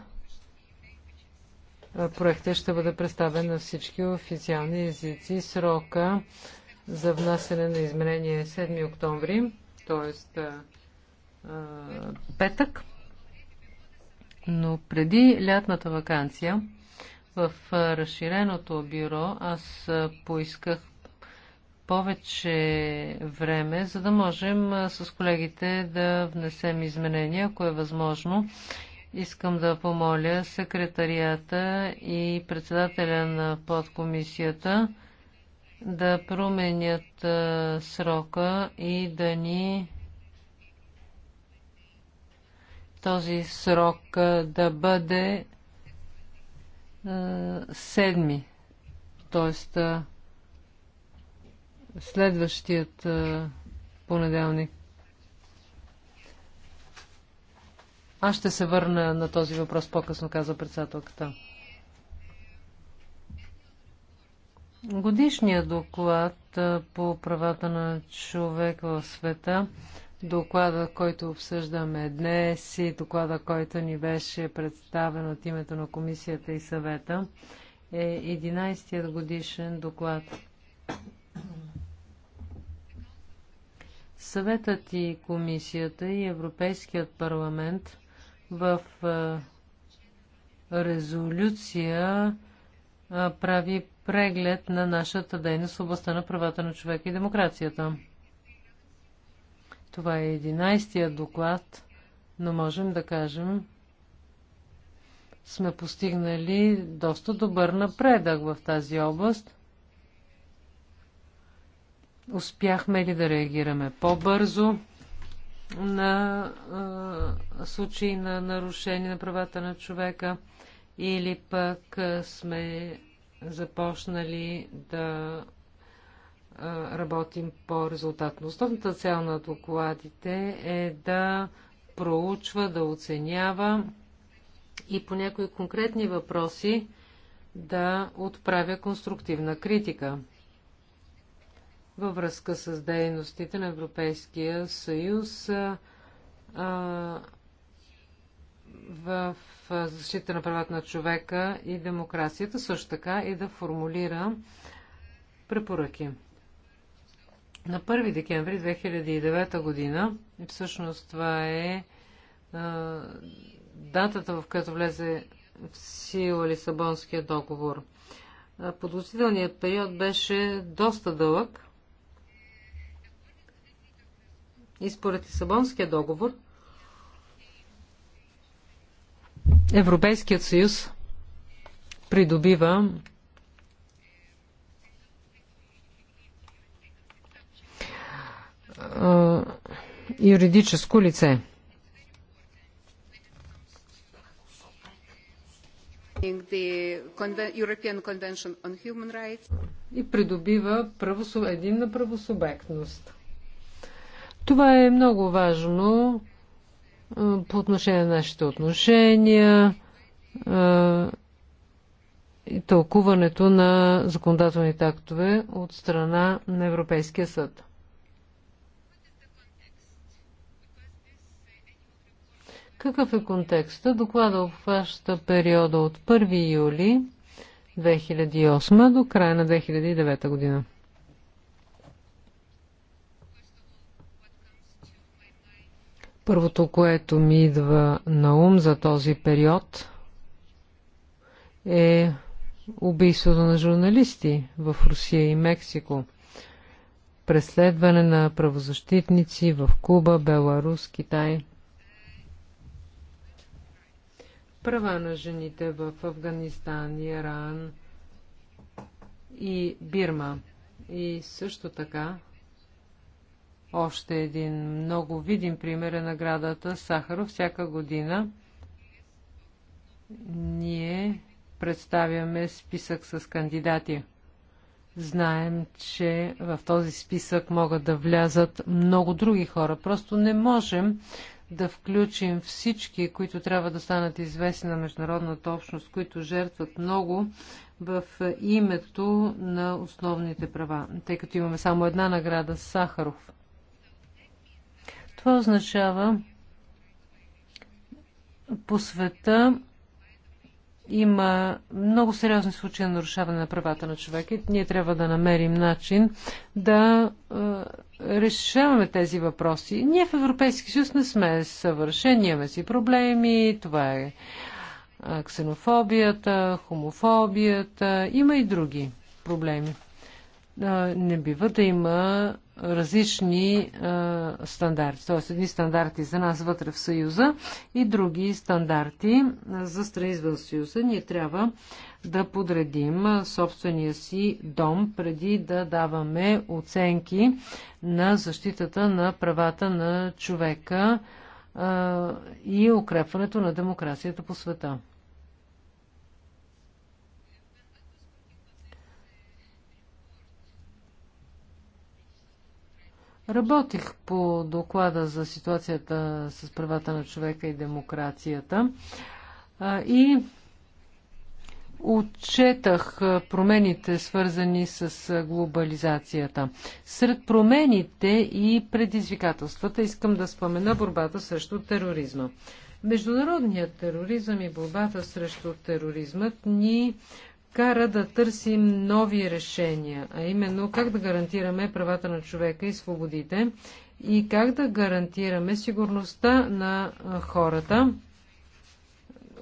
проектът ще бъде представен на всички официални езици. Срока за внасене на изменение е 7 октомври, т.е. петък. Но преди лятната вакансия в разширеното бюро аз поисках повече време, за да можем с колегите да внесем изменения, ако е възможно. Искам да помоля секретарията и председателя на подкомисията да променят срока и да ни този срок да бъде седми. Тоест, следващият понеделник. Аз ще се върна на този въпрос по-късно, каза председателката. Годишният доклад по правата на човек в света, доклада, който обсъждаме днес и доклада, който ни беше представен от името на комисията и съвета, е 11-тият годишен доклад. Съветът и комисията и Европейският парламент в резолюция прави преглед на нашата дейност в областта на правата на човека и демокрацията. Това е 11-тия доклад, но можем да кажем, сме постигнали доста добър напредък в тази област. Успяхме ли да реагираме по-бързо на а, случаи на нарушение на правата на човека или пък сме започнали да работим по-резултатно. Основната цел на докладите е да проучва, да оценява и по някои конкретни въпроси да отправя конструктивна критика във връзка с дейностите на Европейския съюз а, в защита на правата на човека и демокрацията, също така и да формулира препоръки. На 1 декември 2009 година, и всъщност това е а, датата, в която влезе в сила Лисабонския договор, подготвителният период беше доста дълъг, И според Лисабонския договор Европейският съюз придобива юридическо лице. И придобива правосуб... един на правосубектност. Това е много важно по отношение на нашите отношения и тълкуването на законодателните актове от страна на Европейския съд. Какъв е контекста? Доклада обхваща периода от 1 юли 2008 до края на 2009 година. Първото, което ми идва на ум за този период е убийството на журналисти в Русия и Мексико, преследване на правозащитници в Куба, Беларус, Китай, права на жените в Афганистан, Иран и Бирма. И също така още един много видим пример е наградата Сахаров. Всяка година ние представяме списък с кандидати. Знаем, че в този списък могат да влязат много други хора. Просто не можем да включим всички, които трябва да станат известни на международната общност, които жертват много в името на основните права, тъй като имаме само една награда Сахаров. Това означава по света има много сериозни случаи на нарушаване на правата на човека и ние трябва да намерим начин да е, решаваме тези въпроси. Ние в Европейски съюз не сме съвършени, имаме си проблеми, това е ксенофобията, хомофобията, има и други проблеми. Не бива да има различни а, е, стандарти. Т.е. едни стандарти за нас вътре в Съюза и други стандарти е, за страни извън Съюза. Ние трябва да подредим е, собствения си дом преди да даваме оценки на защитата на правата на човека а, и укрепването на демокрацията по света. Работих по доклада за ситуацията с правата на човека и демокрацията и отчетах промените, свързани с глобализацията. Сред промените и предизвикателствата искам да спомена борбата срещу тероризма. Международният тероризъм и борбата срещу тероризмът ни кара да търсим нови решения, а именно как да гарантираме правата на човека и свободите и как да гарантираме сигурността на хората,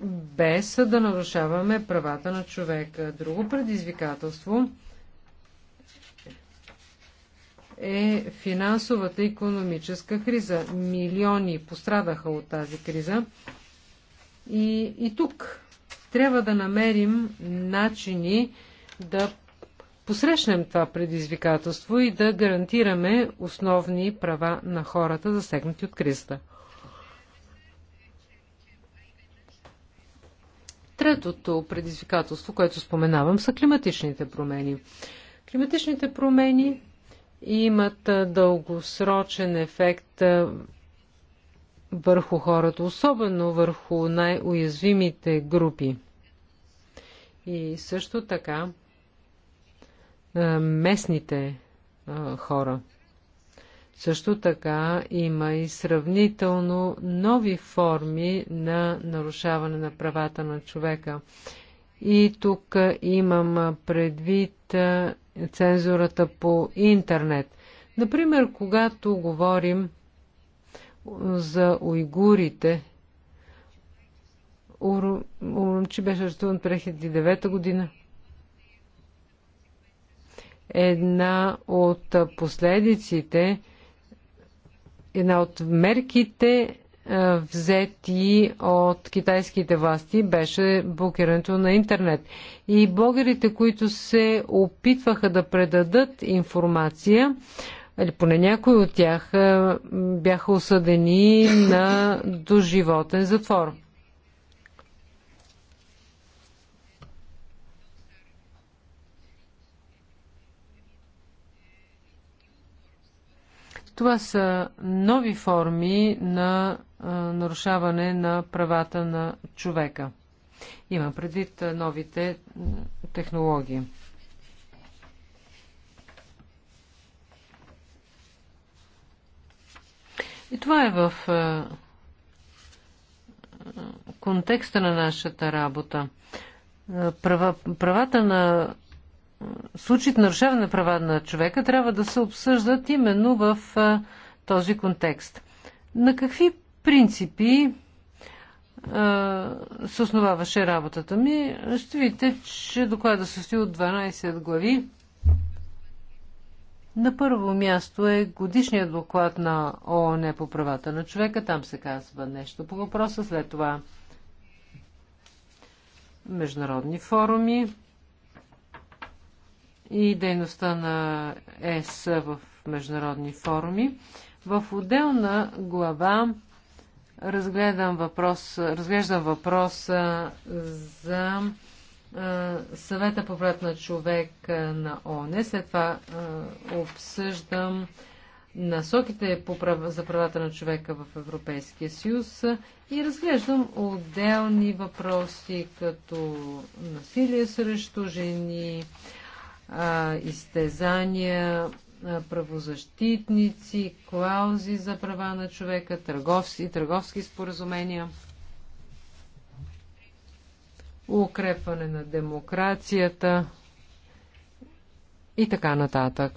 без да нарушаваме правата на човека. Друго предизвикателство е финансовата и економическа криза. Милиони пострадаха от тази криза. И, и тук трябва да намерим начини да посрещнем това предизвикателство и да гарантираме основни права на хората, засегнати от кризата. Третото предизвикателство, което споменавам, са климатичните промени. Климатичните промени имат дългосрочен ефект върху хората, особено върху най-уязвимите групи. И също така местните хора. Също така има и сравнително нови форми на нарушаване на правата на човека. И тук имам предвид цензурата по интернет. Например, когато говорим за уйгурите. Урумчи Уру, беше арестуван през 2009 година. Една от последиците, една от мерките взети от китайските власти беше блокирането на интернет. И блогерите, които се опитваха да предадат информация, или поне някои от тях е, бяха осъдени на доживотен затвор. Това са нови форми на е, нарушаване на правата на човека. Има предвид е, новите технологии. И това е в е, контекста на нашата работа. Е, права, правата на е, случаите на нарушаване на права на човека трябва да се обсъждат именно в този контекст. На какви принципи се основаваше работата ми. Ще видите, че доклада се състои от 12 глави. На първо място е годишният доклад на ООН по правата на човека. Там се казва нещо по въпроса. След това международни форуми и дейността на ЕС в международни форуми. В отделна глава въпрос, разглеждам въпроса за е, съвета по врат на човек на ОНЕ. След това е, обсъждам насоките за правата на човека в Европейския съюз и разглеждам отделни въпроси, като насилие срещу жени, е, изтезания, правозащитници, клаузи за права на човека, търговски и търговски споразумения – укрепване на демокрацията и така нататък.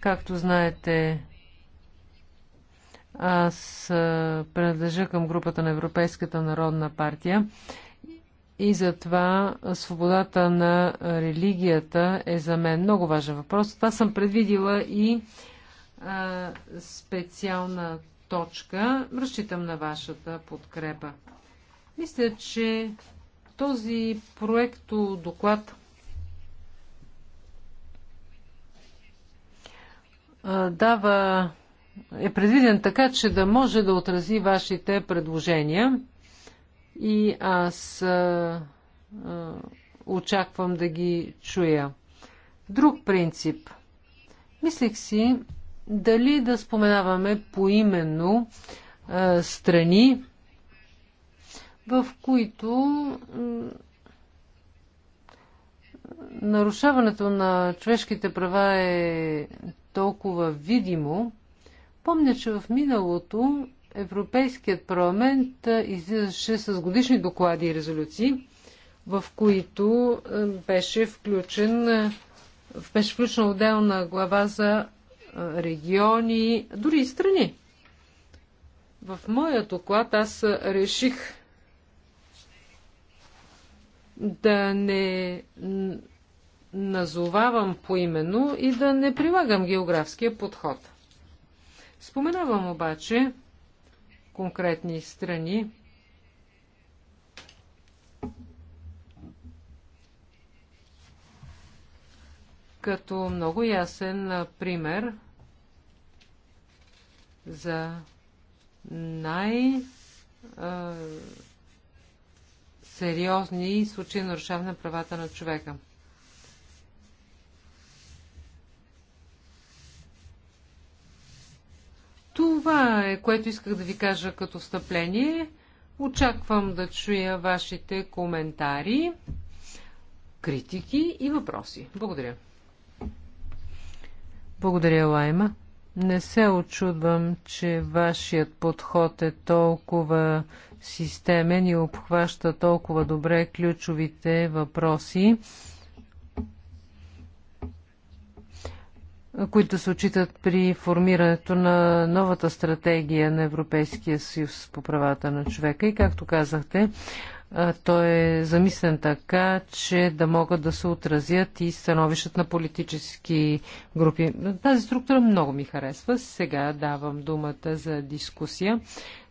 Както знаете, аз принадлежа към групата на Европейската народна партия и затова свободата на религията е за мен много важен въпрос. Това съм предвидила и а, специална точка. Разчитам на вашата подкрепа. Мисля, че този проекто доклад дава е предвиден така, че да може да отрази вашите предложения и аз а, а, очаквам да ги чуя. Друг принцип. Мислех си дали да споменаваме поименно а, страни, в които нарушаването на човешките права е толкова видимо. Помня, че в миналото Европейският парламент излизаше с годишни доклади и резолюции, в които беше включен беше включена отделна глава за региони, дори и страни. В моя доклад аз реших да не назовавам поименно и да не прилагам географския подход. Споменавам обаче конкретни страни, като много ясен пример за най- сериозни случаи нарушаване на правата на човека. Това е, което исках да ви кажа като встъпление. Очаквам да чуя вашите коментари, критики и въпроси. Благодаря. Благодаря, Лайма. Не се очудвам, че вашият подход е толкова системен и обхваща толкова добре ключовите въпроси, които се очитат при формирането на новата стратегия на Европейския съюз по правата на човека. И както казахте, той е замислен така, че да могат да се отразят и становищата на политически групи. Тази структура много ми харесва. Сега давам думата за дискусия.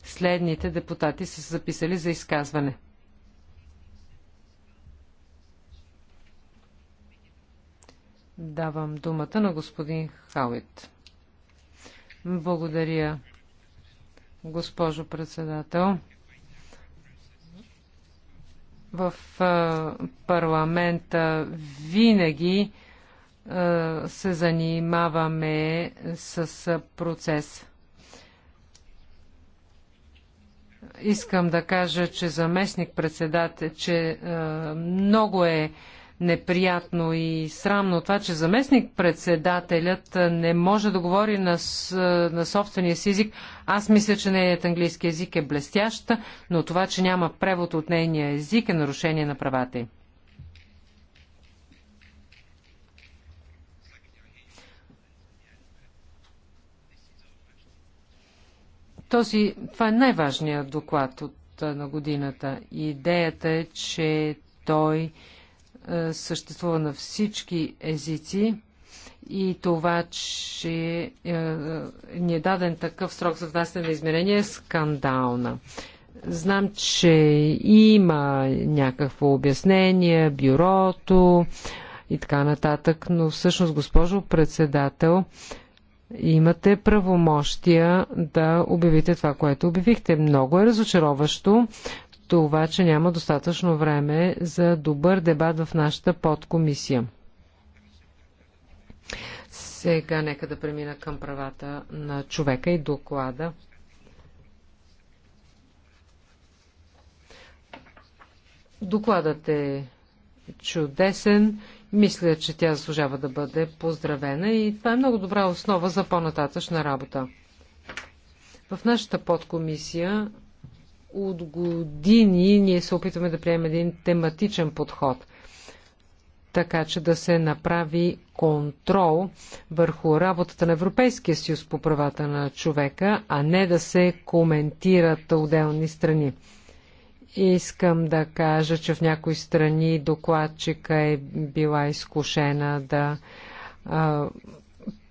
Следните депутати са се записали за изказване. Давам думата на господин Хауит. Благодаря, госпожо председател в парламента винаги се занимаваме с процес. Искам да кажа, че заместник председател, че много е неприятно и срамно това, че заместник-председателят не може да говори на, на собствения си език. Аз мисля, че нейният английски език е блестяща, но това, че няма превод от нейния език е нарушение на правата й. Този, това е най-важният доклад от, на годината. Идеята е, че той е, съществува на всички езици и това, че е, е, ни е даден такъв срок за внасяне на изменение е скандална. Знам, че има някакво обяснение, бюрото и така нататък, но всъщност, госпожо председател, имате правомощия да обявите това, което обявихте. Много е разочароващо, това, че няма достатъчно време за добър дебат в нашата подкомисия. Сега нека да премина към правата на човека и доклада. Докладът е чудесен. Мисля, че тя заслужава да бъде поздравена и това е много добра основа за по-нататъчна работа. В нашата подкомисия от години ние се опитваме да приемем един тематичен подход, така че да се направи контрол върху работата на Европейския съюз по правата на човека, а не да се коментират отделни страни. Искам да кажа, че в някои страни докладчика е била изкушена да а,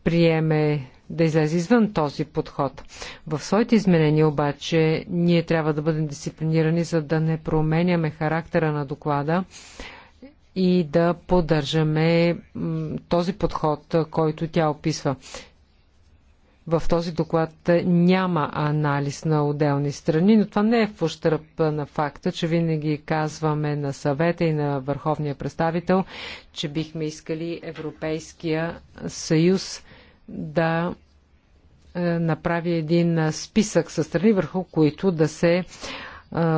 приеме да излезе извън този подход. В своите изменения обаче ние трябва да бъдем дисциплинирани, за да не променяме характера на доклада и да поддържаме този подход, който тя описва. В този доклад няма анализ на отделни страни, но това не е в ущърп на факта, че винаги казваме на съвета и на върховния представител, че бихме искали Европейския съюз да е, направи един е, списък със страни, върху които да се е,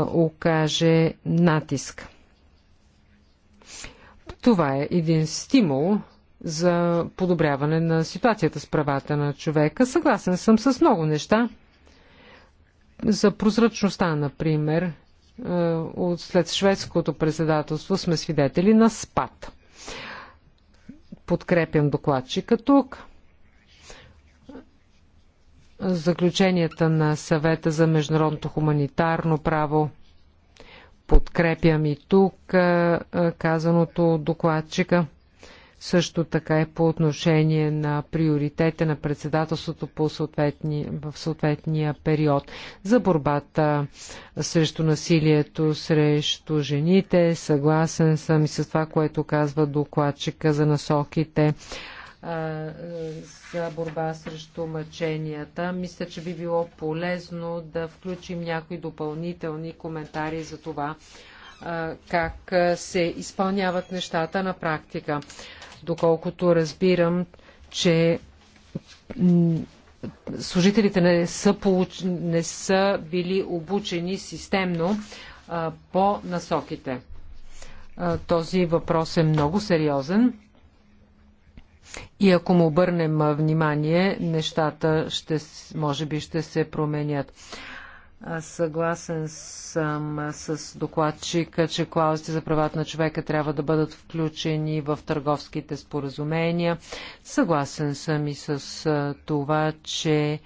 окаже натиск. Това е един стимул за подобряване на ситуацията с правата на човека. Съгласен съм с много неща. За прозрачността, например, след шведското председателство сме свидетели на спад. Подкрепям докладчика тук заключенията на съвета за международното хуманитарно право. Подкрепям и тук казаното от докладчика. Също така е по отношение на приоритета на председателството по съответни, в съответния период за борбата срещу насилието, срещу жените. Съгласен съм и с това, което казва докладчика за насоките за борба срещу мъченията. Мисля, че би било полезно да включим някои допълнителни коментари за това как се изпълняват нещата на практика. Доколкото разбирам, че служителите не са, получ... не са били обучени системно по насоките. Този въпрос е много сериозен. И ако му обърнем внимание, нещата ще, може би ще се променят. Аз съгласен съм с докладчика, че клаузите за правата на човека трябва да бъдат включени в търговските споразумения. Съгласен съм и с това, че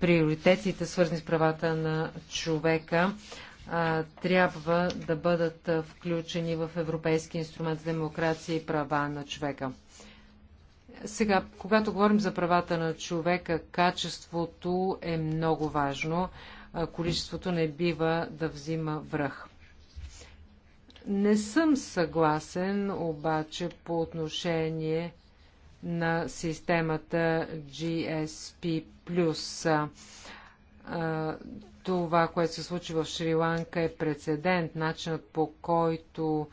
приоритетите, свързани с правата на човека, трябва да бъдат включени в Европейски инструмент за демокрация и права на човека. Сега, когато говорим за правата на човека, качеството е много важно. количеството не бива да взима връх. Не съм съгласен обаче по отношение на системата GSP. Това, което се случи в Шри-Ланка е прецедент. Начинът по който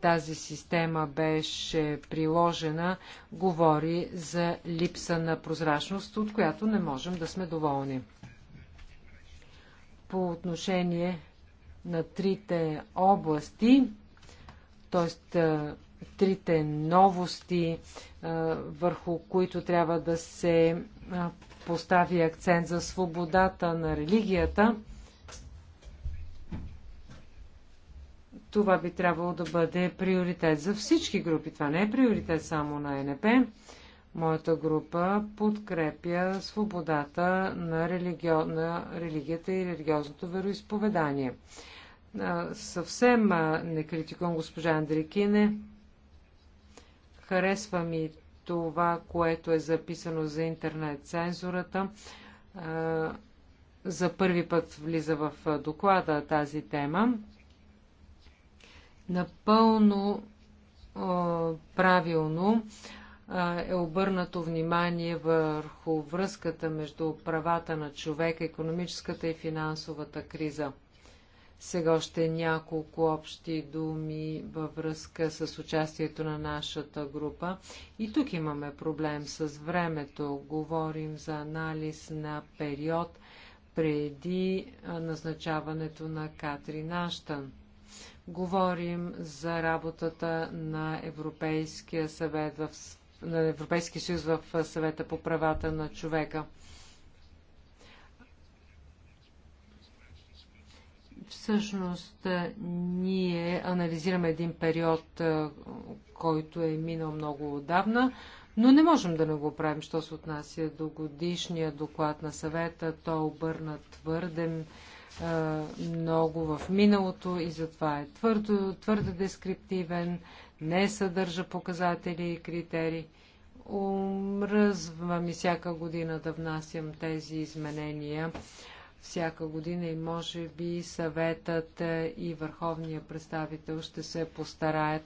тази система беше приложена, говори за липса на прозрачност, от която не можем да сме доволни. По отношение на трите области, т.е. трите новости, върху които трябва да се постави акцент за свободата на религията, това би трябвало да бъде приоритет за всички групи. Това не е приоритет само на НП. Моята група подкрепя свободата на, религи... на религията и религиозното вероисповедание. съвсем не критикувам госпожа Андрикине. Харесва ми това, което е записано за интернет цензурата. За първи път влиза в доклада тази тема. Напълно правилно е обърнато внимание върху връзката между правата на човека, економическата и финансовата криза. Сега още няколко общи думи във връзка с участието на нашата група. И тук имаме проблем с времето. Говорим за анализ на период преди назначаването на Катрин Аштън. Говорим за работата на Европейския съвет в на Европейския съюз в съвета по правата на човека. Всъщност, ние анализираме един период, който е минал много отдавна, но не можем да не го правим, що се отнася до годишния доклад на съвета. Той е обърна твърде много в миналото и затова е твърдо, твърде дескриптивен, не съдържа показатели и критерии. Умръзва ми всяка година да внасям тези изменения всяка година и може би съветът е, и върховния представител ще се постараят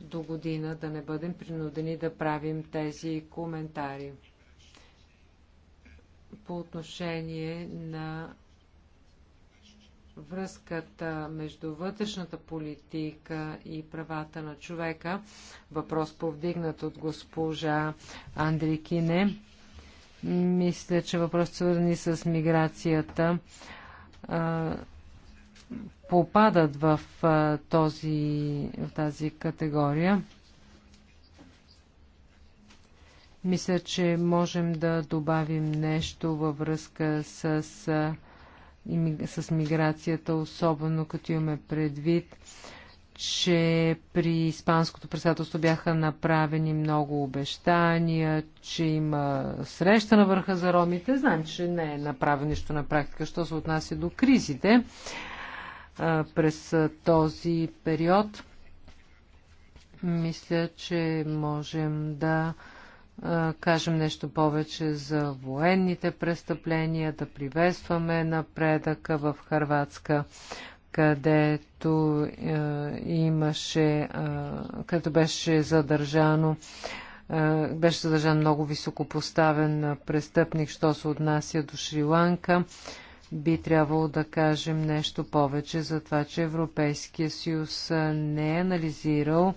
до година да не бъдем принудени да правим тези коментари. По отношение на връзката между вътрешната политика и правата на човека, въпрос повдигнат от госпожа Андрикине, мисля, че въпросите свързани с миграцията попадат в, този, в тази категория. Мисля, че можем да добавим нещо във връзка с, с миграцията, особено като имаме предвид че при Испанското председателство бяха направени много обещания, че има среща на върха за ромите. знам, че не е направено нищо на практика, що се отнася до кризите през този период. Мисля, че можем да кажем нещо повече за военните престъпления, да приветстваме напредъка в Харватска където е, имаше, е, където беше задържано е, беше задържан много високопоставен престъпник, що се отнася до Шри-Ланка. Би трябвало да кажем нещо повече за това, че Европейския съюз не е анализирал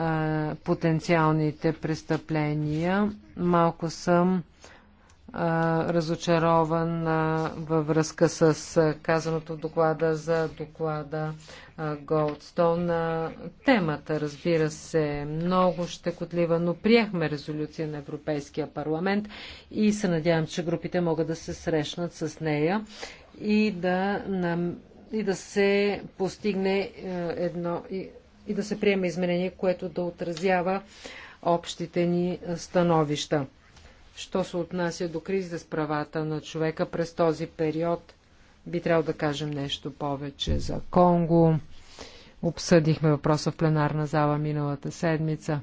е, потенциалните престъпления. Малко съм разочарован във връзка с казаното в доклада за доклада Голдстон. Темата, разбира се, е много щекотлива, но приехме резолюция на Европейския парламент и се надявам, че групите могат да се срещнат с нея и да, и да се постигне е, едно и, и да се приеме изменение, което да отразява общите ни становища. Що се отнася до кризата с правата на човека през този период, би трябвало да кажем нещо повече за Конго. Обсъдихме въпроса в пленарна зала миналата седмица.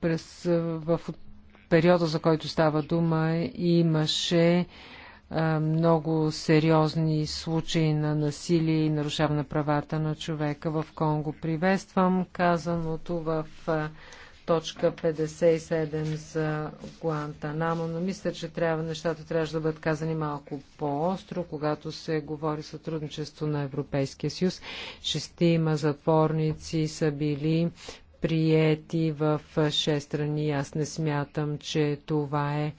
През, в периода, за който става дума, имаше много сериозни случаи на насилие и нарушаване правата на човека в Конго. Приветствам казаното в точка 57 за Гуантанамо, но мисля, че трябва, нещата трябва да бъдат казани малко по-остро, когато се говори сътрудничество на Европейския съюз. Шестима затворници са били приети в шест страни. Аз не смятам, че това е, е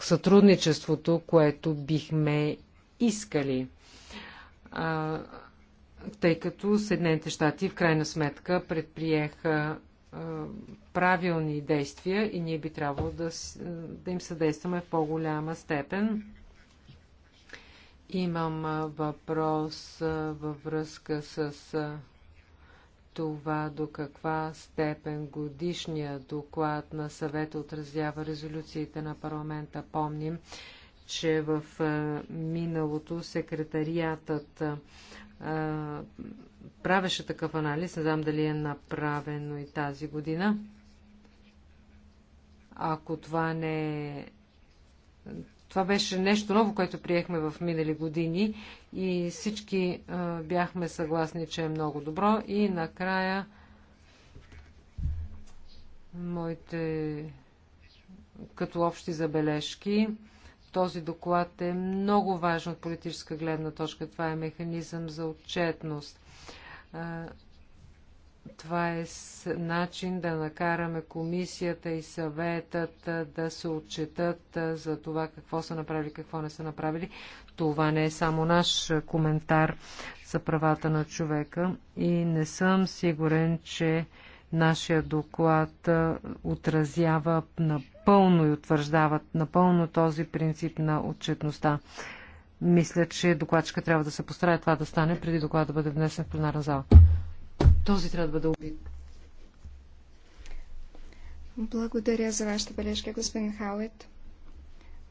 сътрудничеството, което бихме искали. А, тъй като Съединените щати в крайна сметка предприеха правилни действия и ние би трябвало да, да им съдействаме в по-голяма степен. Имам въпрос във връзка с това до каква степен годишния доклад на съвета отразява резолюциите на парламента. Помним, че в миналото секретариатът правеше такъв анализ, не знам дали е направено и тази година. Ако това не е... Това беше нещо ново, което приехме в минали години и всички а, бяхме съгласни, че е много добро. И накрая моите като общи забележки този доклад е много важен от политическа гледна точка. Това е механизъм за отчетност. Това е начин да накараме комисията и съветът да се отчетат за това какво са направили, какво не са направили. Това не е само наш коментар за правата на човека и не съм сигурен, че нашия доклад отразява на напълно и утвърждават напълно този принцип на отчетността. Мисля, че докладчика трябва да се постарае това да стане преди доклад да бъде внесен в пленарна зала. Този трябва да бъде убит. Благодаря за вашата бележка, господин Хаует.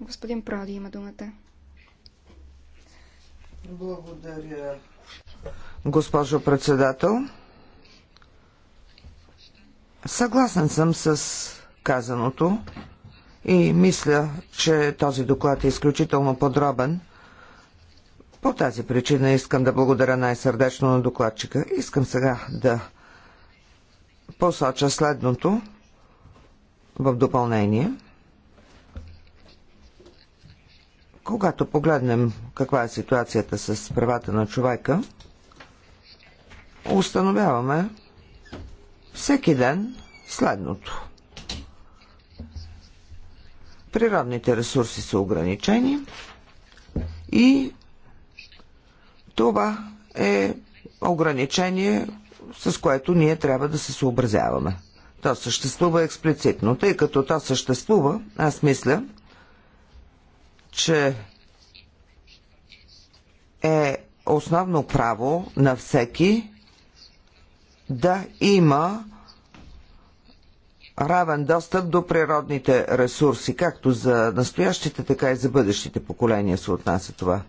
Господин Проди има думата. Благодаря, госпожо председател. Съгласен съм с казаното и мисля, че този доклад е изключително подробен. По тази причина искам да благодаря най-сърдечно на докладчика. Искам сега да посоча следното в допълнение. Когато погледнем каква е ситуацията с правата на човека, установяваме всеки ден следното. Природните ресурси са ограничени и това е ограничение, с което ние трябва да се съобразяваме. То съществува експлицитно. Тъй като то съществува, аз мисля, че е основно право на всеки да има равен достъп до природните ресурси, както за настоящите, така и за бъдещите поколения се отнася това.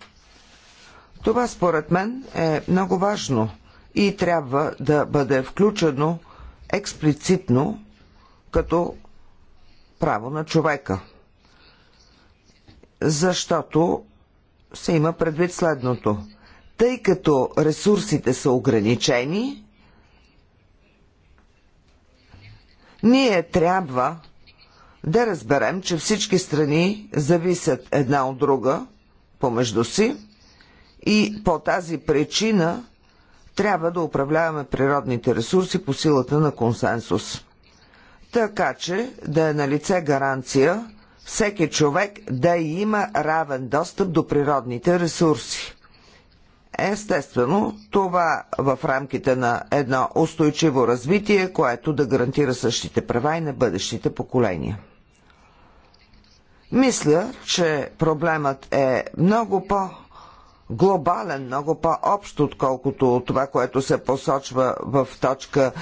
Това според мен е много важно и трябва да бъде включено експлицитно като право на човека. Защото се има предвид следното. Тъй като ресурсите са ограничени, Ние трябва да разберем, че всички страни зависят една от друга помежду си и по тази причина трябва да управляваме природните ресурси по силата на консенсус. Така че да е на лице гаранция всеки човек да има равен достъп до природните ресурси. Естествено, това в рамките на едно устойчиво развитие, което да гарантира същите права и на бъдещите поколения. Мисля, че проблемът е много по- глобален, много по-общ, отколкото това, което се посочва в точка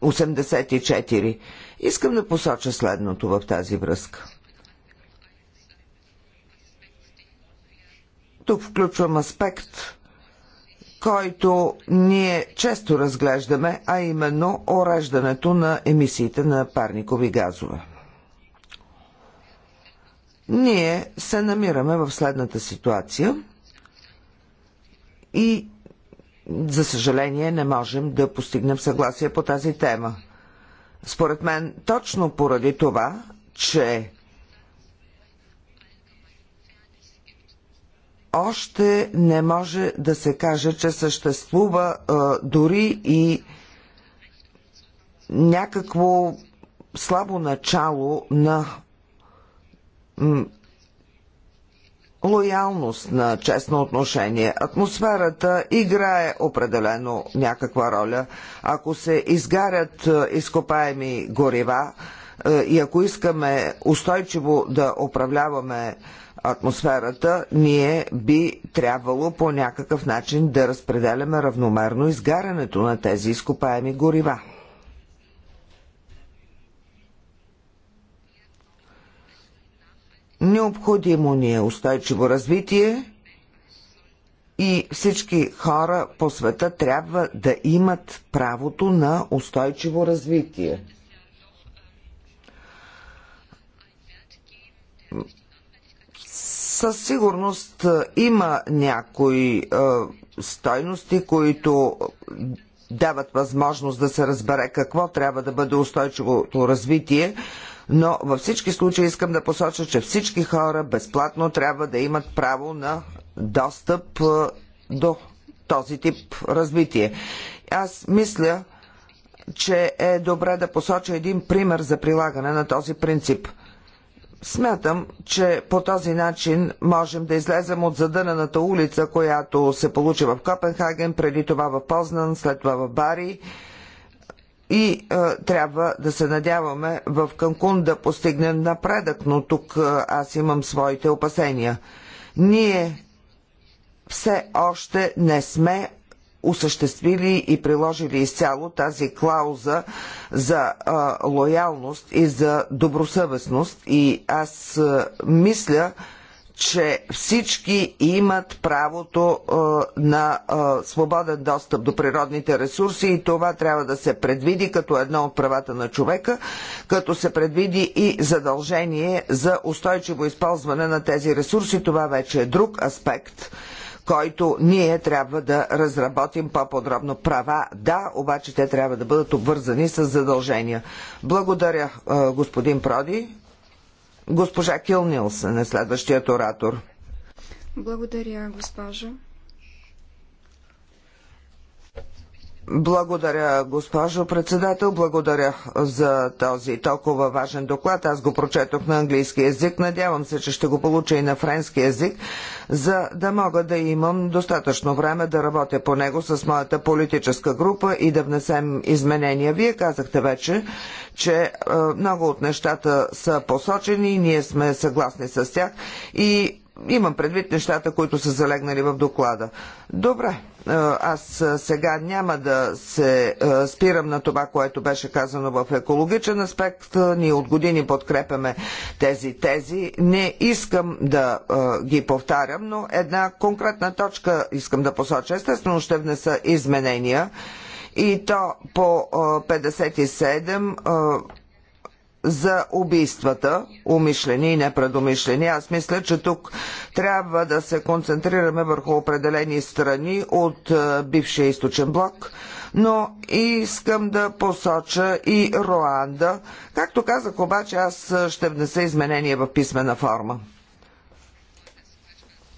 84. Искам да посоча следното в тази връзка. Тук включвам аспект, който ние често разглеждаме, а именно ореждането на емисиите на парникови газове. Ние се намираме в следната ситуация и за съжаление не можем да постигнем съгласие по тази тема. Според мен, точно поради това, че още не може да се каже, че съществува а, дори и някакво слабо начало на лоялност на честно отношение. Атмосферата играе определено някаква роля. Ако се изгарят изкопаеми горива и ако искаме устойчиво да управляваме атмосферата, ние би трябвало по някакъв начин да разпределяме равномерно изгарянето на тези изкопаеми горива. Необходимо ни е устойчиво развитие и всички хора по света трябва да имат правото на устойчиво развитие. Със сигурност има някои стойности, които дават възможност да се разбере какво трябва да бъде устойчивото развитие, но във всички случаи искам да посоча, че всички хора безплатно трябва да имат право на достъп до този тип развитие. Аз мисля, че е добре да посоча един пример за прилагане на този принцип – Смятам, че по този начин можем да излезем от задънената улица, която се получи в Копенхаген, преди това в Познан, след това в Бари. И е, трябва да се надяваме в Канкун да постигнем напредък, но тук е, аз имам своите опасения. Ние все още не сме осъществили и приложили изцяло тази клауза за а, лоялност и за добросъвестност. И аз а, мисля, че всички имат правото а, на а, свободен достъп до природните ресурси и това трябва да се предвиди като едно от правата на човека, като се предвиди и задължение за устойчиво използване на тези ресурси. Това вече е друг аспект който ние трябва да разработим по-подробно. Права, да, обаче те трябва да бъдат обвързани с задължения. Благодаря, е, господин Проди. Госпожа Килнилс е следващият оратор. Благодаря, госпожо. Благодаря, госпожо председател. Благодаря за този толкова важен доклад. Аз го прочетох на английски язик. Надявам се, че ще го получа и на френски язик, за да мога да имам достатъчно време да работя по него с моята политическа група и да внесем изменения. Вие казахте вече, че е, много от нещата са посочени, ние сме съгласни с тях и Имам предвид нещата, които са залегнали в доклада. Добре, аз сега няма да се спирам на това, което беше казано в екологичен аспект. Ние от години подкрепяме тези тези. Не искам да ги повтарям, но една конкретна точка искам да посоча. Естествено ще внеса изменения и то по 57 за убийствата, умишлени и непредумишлени. Аз мисля, че тук трябва да се концентрираме върху определени страни от е, бившия източен блок, но искам да посоча и Руанда. Както казах обаче, аз ще внеса изменения в писмена форма.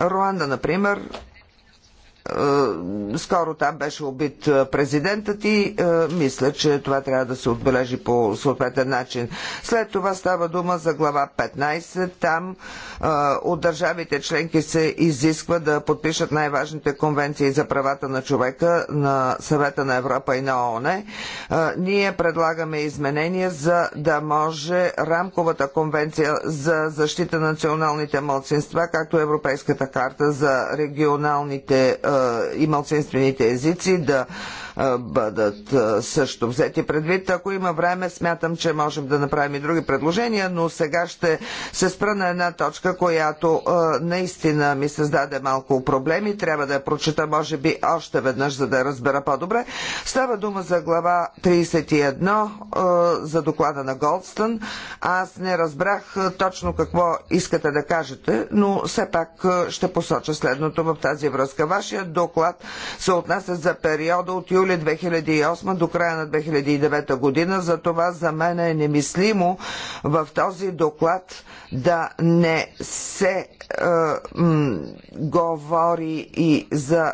Руанда, например, е, скоро там беше убит е, президентът и е, мисля, че това трябва да се отбележи по съответен начин. След това става дума за глава 15. Там от държавите членки се изисква да подпишат най-важните конвенции за правата на човека на съвета на Европа и на ООН. Ние предлагаме изменения за да може рамковата конвенция за защита на националните младсинства, както Европейската карта за регионалните е, и малцинствените езици да бъдат също взети предвид. Ако има време, смятам, че можем да направим и други предложения, но сега ще се спра на една точка, която наистина ми създаде малко проблеми. Трябва да я прочета, може би, още веднъж, за да я разбера по-добре. Става дума за глава 31 за доклада на Голдстън. Аз не разбрах точно какво искате да кажете, но все пак ще посоча следното в тази връзка. Вашият доклад се отнася за периода от юли юли 2008 до края на 2009 година. За това за мен е немислимо в този доклад да не се е, м, говори и за е,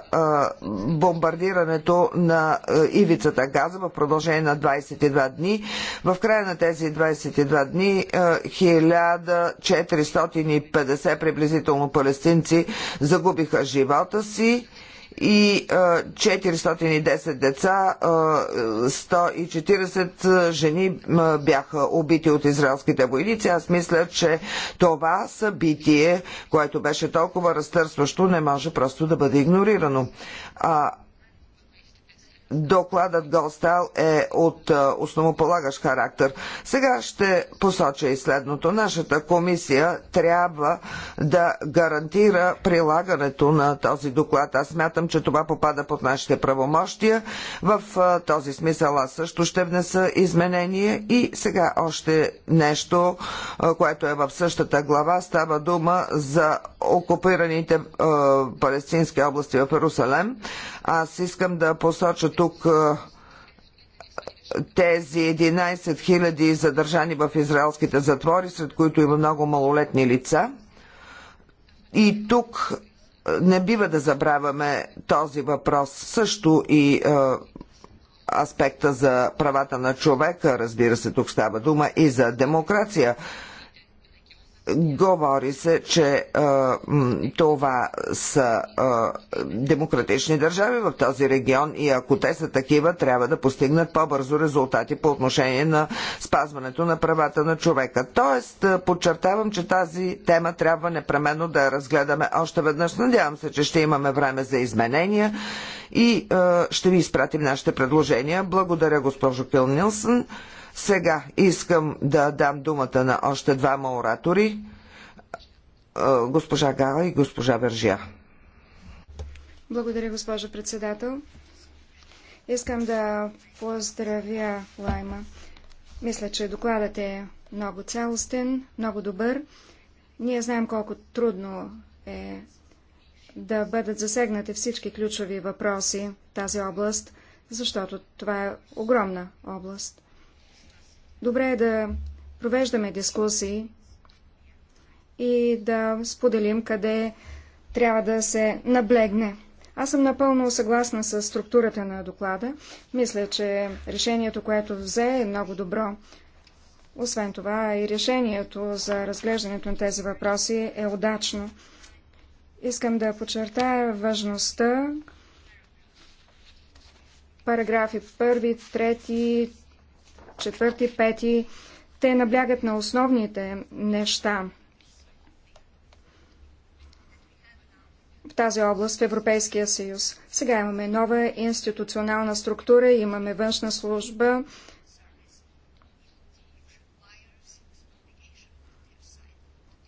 бомбардирането на е, ивицата Газа в продължение на 22 дни. В края на тези 22 дни е, 1450 приблизително палестинци загубиха живота си и 410 деца, 140 жени бяха убити от израелските войници. Аз мисля, че това събитие, което беше толкова разтърсващо, не може просто да бъде игнорирано. Докладът Голстал е от е, основополагащ характер. Сега ще посоча и следното. Нашата комисия трябва да гарантира прилагането на този доклад. Аз смятам, че това попада под нашите правомощия. В е, този смисъл аз също ще внеса изменение. И сега още нещо, е, което е в същата глава. Става дума за окупираните палестински области в Иерусалем. Аз искам да посоча тук тези 11 000 задържани в израелските затвори, сред които има много малолетни лица. И тук не бива да забравяме този въпрос също и е, аспекта за правата на човека. Разбира се, тук става дума и за демокрация. Говори се, че а, това са а, демократични държави в този регион и ако те са такива, трябва да постигнат по-бързо резултати по отношение на спазването на правата на човека. Тоест, подчертавам, че тази тема трябва непременно да я разгледаме още веднъж. Надявам се, че ще имаме време за изменения и а, ще ви изпратим нашите предложения. Благодаря, госпожо Кил Нилсън. Сега искам да дам думата на още двама оратори. Е, госпожа Гала и госпожа Бержия. Благодаря, госпожа председател. Искам да поздравя Лайма. Мисля, че докладът е много цялостен, много добър. Ние знаем колко трудно е да бъдат засегнати всички ключови въпроси в тази област, защото това е огромна област. Добре е да провеждаме дискусии и да споделим къде трябва да се наблегне. Аз съм напълно съгласна с структурата на доклада. Мисля, че решението, което взе, е много добро. Освен това и решението за разглеждането на тези въпроси е удачно. Искам да подчертая важността параграфи 1, 3, четвърти, пети, те наблягат на основните неща в тази област в Европейския съюз. Сега имаме нова институционална структура, имаме външна служба,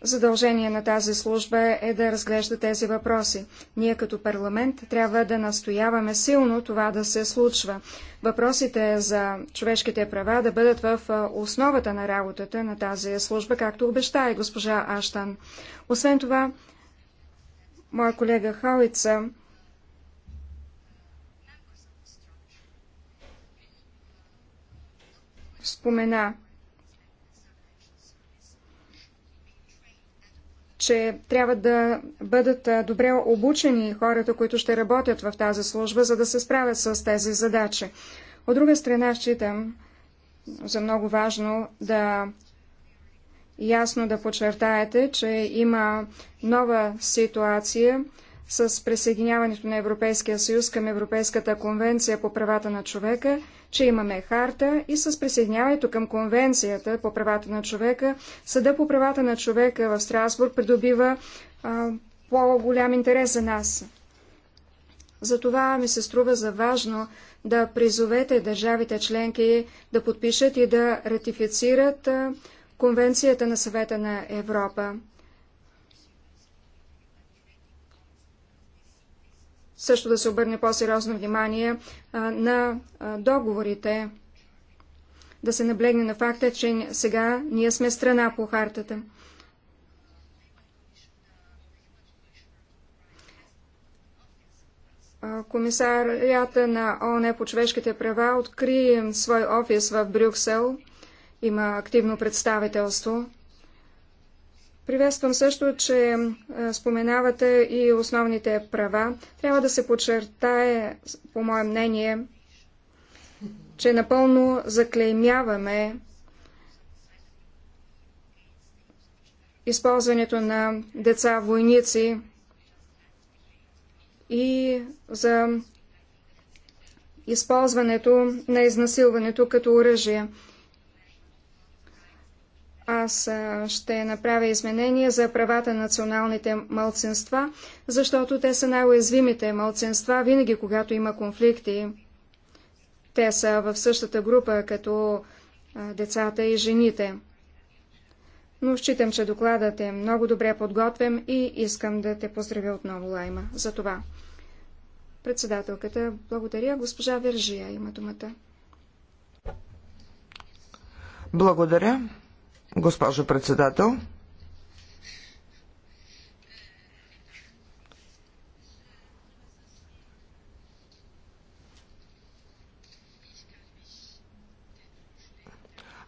Задължение на тази служба е да разглежда тези въпроси. Ние като парламент трябва да настояваме силно това да се случва. Въпросите за човешките права да бъдат в основата на работата на тази служба, както обеща и госпожа Аштан. Освен това, моя колега Халица спомена че трябва да бъдат добре обучени хората, които ще работят в тази служба, за да се справят с тези задачи. От друга страна, считам за много важно да ясно да подчертаете, че има нова ситуация с присъединяването на Европейския съюз към Европейската конвенция по правата на човека – че имаме харта и с присъединяването към Конвенцията по правата на човека, Съда по правата на човека в Страсбург придобива по-голям интерес за нас. Затова ми се струва за важно да призовете държавите членки да подпишат и да ратифицират Конвенцията на съвета на Европа. също да се обърне по-сериозно внимание на договорите, да се наблегне на факта, че сега ние сме страна по хартата. Комисарията на ООН по човешките права откри свой офис в Брюксел. Има активно представителство. Приветствам също, че споменавате и основните права. Трябва да се подчертае, по мое мнение, че напълно заклеймяваме използването на деца-войници и за използването на изнасилването като оръжие. Аз ще направя изменения за правата на националните мълценства, защото те са най-уязвимите мълценства винаги, когато има конфликти. Те са в същата група като децата и жените. Но считам, че докладът е много добре подготвен и искам да те поздравя отново, Лайма, за това. Председателката, благодаря. Госпожа Вержия има думата. Благодаря. Госпожо председател,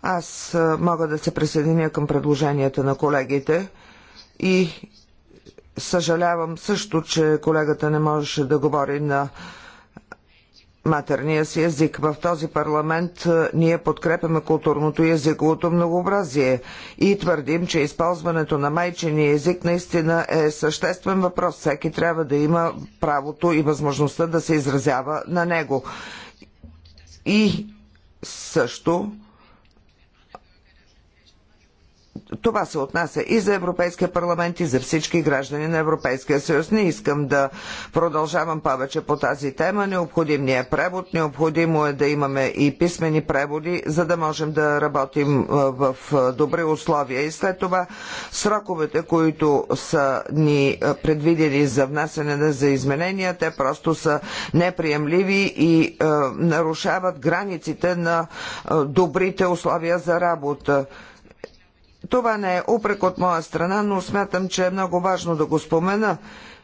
аз мога да се присъединя към предложенията на колегите и съжалявам също, че колегата не можеше да говори на матерния си език. В този парламент е, ние подкрепяме културното и езиковото многообразие и твърдим, че използването на майчиния език наистина е съществен въпрос. Всеки трябва да има правото и възможността да се изразява на него. И също това се отнася и за Европейския парламент, и за всички граждани на Европейския съюз. Не искам да продължавам повече по тази тема. Необходим ни е превод, необходимо е да имаме и писмени преводи, за да можем да работим в добри условия. И след това сроковете, които са ни предвидели за внасяне за изменения, те просто са неприемливи и нарушават границите на добрите условия за работа. Това не е упрек от моя страна, но смятам, че е много важно да го спомена.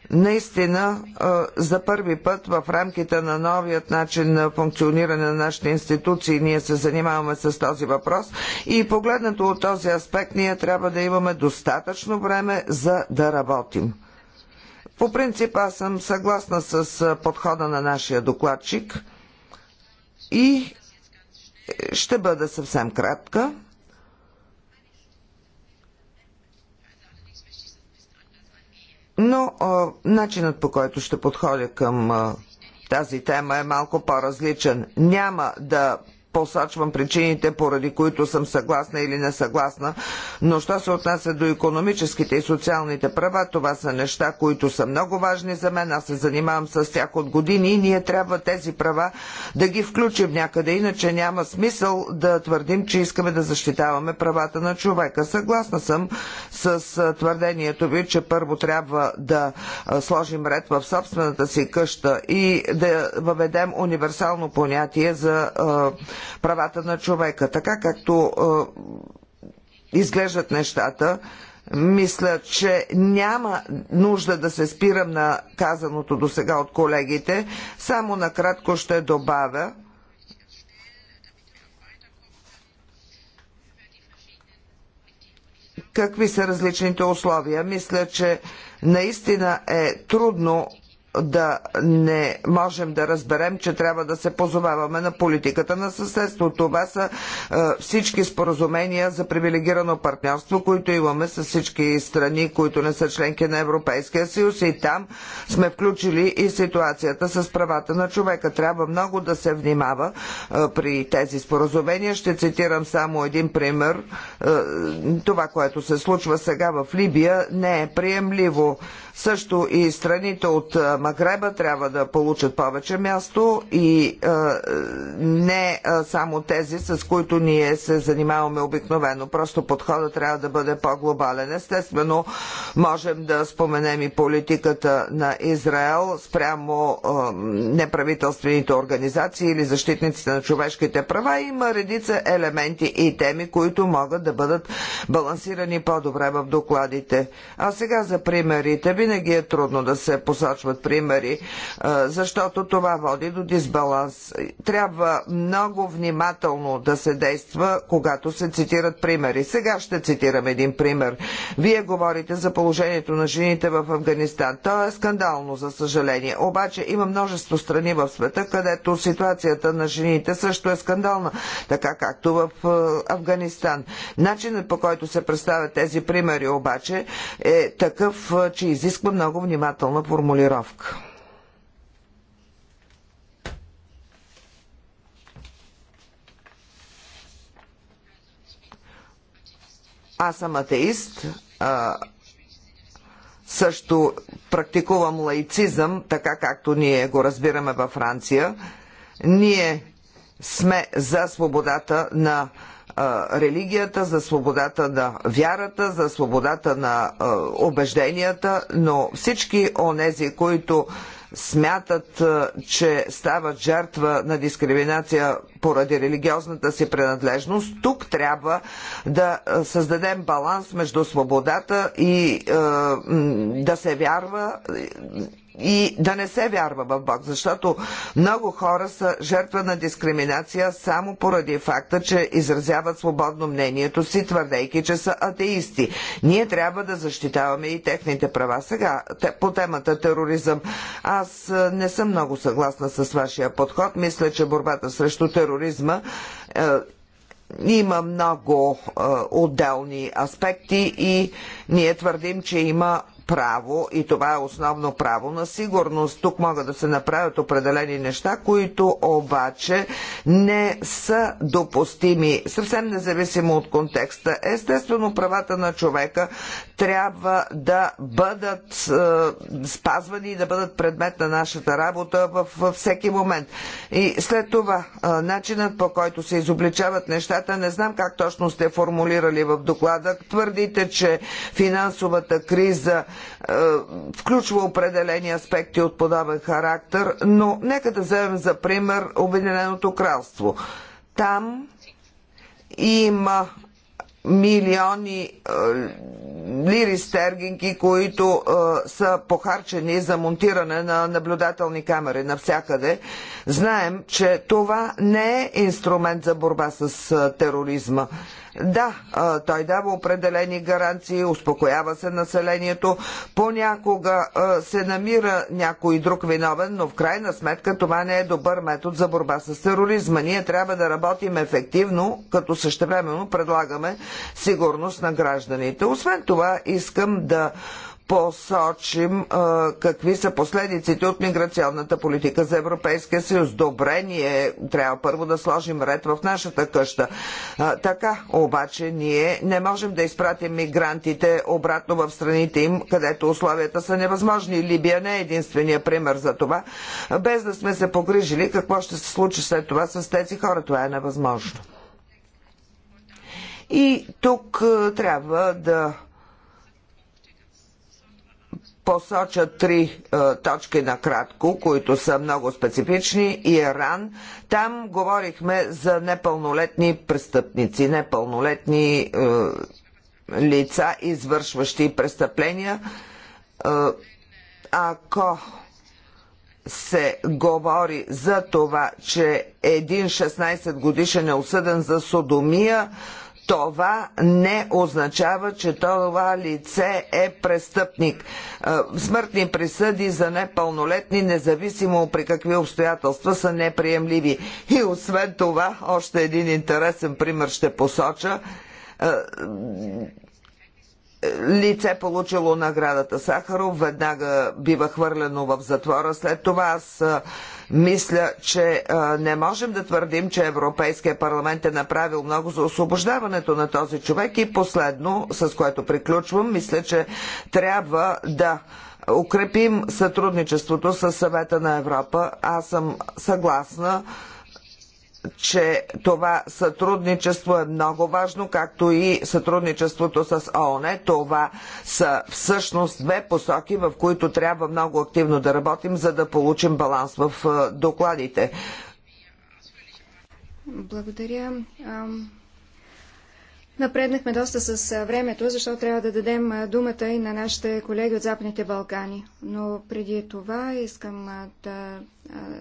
Наистина, е, за първи път в рамките на новият начин на функциониране на нашите институции ние се занимаваме с този въпрос и погледнато от този аспект ние трябва да имаме достатъчно време за да работим. По принцип аз съм съгласна с е, подхода на нашия докладчик и ще бъда съвсем кратка. Но а, начинът по който ще подходя към а, тази тема е малко по-различен. Няма да посочвам причините, поради които съм съгласна или не съгласна, но що се отнася до економическите и социалните права, това са неща, които са много важни за мен. Аз се занимавам с тях от години и ние трябва тези права да ги включим някъде, иначе няма смисъл да твърдим, че искаме да защитаваме правата на човека. Съгласна съм с твърдението ви, че първо трябва да сложим ред в собствената си къща и да въведем универсално понятие за правата на човека. Така както е, изглеждат нещата, мисля, че няма нужда да се спирам на казаното до сега от колегите. Само накратко ще добавя, какви са различните условия. Мисля, че наистина е трудно да не можем да разберем, че трябва да се позоваваме на политиката на съседство. Това са е, всички споразумения за привилегирано партньорство, които имаме с всички страни, които не са членки на Европейския съюз и там сме включили и ситуацията с правата на човека. Трябва много да се внимава е, при тези споразумения. Ще цитирам само един пример. Е, това, което се случва сега в Либия, не е приемливо. Също и страните от Магреба трябва да получат повече място и не само тези, с които ние се занимаваме обикновено. Просто подходът трябва да бъде по-глобален. Естествено, можем да споменем и политиката на Израел спрямо неправителствените организации или защитниците на човешките права. Има редица елементи и теми, които могат да бъдат балансирани по-добре в докладите. А сега за примерите ви винаги е трудно да се посочват примери, защото това води до дисбаланс. Трябва много внимателно да се действа, когато се цитират примери. Сега ще цитирам един пример. Вие говорите за положението на жените в Афганистан. То е скандално, за съжаление. Обаче има множество страни в света, където ситуацията на жените също е скандална, така както в Афганистан. Начинът по който се представят тези примери обаче е такъв, че изисква изисква много внимателна формулировка. Аз съм атеист, а, също практикувам лаицизъм, така както ние го разбираме във Франция. Ние сме за свободата на религията, за свободата на вярата, за свободата на убежденията, но всички онези, които смятат, че стават жертва на дискриминация поради религиозната си принадлежност, тук трябва да създадем баланс между свободата и да се вярва и да не се вярва в Бог, защото много хора са жертва на дискриминация само поради факта, че изразяват свободно мнението си, твърдейки, че са атеисти. Ние трябва да защитаваме и техните права. Сега, по темата тероризъм, аз е, не съм много съгласна с вашия подход. Мисля, че борбата срещу тероризма е, има много е, отделни аспекти и ние твърдим, че има право и това е основно право на сигурност. Тук могат да се направят определени неща, които обаче не са допустими, съвсем независимо от контекста. Естествено, правата на човека трябва да бъдат е, спазвани и да бъдат предмет на нашата работа във, във всеки момент. И след това, е, начинът по който се изобличават нещата, не знам как точно сте формулирали в доклада. Твърдите, че финансовата криза е, включва определени аспекти от подобен характер, но нека да вземем за пример Обединеното кралство. Там има милиони е, лири стергинки, които е, са похарчени за монтиране на наблюдателни камери навсякъде. Знаем, че това не е инструмент за борба с е, тероризма. Да, той дава определени гаранции, успокоява се населението, понякога се намира някой друг виновен, но в крайна сметка това не е добър метод за борба с тероризма. Ние трябва да работим ефективно, като същевременно предлагаме сигурност на гражданите. Освен това, искам да посочим а, какви са последиците от миграционната политика за Европейския съюз. Добре, ние трябва първо да сложим ред в нашата къща. А, така, обаче, ние не можем да изпратим мигрантите обратно в страните им, където условията са невъзможни. Либия не е единствения пример за това. Без да сме се погрижили какво ще се случи след това с тези хора, това е невъзможно. И тук трябва да посоча три е, точки накратко, които са много специфични. Иран. Там говорихме за непълнолетни престъпници, непълнолетни е, лица, извършващи престъпления. Е, ако се говори за това, че един 16 годишен е осъден за содомия, това не означава, че това лице е престъпник. Смъртни присъди за непълнолетни, независимо при какви обстоятелства, са неприемливи. И освен това, още един интересен пример ще посоча лице получило наградата Сахаров, веднага бива хвърлено в затвора. След това аз мисля, че не можем да твърдим, че Европейския парламент е направил много за освобождаването на този човек. И последно, с което приключвам, мисля, че трябва да укрепим сътрудничеството с съвета на Европа. Аз съм съгласна че това сътрудничество е много важно, както и сътрудничеството с ООН. Това са всъщност две посоки, в които трябва много активно да работим, за да получим баланс в е, докладите. Благодаря. Напреднахме доста с времето, защото трябва да дадем думата и на нашите колеги от Западните Балкани. Но преди това искам да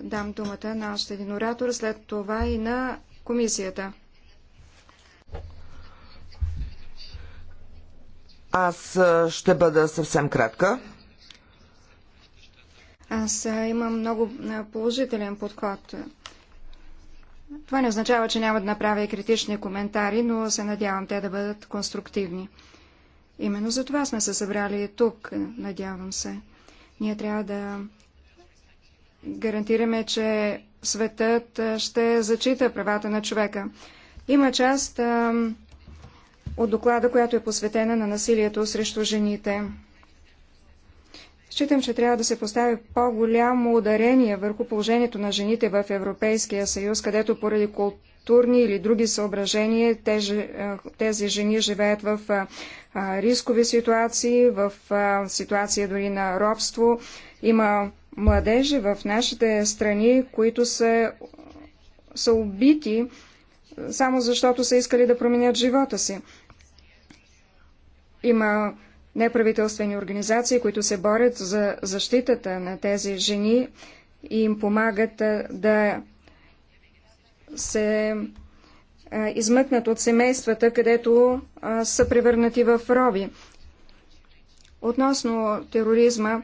дам думата на още един оратор, след това и на комисията. Аз ще бъда съвсем кратка. Аз имам много положителен подход. Това не означава, че няма да направя и критични коментари, но се надявам те да бъдат конструктивни. Именно за това сме се събрали тук, надявам се. Ние трябва да гарантираме, че светът ще зачита правата на човека. Има част от доклада, която е посветена на насилието срещу жените. Считам, че трябва да се постави по-голямо ударение върху положението на жените в Европейския съюз, където поради културни или други съображения тези, е, тези жени живеят в е, е, рискови ситуации, в ситуация дори на робство. Има младежи в нашите страни, които са, са убити само защото са искали да променят живота си. Има неправителствени организации, които се борят за защитата на тези жени и им помагат да се измъкнат от семействата, където са превърнати в роби. Относно тероризма,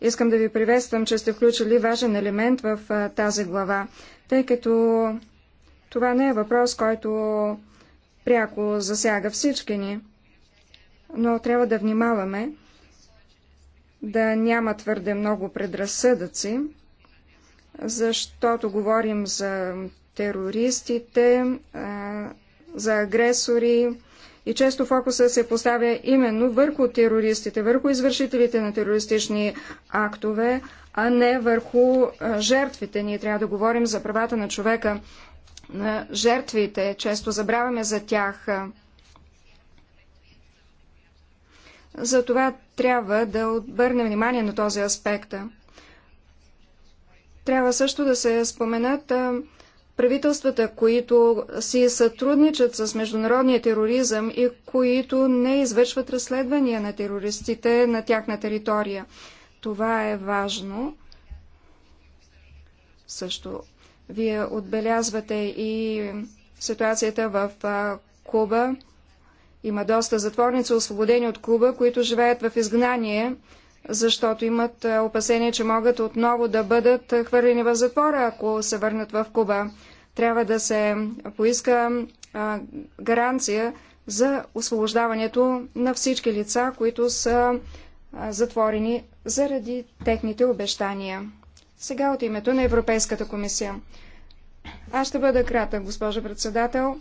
искам да ви приветствам, че сте включили важен елемент в тази глава, тъй като това не е въпрос, който пряко засяга всички ни но трябва да внимаваме да няма твърде много предразсъдъци, защото говорим за терористите, за агресори и често фокуса се поставя именно върху терористите, върху извършителите на терористични актове, а не върху жертвите. Ние трябва да говорим за правата на човека, на жертвите. Често забравяме за тях. Затова трябва да обърнем внимание на този аспект. Трябва също да се споменат правителствата, които си сътрудничат с международния тероризъм и които не извършват разследвания на терористите на тяхна територия. Това е важно. Също вие отбелязвате и ситуацията в Куба. Има доста затворници, освободени от Куба, които живеят в изгнание, защото имат е, опасение, че могат отново да бъдат е, хвърлени в затвора, ако се върнат в Куба. Трябва да се поиска е, гаранция за освобождаването на всички лица, които са затворени заради техните обещания. Сега от името на Европейската комисия. Аз ще бъда кратък, госпожо председател.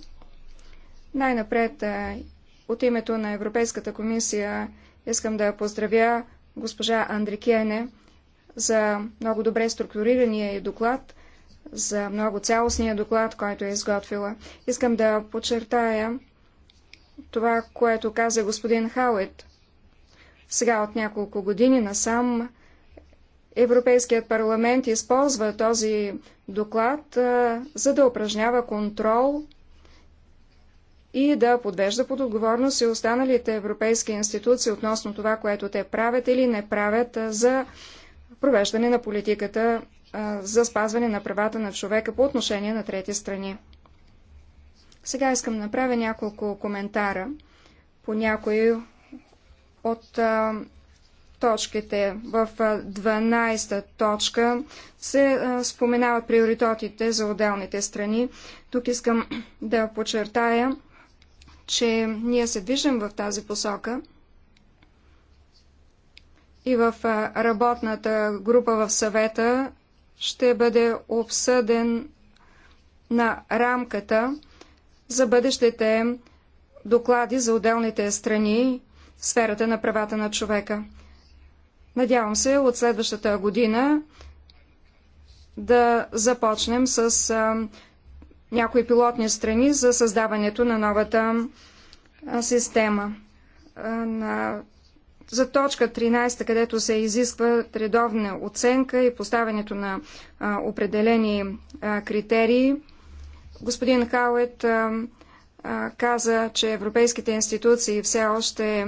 Най-напред от името на Европейската комисия искам да поздравя госпожа Андрикене за много добре структурирания и доклад, за много цялостния доклад, който е изготвила. Искам да подчертая това, което каза господин Хаует. Сега от няколко години насам Европейският парламент използва този доклад, а, за да упражнява контрол и да подвежда под отговорност и останалите европейски институции относно това, което те правят или не правят за провеждане на политиката за спазване на правата на човека по отношение на трети страни. Сега искам да направя няколко коментара по някои от а, точките. В 12-та точка се а, споменават приоритетите за отделните страни. Тук искам да подчертая, че ние се движим в тази посока. И в работната група в съвета ще бъде обсъден на рамката за бъдещите доклади за отделните страни в сферата на правата на човека. Надявам се от следващата година да започнем с някои пилотни страни за създаването на новата система. за точка 13, където се изисква редовна оценка и поставянето на определени критерии. Господин Хаует каза, че европейските институции все още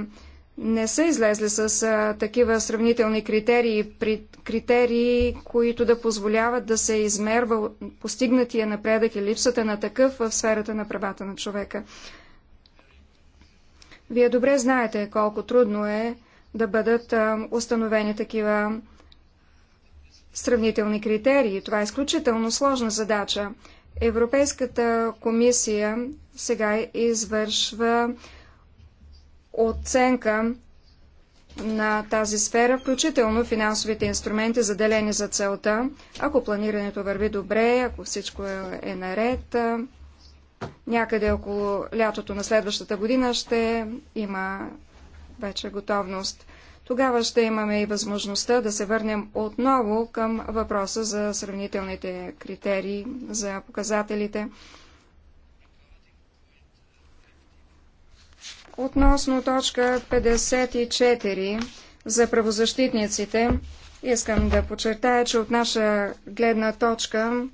не са излезли с а, такива сравнителни критерии, при, критерии, които да позволяват да се измерва постигнатия напредък и липсата на такъв в сферата на правата на човека. Вие добре знаете колко трудно е да бъдат а, установени такива сравнителни критерии. Това е изключително сложна задача. Европейската комисия сега извършва оценка на тази сфера, включително финансовите инструменти, заделени за целта. Ако планирането върви добре, ако всичко е, е наред, някъде около лятото на следващата година ще има вече готовност. Тогава ще имаме и възможността да се върнем отново към въпроса за сравнителните критерии, за показателите. Относно точка 54 за правозащитниците, искам да подчертая, че от наша гледна точка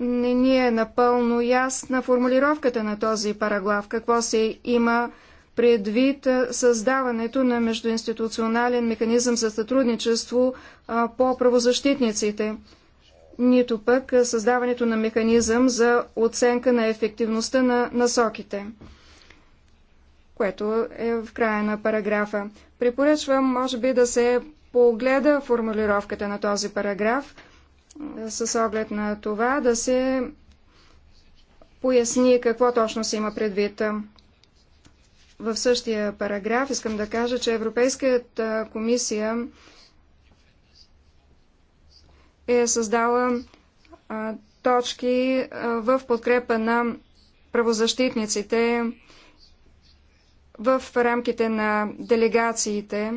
не ни е напълно ясна формулировката на този параглав, какво се има предвид създаването на междуинституционален механизъм за сътрудничество по правозащитниците, нито пък създаването на механизъм за оценка на ефективността на насоките което е в края на параграфа. Препоръчвам, може би, да се погледа формулировката на този параграф с оглед на това да се поясни какво точно се има предвид. В същия параграф искам да кажа, че Европейската комисия е създала точки в подкрепа на правозащитниците, в рамките на делегациите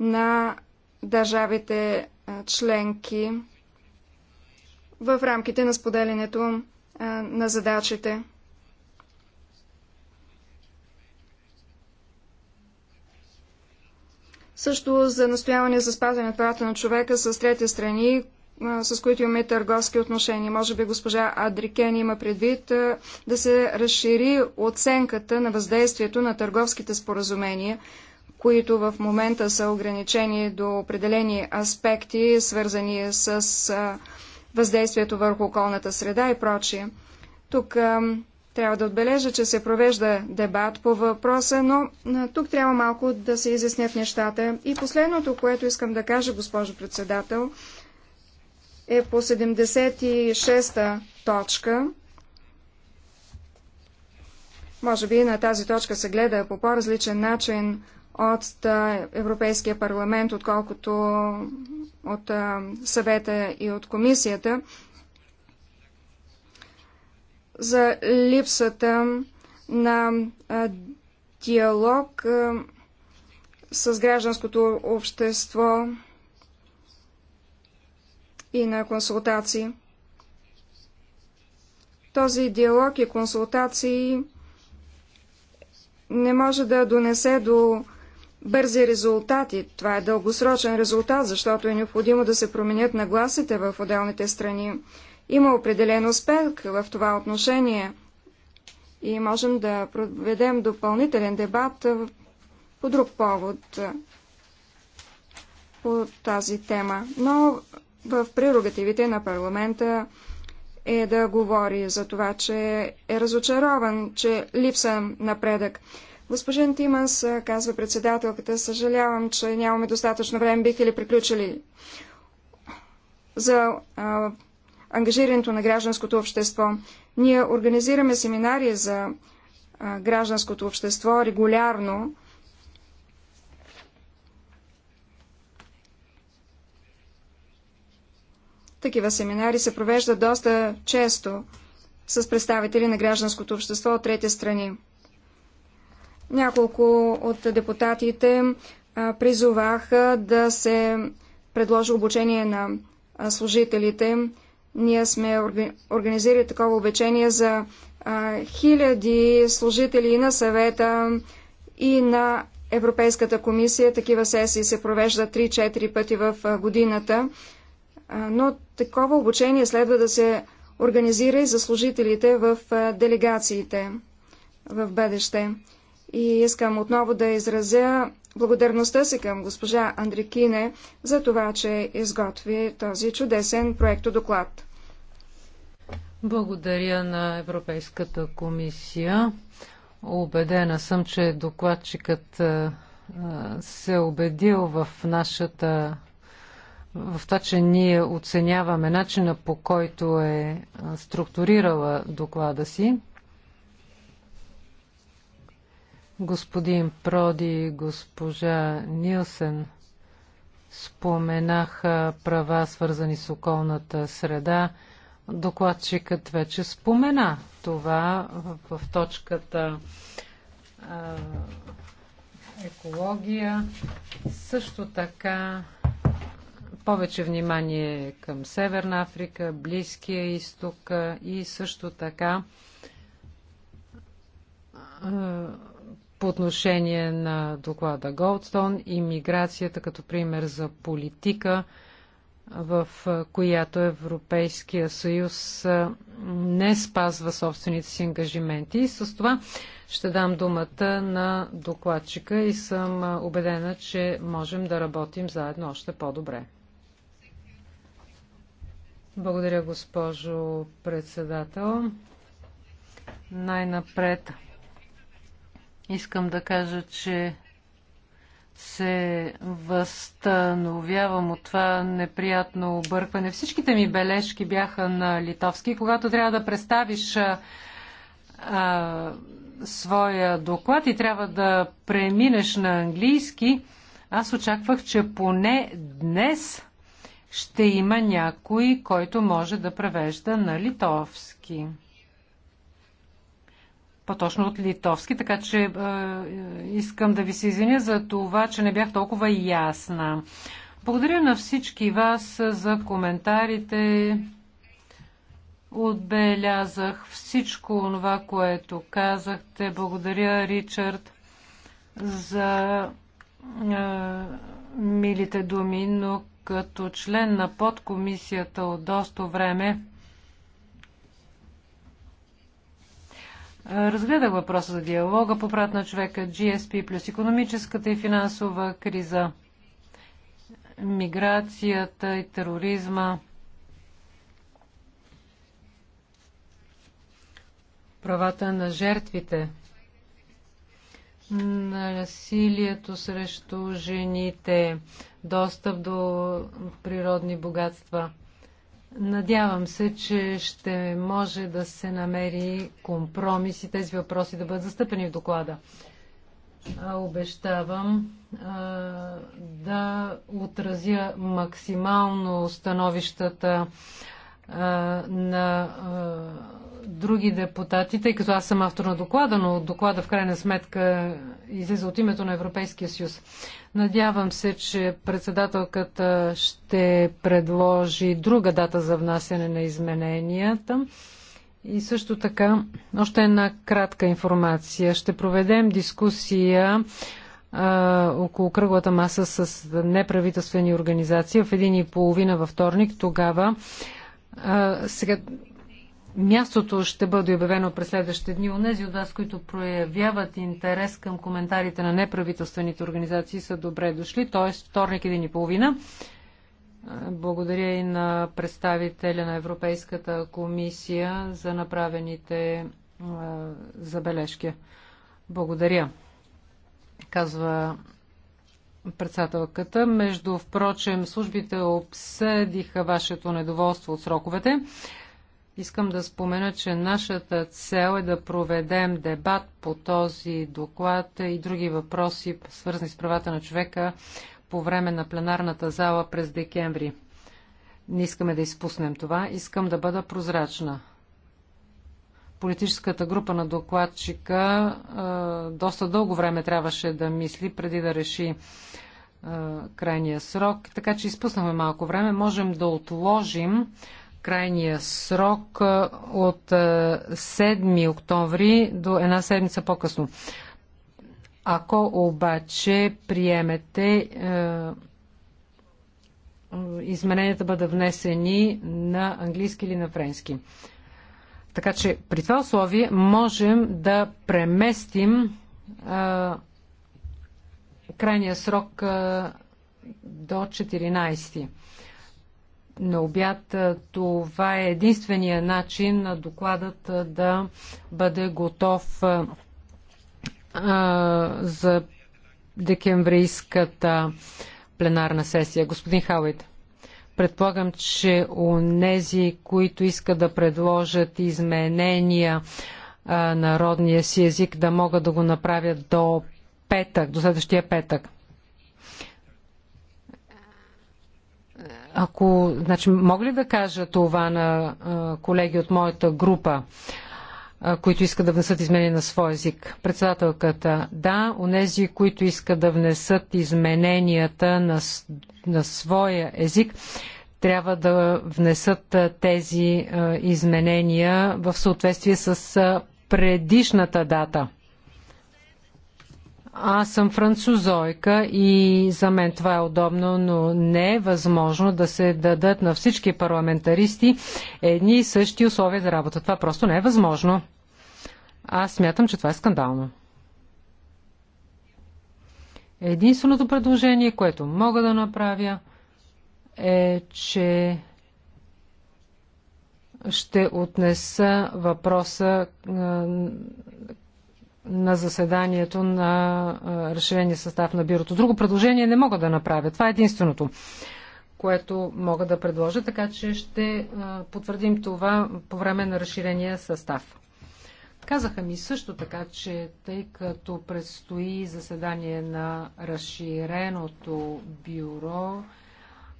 на държавите членки в рамките на споделянето на задачите. Също за настояване за спазване на правата на човека с трети страни, с които имаме търговски отношения. Може би госпожа Адрикен има предвид да се разшири оценката на въздействието на търговските споразумения, които в момента са ограничени до определени аспекти, свързани с въздействието върху околната среда и прочие. Тук трябва да отбележа, че се провежда дебат по въпроса, но тук трябва малко да се изяснят нещата. И последното, което искам да кажа, госпожо председател, е по 76-та точка. Може би на тази точка се гледа по по-различен начин от Европейския парламент, отколкото от съвета и от комисията за липсата на диалог с гражданското общество и на консултации. Този диалог и консултации не може да донесе до бързи резултати. Това е дългосрочен резултат, защото е необходимо да се променят нагласите в отделните страни. Има определен успех в това отношение и можем да проведем допълнителен дебат по друг повод по тази тема. Но в прерогативите на парламента е да говори за това, че е разочарован, че липса напредък. Госпожен Тиманс, казва председателката, съжалявам, че нямаме достатъчно време, бих ли приключили за а, ангажирането на гражданското общество. Ние организираме семинари за а, гражданското общество регулярно, Такива семинари се провеждат доста често с представители на гражданското общество от трети страни. Няколко от депутатите призоваха да се предложи обучение на служителите. Ние сме организирали такова обучение за хиляди служители на съвета и на Европейската комисия. Такива сесии се провеждат 3-4 пъти в годината но такова обучение следва да се организира и за служителите в делегациите в бъдеще. И искам отново да изразя благодарността си към госпожа Андрикине за това, че изготви този чудесен проектодоклад. Благодаря на Европейската комисия. Обедена съм, че докладчикът се е убедил в нашата в това, че ние оценяваме начина по който е структурирала доклада си. Господин Проди, госпожа Нилсен споменаха права, свързани с околната среда. Докладчикът вече спомена това в, в точката а, екология. Също така повече внимание към Северна Африка, Близкия изток и също така по отношение на доклада Голдстон и миграцията като пример за политика, в която Европейския съюз не спазва собствените си ангажименти. И с това ще дам думата на докладчика и съм убедена, че можем да работим заедно още по-добре. Благодаря, госпожо председател. Най-напред искам да кажа, че се възстановявам от това неприятно объркване. Всичките ми бележки бяха на литовски. Когато трябва да представиш а, а, своя доклад и трябва да преминеш на английски, аз очаквах, че поне днес ще има някой, който може да превежда на литовски. По-точно от литовски, така че е, е, искам да ви се извиня за това, че не бях толкова ясна. Благодаря на всички вас за коментарите. Отбелязах всичко това, което казахте. Благодаря, Ричард, за е, милите думи, но като член на подкомисията от доста време разгледах въпроса за диалога по прат на човека, GSP плюс економическата и финансова криза, миграцията и тероризма, правата на жертвите, насилието срещу жените, достъп до природни богатства. Надявам се, че ще може да се намери компромис и тези въпроси да бъдат застъпени в доклада. Обещавам а, да отразя максимално становищата а, на а, други депутати, тъй като аз съм автор на доклада, но доклада в крайна сметка излиза от името на Европейския съюз. Надявам се, че председателката ще предложи друга дата за внасяне на измененията. И също така, още една кратка информация. Ще проведем дискусия а, около кръглата маса с неправителствени организации в един и половина във вторник. Тогава а, сега Мястото ще бъде обявено през следващите дни. Онези от вас, които проявяват интерес към коментарите на неправителствените организации, са добре дошли, т.е. вторник един и половина. Благодаря и на представителя на Европейската комисия за направените забележки. Благодаря, казва председателката. Между впрочем, службите обсъдиха вашето недоволство от сроковете. Искам да спомена, че нашата цел е да проведем дебат по този доклад и други въпроси, свързани с правата на човека, по време на пленарната зала през декември. Не искаме да изпуснем това. Искам да бъда прозрачна. Политическата група на докладчика е, доста дълго време трябваше да мисли преди да реши е, крайния срок, така че изпуснахме малко време. Можем да отложим крайния срок от 7 октомври до една седмица по-късно. Ако обаче приемете е, измененията бъдат внесени на английски или на френски. Така че при това условие можем да преместим а, е, крайния срок а, е, до 14 на обяд. Е, това е единствения начин на докладът е, да бъде готов е, за декемврийската пленарна сесия. Господин Хауит, предполагам, че нези, които искат да предложат изменения народния си език, да могат да го направят до петък, до следващия петък. Ако, значи, мога ли да кажа това на колеги от моята група, които искат да внесат изменения на своя език? Председателката, да, онези, които искат да внесат измененията на, на своя език, трябва да внесат тези изменения в съответствие с предишната дата – аз съм французойка и за мен това е удобно, но не е възможно да се дадат на всички парламентаристи едни и същи условия за работа. Това просто не е възможно. Аз смятам, че това е скандално. Единственото предложение, което мога да направя, е, че ще отнеса въпроса на заседанието на разширения състав на бюрото. Друго предложение не мога да направя. Това е единственото, което мога да предложа, така че ще потвърдим това по време на разширения състав. Казаха ми също така, че тъй като предстои заседание на разширеното бюро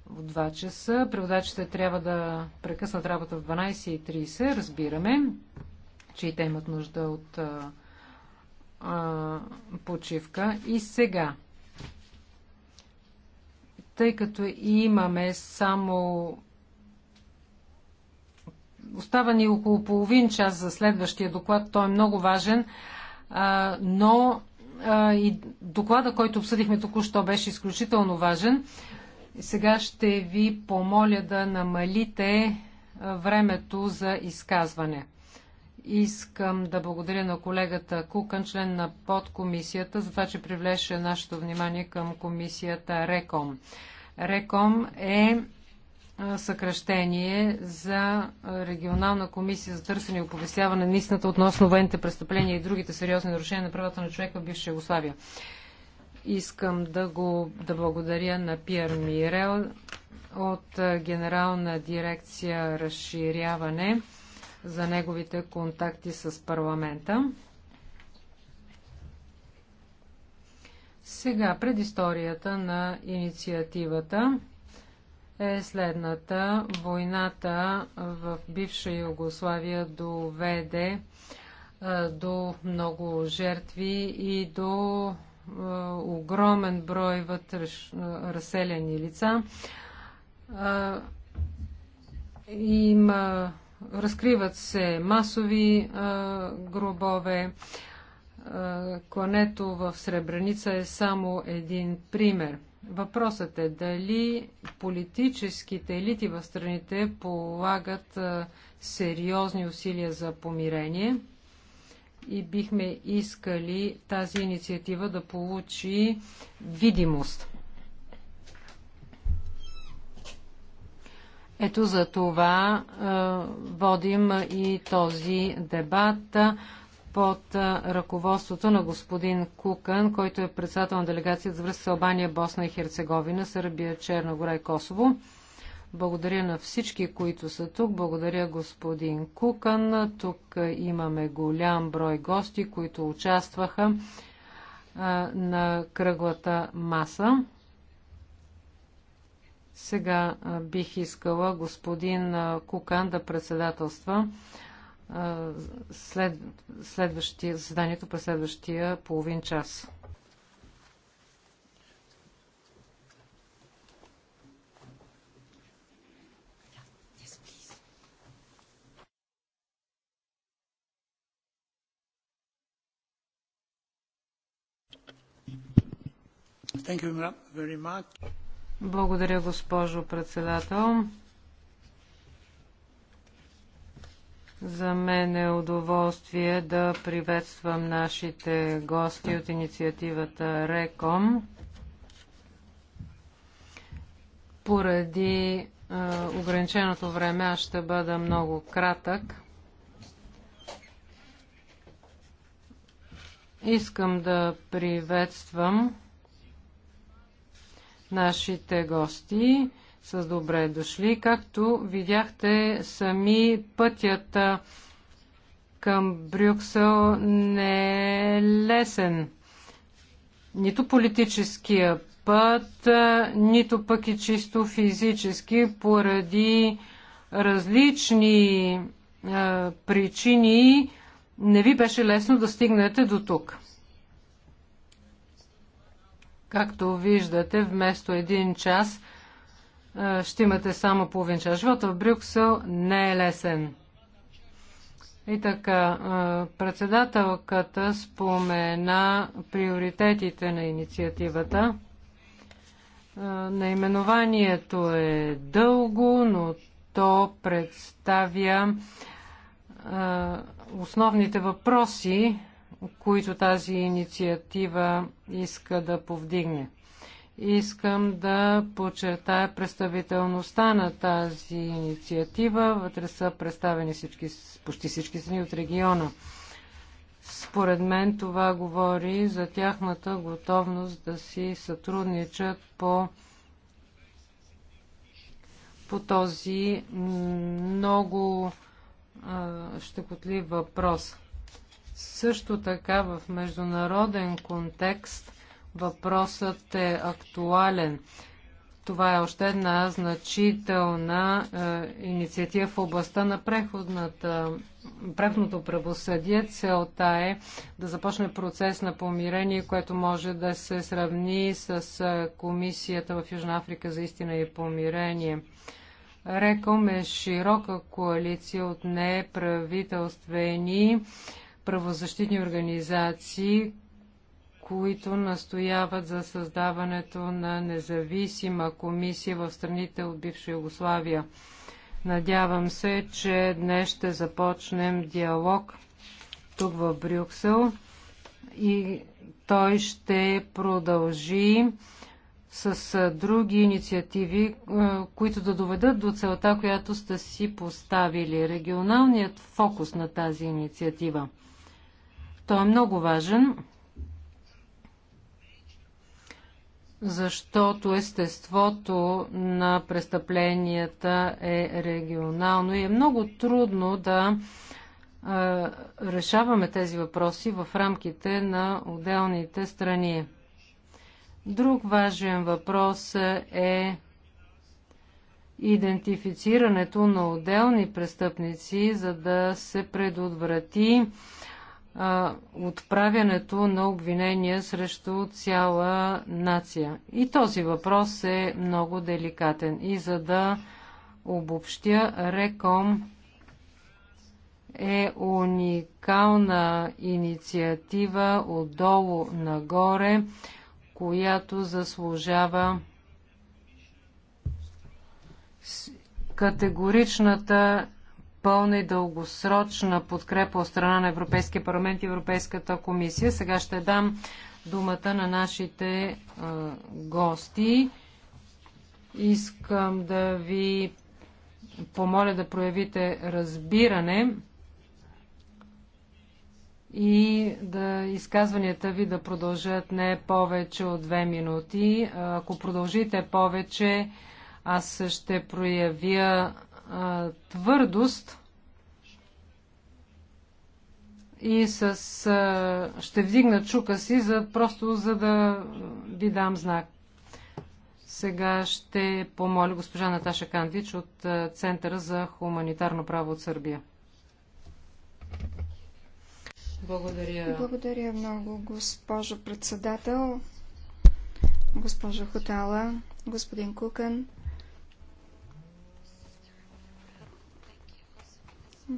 в 2 часа, преводачите трябва да прекъснат работа в 12.30, разбираме, че и те имат нужда от а, а, почивка. И сега, тъй като имаме само. Остава ни около половин час за следващия доклад. Той е много важен, а, но а, и доклада, който обсъдихме току-що, беше изключително важен. Сега ще ви помоля да намалите времето за изказване. Искам да благодаря на колегата Кукан, член на подкомисията, за това, че привлече нашето внимание към комисията РЕКОМ. РЕКОМ е съкръщение за регионална комисия за търсене и оповестяване на истината относно военните престъпления и другите сериозни нарушения на правата на човека в бивша Югославия. Искам да, го, да благодаря на Пиер Мирел от Генерална дирекция разширяване за неговите контакти с парламента. Сега предисторията на инициативата е следната. Войната в бивша Югославия доведе е, до много жертви и до е, огромен брой вътреш, е, разселени лица. Има Разкриват се масови а, гробове. А, клането в Сребреница е само един пример. Въпросът е дали политическите елити в страните полагат а, сериозни усилия за помирение и бихме искали тази инициатива да получи видимост. Ето за това е, водим и този дебат под е, ръководството на господин Кукан, който е председател на делегацията за връзка с Албания, Босна и Херцеговина, Сърбия, Черна гора и Косово. Благодаря на всички, които са тук. Благодаря господин Кукан. Тук имаме голям брой гости, които участваха е, на кръглата маса. Сега бих искала господин Кукан да председателства след, следващия, заседанието през следващия половин час. Thank you very much. Благодаря, госпожо председател. За мен е удоволствие да приветствам нашите гости от инициативата РЕКОМ. Поради е, ограниченото време аз ще бъда много кратък. Искам да приветствам нашите гости с добре дошли. Както видяхте, сами пътят към Брюксел не е лесен. Нито политическия път, нито пък и чисто физически, поради различни е, причини не ви беше лесно да стигнете до тук. Както виждате, вместо един час ще имате само половин час. Живота в Брюксел не е лесен. И така, председателката спомена приоритетите на инициативата. Наименованието е дълго, но то представя основните въпроси, които тази инициатива иска да повдигне. Искам да подчертая представителността на тази инициатива. Вътре са представени всички, почти всички страни от региона. Според мен това говори за тяхната готовност да си сътрудничат по, по този много щекотлив въпрос. Също така в международен контекст въпросът е актуален. Това е още една значителна е, инициатива в областта на преходното правосъдие. Целта е да започне процес на помирение, което може да се сравни с е, Комисията в Южна Африка за истина и помирение. Реком е широка коалиция от неправителствени правителствени правозащитни организации, които настояват за създаването на независима комисия в страните от бивша Югославия. Надявам се, че днес ще започнем диалог тук в Брюксел и той ще продължи с други инициативи, е, които да доведат до целта, която сте си поставили. Регионалният фокус на тази инициатива – той е много важен, защото естеството на престъпленията е регионално и е много трудно да решаваме тези въпроси в рамките на отделните страни. Друг важен въпрос е идентифицирането на отделни престъпници, за да се предотврати а, отправянето на обвинения срещу цяла нация. И този въпрос е много деликатен. И за да обобщя, РЕКОМ е уникална инициатива отдолу нагоре, която заслужава категоричната пълна и дългосрочна подкрепа от страна на Европейския парламент и Европейската комисия. Сега ще дам думата на нашите а, гости. Искам да ви помоля да проявите разбиране и да изказванията ви да продължат не повече от две минути. Ако продължите повече, аз ще проявя твърдост и с, а, ще вдигна чука си, за, просто за да ви дам знак. Сега ще помоля госпожа Наташа Кандич от Центъра за хуманитарно право от Сърбия. Благодаря. Благодаря много, госпожо председател, госпожо Хотала, господин Кукан.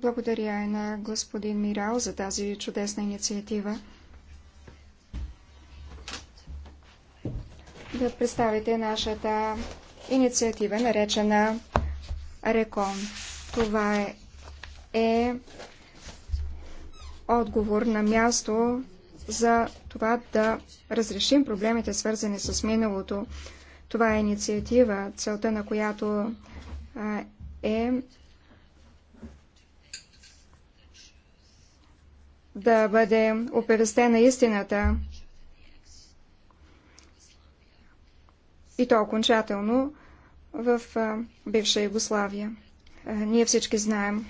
Благодаря и на господин Мирал за тази чудесна инициатива. Да представите нашата инициатива, наречена РЕКОН. Това е, е отговор на място за това да разрешим проблемите, свързани с миналото. Това е инициатива, целта на която е да бъде оперестена истината и то окончателно в бивша Югославия. Ние всички знаем,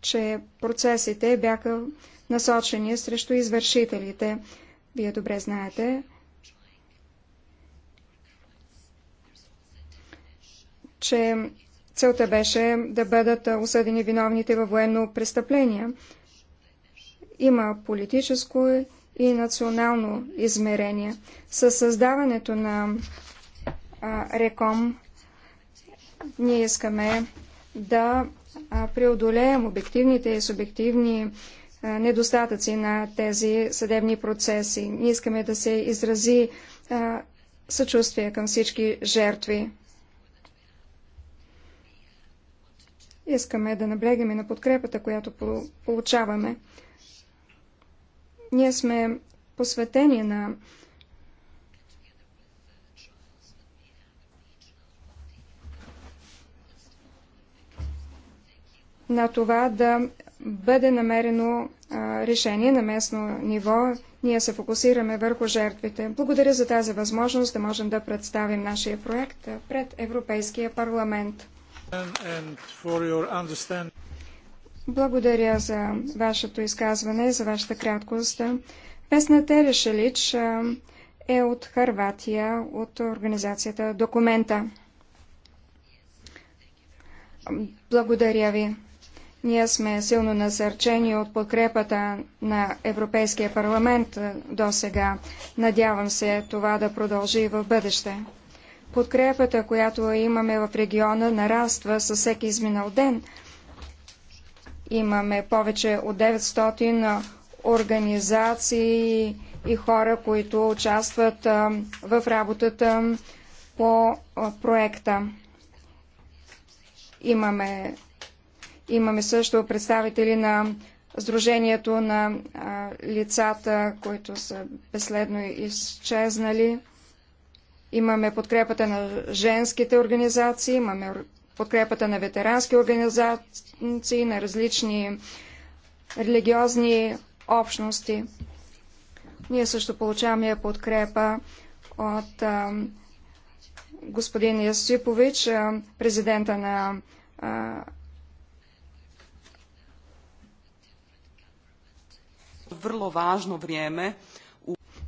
че процесите бяха насочени срещу извършителите. Вие добре знаете, че Целта беше да бъдат осъдени виновните във военно престъпление. Има политическо и национално измерение. Със създаването на а, РЕКОМ ние искаме да преодолеем обективните и субективни недостатъци на тези съдебни процеси. Ние искаме да се изрази съчувствие към всички жертви. Искаме да наблегаме на подкрепата, която получаваме. Ние сме посветени на на това да бъде намерено а, решение на местно ниво. Ние се фокусираме върху жертвите. Благодаря за тази възможност да можем да представим нашия проект пред Европейския парламент. Благодаря за вашето изказване и за вашата краткост. Весна Терешелич е от Харватия, от организацията Документа. Благодаря ви. Ние сме силно насърчени от подкрепата на Европейския парламент до сега. Надявам се това да продължи и в бъдеще. Подкрепата, която имаме в региона, нараства със всеки изминал ден. Имаме повече от 900 организации и хора, които участват в работата по проекта. Имаме, имаме също представители на Сдружението на лицата, които са безследно изчезнали. Имаме подкрепата на женските организации, имаме подкрепата на ветерански организации, на различни религиозни общности. Ние също получаваме подкрепа от а, господин Ясипович, а, президента на а, върло важно време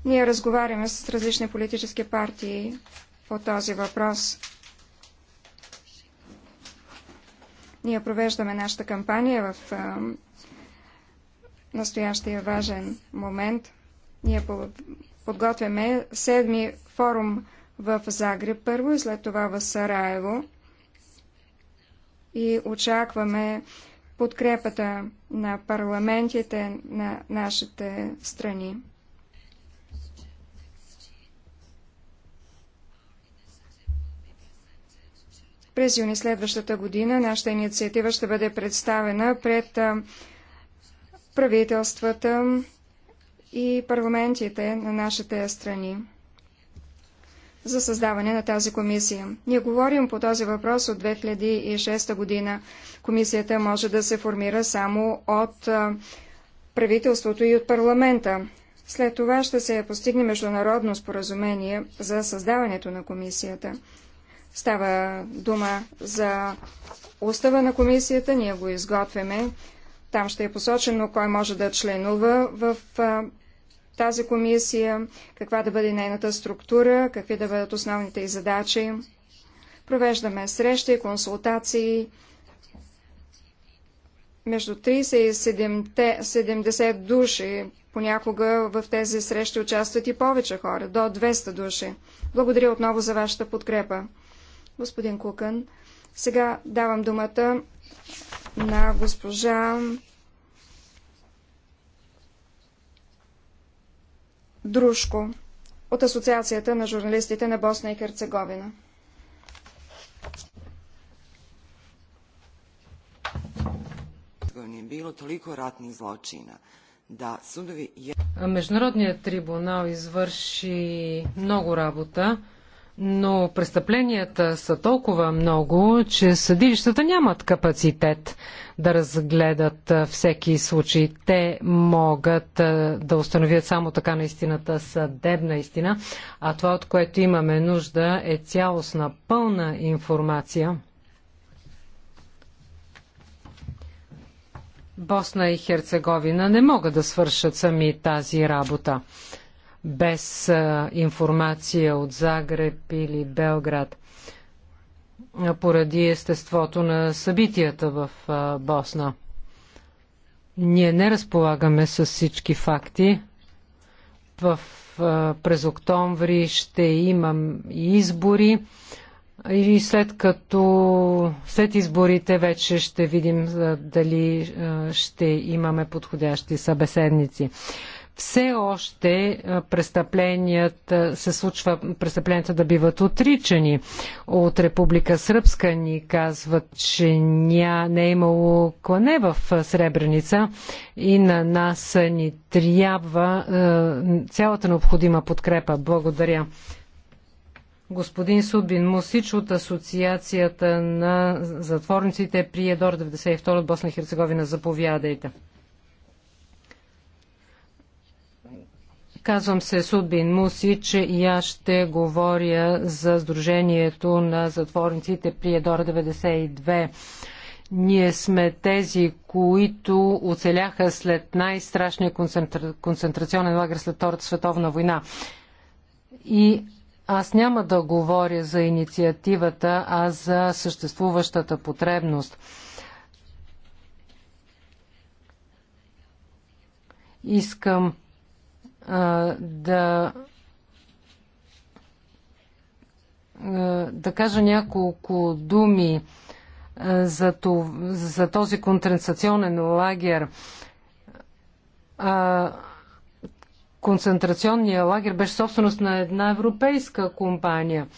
ние разговаряме с различни политически партии по този въпрос. Ние провеждаме нашата кампания в настоящия важен момент. Ние подготвяме седми форум в Загреб първо и след това в Сараево. И очакваме подкрепата на парламентите на нашите страни. През юни следващата година нашата инициатива ще бъде представена пред правителствата и парламентите на нашите страни за създаване на тази комисия. Ние говорим по този въпрос от 2006 година. Комисията може да се формира само от правителството и от парламента. След това ще се постигне международно споразумение за създаването на комисията. Става дума за устава на комисията, ние го изготвяме. Там ще е посочено кой може да членува в тази комисия, каква да бъде нейната структура, какви да бъдат основните й задачи. Провеждаме срещи, консултации между 30 и 70 души. Понякога в тези срещи участват и повече хора, до 200 души. Благодаря отново за вашата подкрепа господин Кукън. Сега давам думата на госпожа Дружко от Асоциацията на журналистите на Босна и Херцеговина. Е Международният трибунал извърши много работа. Но престъпленията са толкова много, че съдилищата нямат капацитет да разгледат всеки случай. Те могат да установят само така наистина, съдебна истина, а това, от което имаме нужда, е цялостна пълна информация. Босна и Херцеговина не могат да свършат сами тази работа без информация от Загреб или Белград поради естеството на събитията в Босна. Ние не разполагаме с всички факти. В, през октомври ще имам избори и след като след изборите вече ще видим дали ще имаме подходящи събеседници все още престъпленията се случва престъпленията да биват отричани. От Република Сръбска ни казват, че ня, не е имало клане в Сребреница и на нас ни трябва е, цялата необходима подкрепа. Благодаря. Господин Субин Мусич от Асоциацията на затворниците при Едор 92 от Босна и Херцеговина. Заповядайте. Казвам се Судбин Мусич и аз ще говоря за Сдружението на затворниците при Едора 92. Ние сме тези, които оцеляха след най-страшния концентра... концентрационен лагер след Втората световна война. И аз няма да говоря за инициативата, а за съществуващата потребност. Искам да да кажа няколко думи за, за този концентрационен лагер. Концентрационният лагер беше собственост на една европейска компания.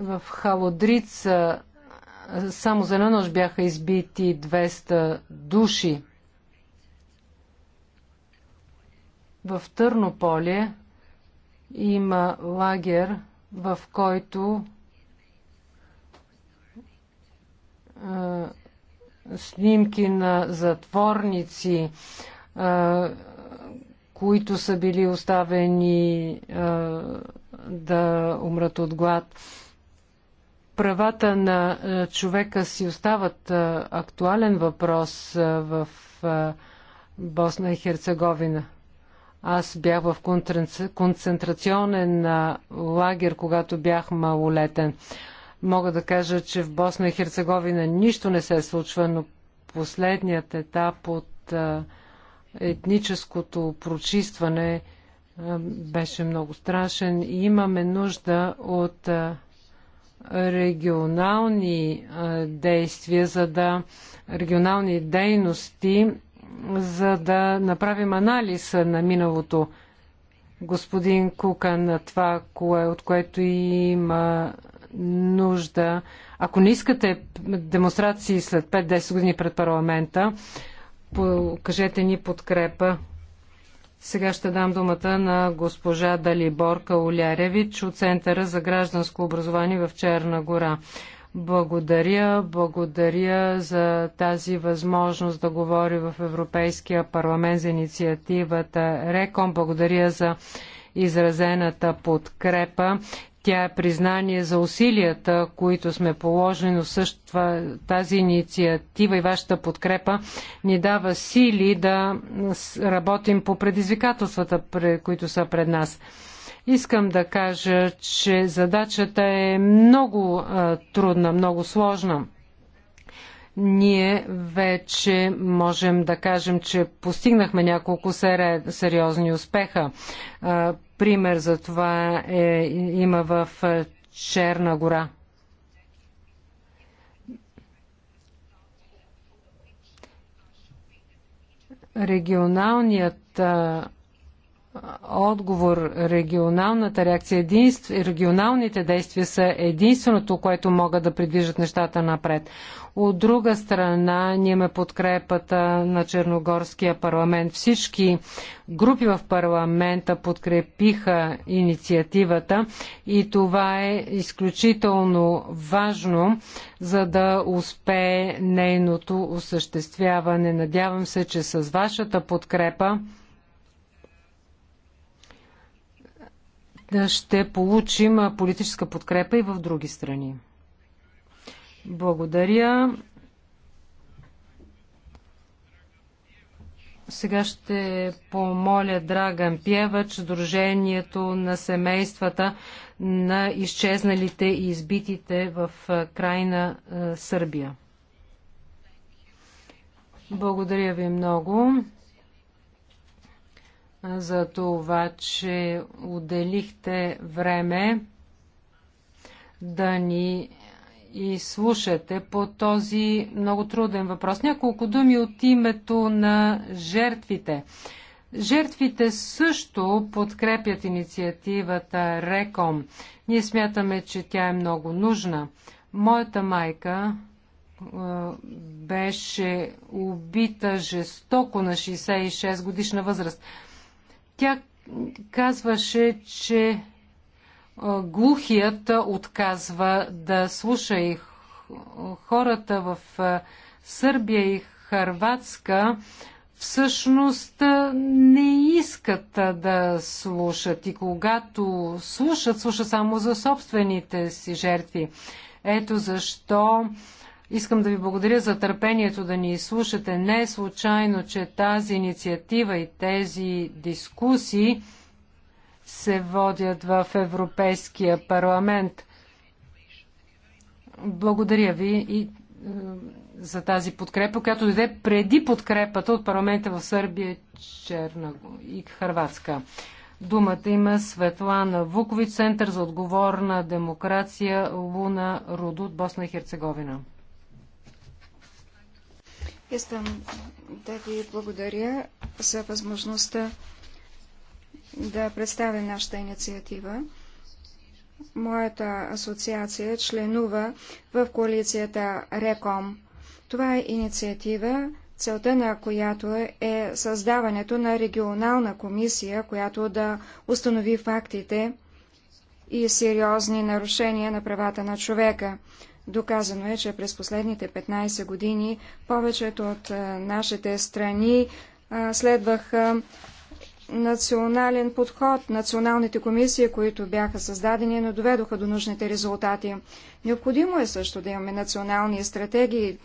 В Халодрица само за една нощ бяха избити 200 души. В Търнополе има лагер, в който а, снимки на затворници, а, които са били оставени а, да умрат от глад. Правата на човека си остават актуален въпрос в Босна и Херцеговина. Аз бях в концентрационен лагер, когато бях малолетен. Мога да кажа, че в Босна и Херцеговина нищо не се случва, но последният етап от етническото прочистване беше много страшен. И имаме нужда от регионални действия, за да регионални дейности, за да направим анализ на миналото. Господин Кука на това, кое, от което има нужда. Ако не искате демонстрации след 5-10 години пред парламента, кажете ни подкрепа. Сега ще дам думата на госпожа Далиборка Оляревич от Центъра за гражданско образование в Черна гора. Благодаря, благодаря за тази възможност да говори в Европейския парламент за инициативата РЕКОМ. Благодаря за изразената подкрепа. Тя е признание за усилията, които сме положили, но също това, тази инициатива и вашата подкрепа ни дава сили да работим по предизвикателствата, които са пред нас. Искам да кажа, че задачата е много трудна, много сложна. Ние вече можем да кажем, че постигнахме няколко сериозни успеха. Пример за това е, има в Черна гора. Регионалният отговор, регионалната реакция, единств, регионалните действия са единственото, което могат да придвижат нещата напред. От друга страна, ние имаме подкрепата на Черногорския парламент. Всички групи в парламента подкрепиха инициативата и това е изключително важно, за да успее нейното осъществяване. Надявам се, че с вашата подкрепа ще получим политическа подкрепа и в други страни. Благодаря. Сега ще помоля Драган Певач, Дружението на семействата на изчезналите и избитите в крайна Сърбия. Благодаря ви много за това, че отделихте време да ни и слушате по този много труден въпрос. Няколко думи от името на жертвите. Жертвите също подкрепят инициативата РЕКОМ. Ние смятаме, че тя е много нужна. Моята майка беше убита жестоко на 66 годишна възраст. Тя казваше, че глухият отказва да слуша и хората в Сърбия и Харватска всъщност не искат да слушат и когато слушат, слушат само за собствените си жертви. Ето защо Искам да ви благодаря за търпението да ни изслушате. Не е случайно, че тази инициатива и тези дискусии се водят в Европейския парламент. Благодаря ви и е, за тази подкрепа, която дойде преди подкрепата от парламента в Сърбия, Черна и Харватска. Думата има Светлана Вукович, Център за отговорна демокрация Луна Руду от Босна и Херцеговина. Искам да ви благодаря за възможността да представя нашата инициатива. Моята асоциация членува в коалицията РЕКОМ. Това е инициатива, целта на която е създаването на регионална комисия, която да установи фактите и сериозни нарушения на правата на човека. Доказано е, че през последните 15 години повечето от нашите страни следваха национален подход. Националните комисии, които бяха създадени, не доведоха до нужните резултати. Необходимо е също да имаме национални стратегии,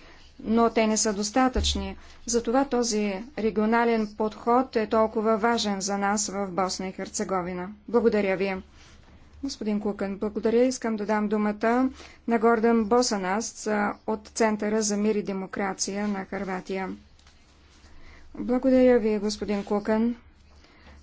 но те не са достатъчни. Затова този регионален подход е толкова важен за нас в Босна и Херцеговина. Благодаря ви. Господин Кукън, благодаря. Искам да дам думата на Гордан Босанаст от Центъра за мир и демокрация на Харватия. Благодаря ви, господин Кукан.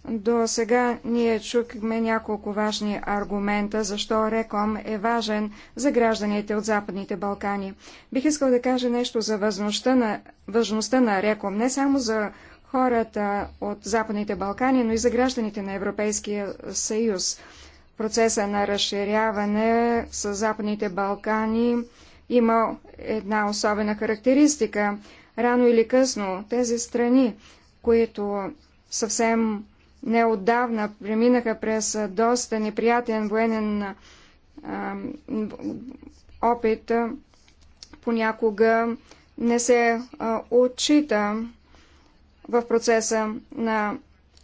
До сега ние чухме няколко важни аргумента, защо Реком е важен за гражданите от Западните Балкани. Бих искал да кажа нещо за важността на, важността на Реком, не само за хората от Западните Балкани, но и за гражданите на Европейския съюз процеса на разширяване с Западните Балкани има една особена характеристика. Рано или късно тези страни, които съвсем неотдавна преминаха през доста неприятен военен а, опит, понякога не се а, отчита в процеса на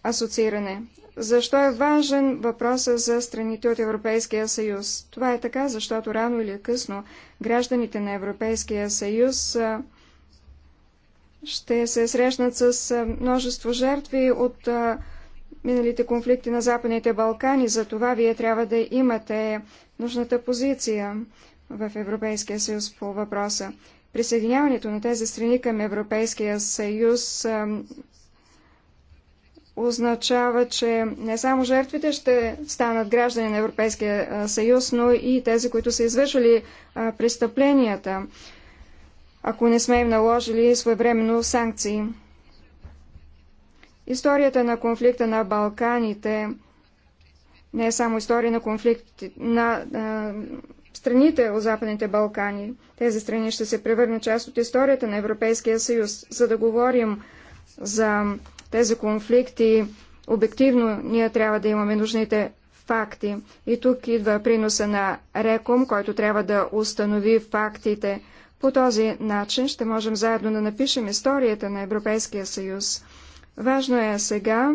асоцииране. Защо е важен въпроса за страните от Европейския съюз? Това е така, защото рано или късно гражданите на Европейския съюз ще се срещнат с множество жертви от миналите конфликти на Западните Балкани. За това вие трябва да имате нужната позиция в Европейския съюз по въпроса. Присъединяването на тези страни към Европейския съюз означава, че не само жертвите ще станат граждани на Европейския съюз, но и тези, които са извършили престъпленията, ако не сме им наложили своевременно санкции. Историята на конфликта на Балканите не е само история на конфликт на а, страните от Западните Балкани. Тези страни ще се превърнат част от историята на Европейския съюз. За да говорим за тези конфликти обективно ние трябва да имаме нужните факти. И тук идва приноса на Реком, който трябва да установи фактите. По този начин ще можем заедно да напишем историята на Европейския съюз. Важно е сега,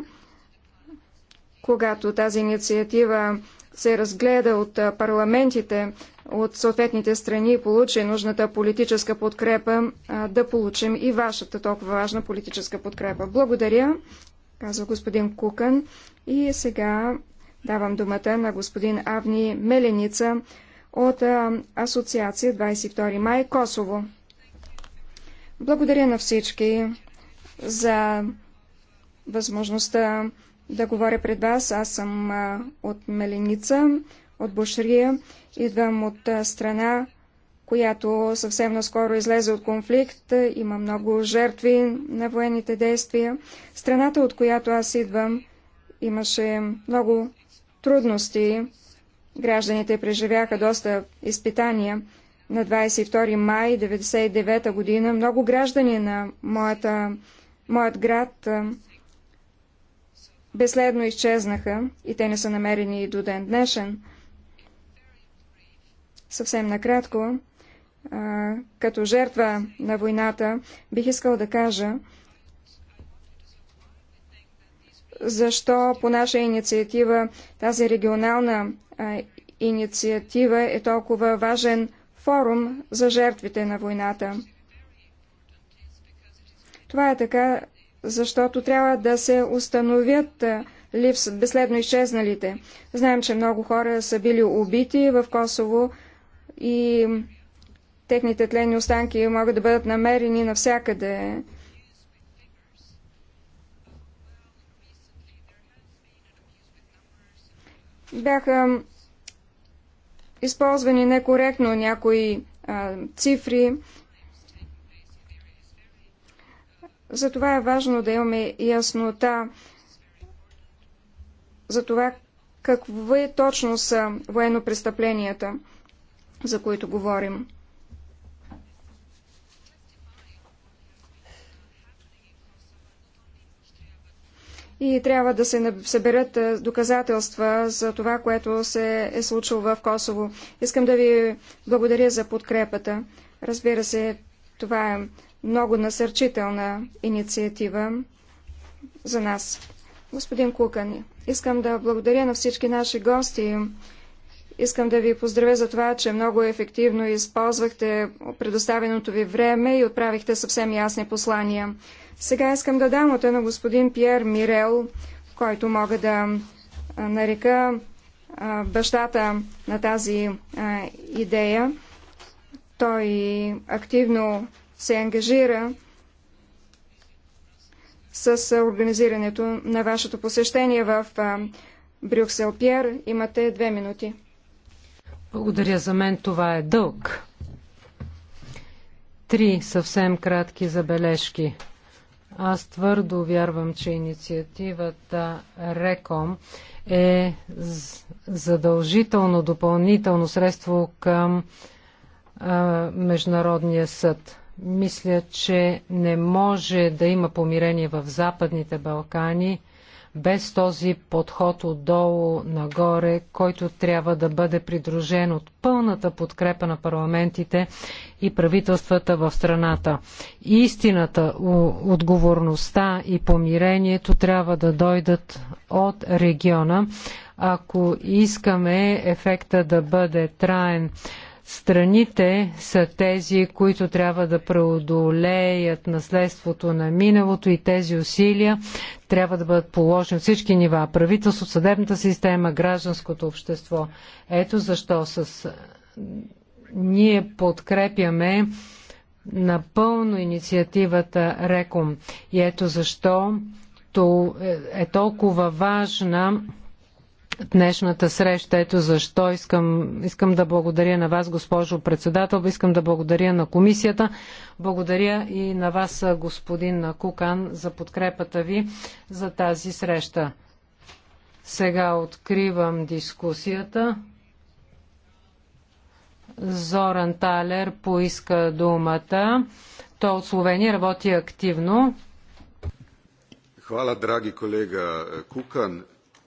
когато тази инициатива се разгледа от парламентите от съответните страни и получи нужната политическа подкрепа, да получим и вашата толкова важна политическа подкрепа. Благодаря, казва господин Кукан. И сега давам думата на господин Авни Меленица от Асоциация 22 май Косово. Благодаря на всички за възможността да говоря пред вас. Аз съм от Меленица, от Бушрия. Идвам от страна, която съвсем наскоро излезе от конфликт. Има много жертви на военните действия. Страната, от която аз идвам, имаше много трудности. Гражданите преживяха доста изпитания. На 22 май 1999 година много граждани на моята, моят град безследно изчезнаха и те не са намерени и до ден днешен. Съвсем накратко, като жертва на войната, бих искал да кажа, защо по наша инициатива тази регионална инициатива е толкова важен форум за жертвите на войната. Това е така, защото трябва да се установят липс, безследно изчезналите. Знаем, че много хора са били убити в Косово и техните тлени останки могат да бъдат намерени навсякъде. Бяха използвани некоректно някои а, цифри, Затова е важно да имаме яснота за това какво е точно са военно-престъпленията, за които говорим. и трябва да се съберат доказателства за това, което се е случило в Косово. Искам да ви благодаря за подкрепата. Разбира се, това е много насърчителна инициатива за нас. Господин Кукан, искам да благодаря на всички наши гости. Искам да ви поздравя за това, че много ефективно използвахте предоставеното ви време и отправихте съвсем ясни послания. Сега искам да дам от на господин Пьер Мирел, който мога да нарека бащата на тази идея. Той активно се ангажира с организирането на вашето посещение в Брюксел. Пьер, имате две минути. Благодаря за мен. Това е дълг. Три съвсем кратки забележки. Аз твърдо вярвам, че инициативата РЕКОМ е задължително допълнително средство към а, Международния съд. Мисля, че не може да има помирение в Западните Балкани без този подход отдолу нагоре, който трябва да бъде придружен от пълната подкрепа на парламентите и правителствата в страната. Истината, отговорността и помирението трябва да дойдат от региона. Ако искаме ефекта да бъде траен, Страните са тези, които трябва да преодолеят наследството на миналото и тези усилия трябва да бъдат положени от всички нива. Правителство, съдебната система, гражданското общество. Ето защо с... ние подкрепяме напълно инициативата РЕКОМ. И ето защо то е, е толкова важна днешната среща. Ето защо искам, искам да благодаря на вас, госпожо председател, искам да благодаря на комисията, благодаря и на вас, господин Кукан, за подкрепата ви за тази среща. Сега откривам дискусията. Зоран Талер поиска думата. Той е от Словения работи активно. Хвала драги колега Кукан.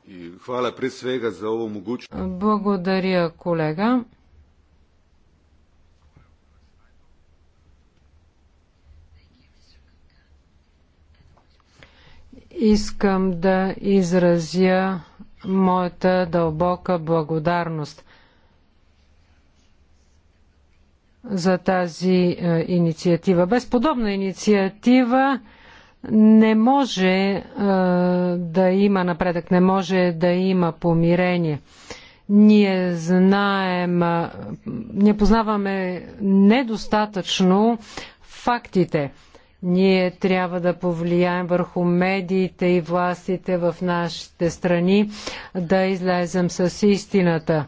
И хваля пред свега за ово Благодаря, колега. Искам да изразя моята дълбока благодарност за тази е, инициатива. Безподобна инициатива не може а, е, да има напредък, не може да има помирение. Ние знаем, е, ние познаваме недостатъчно фактите. Ние трябва да повлияем върху медиите и властите в нашите страни, да излезем с истината.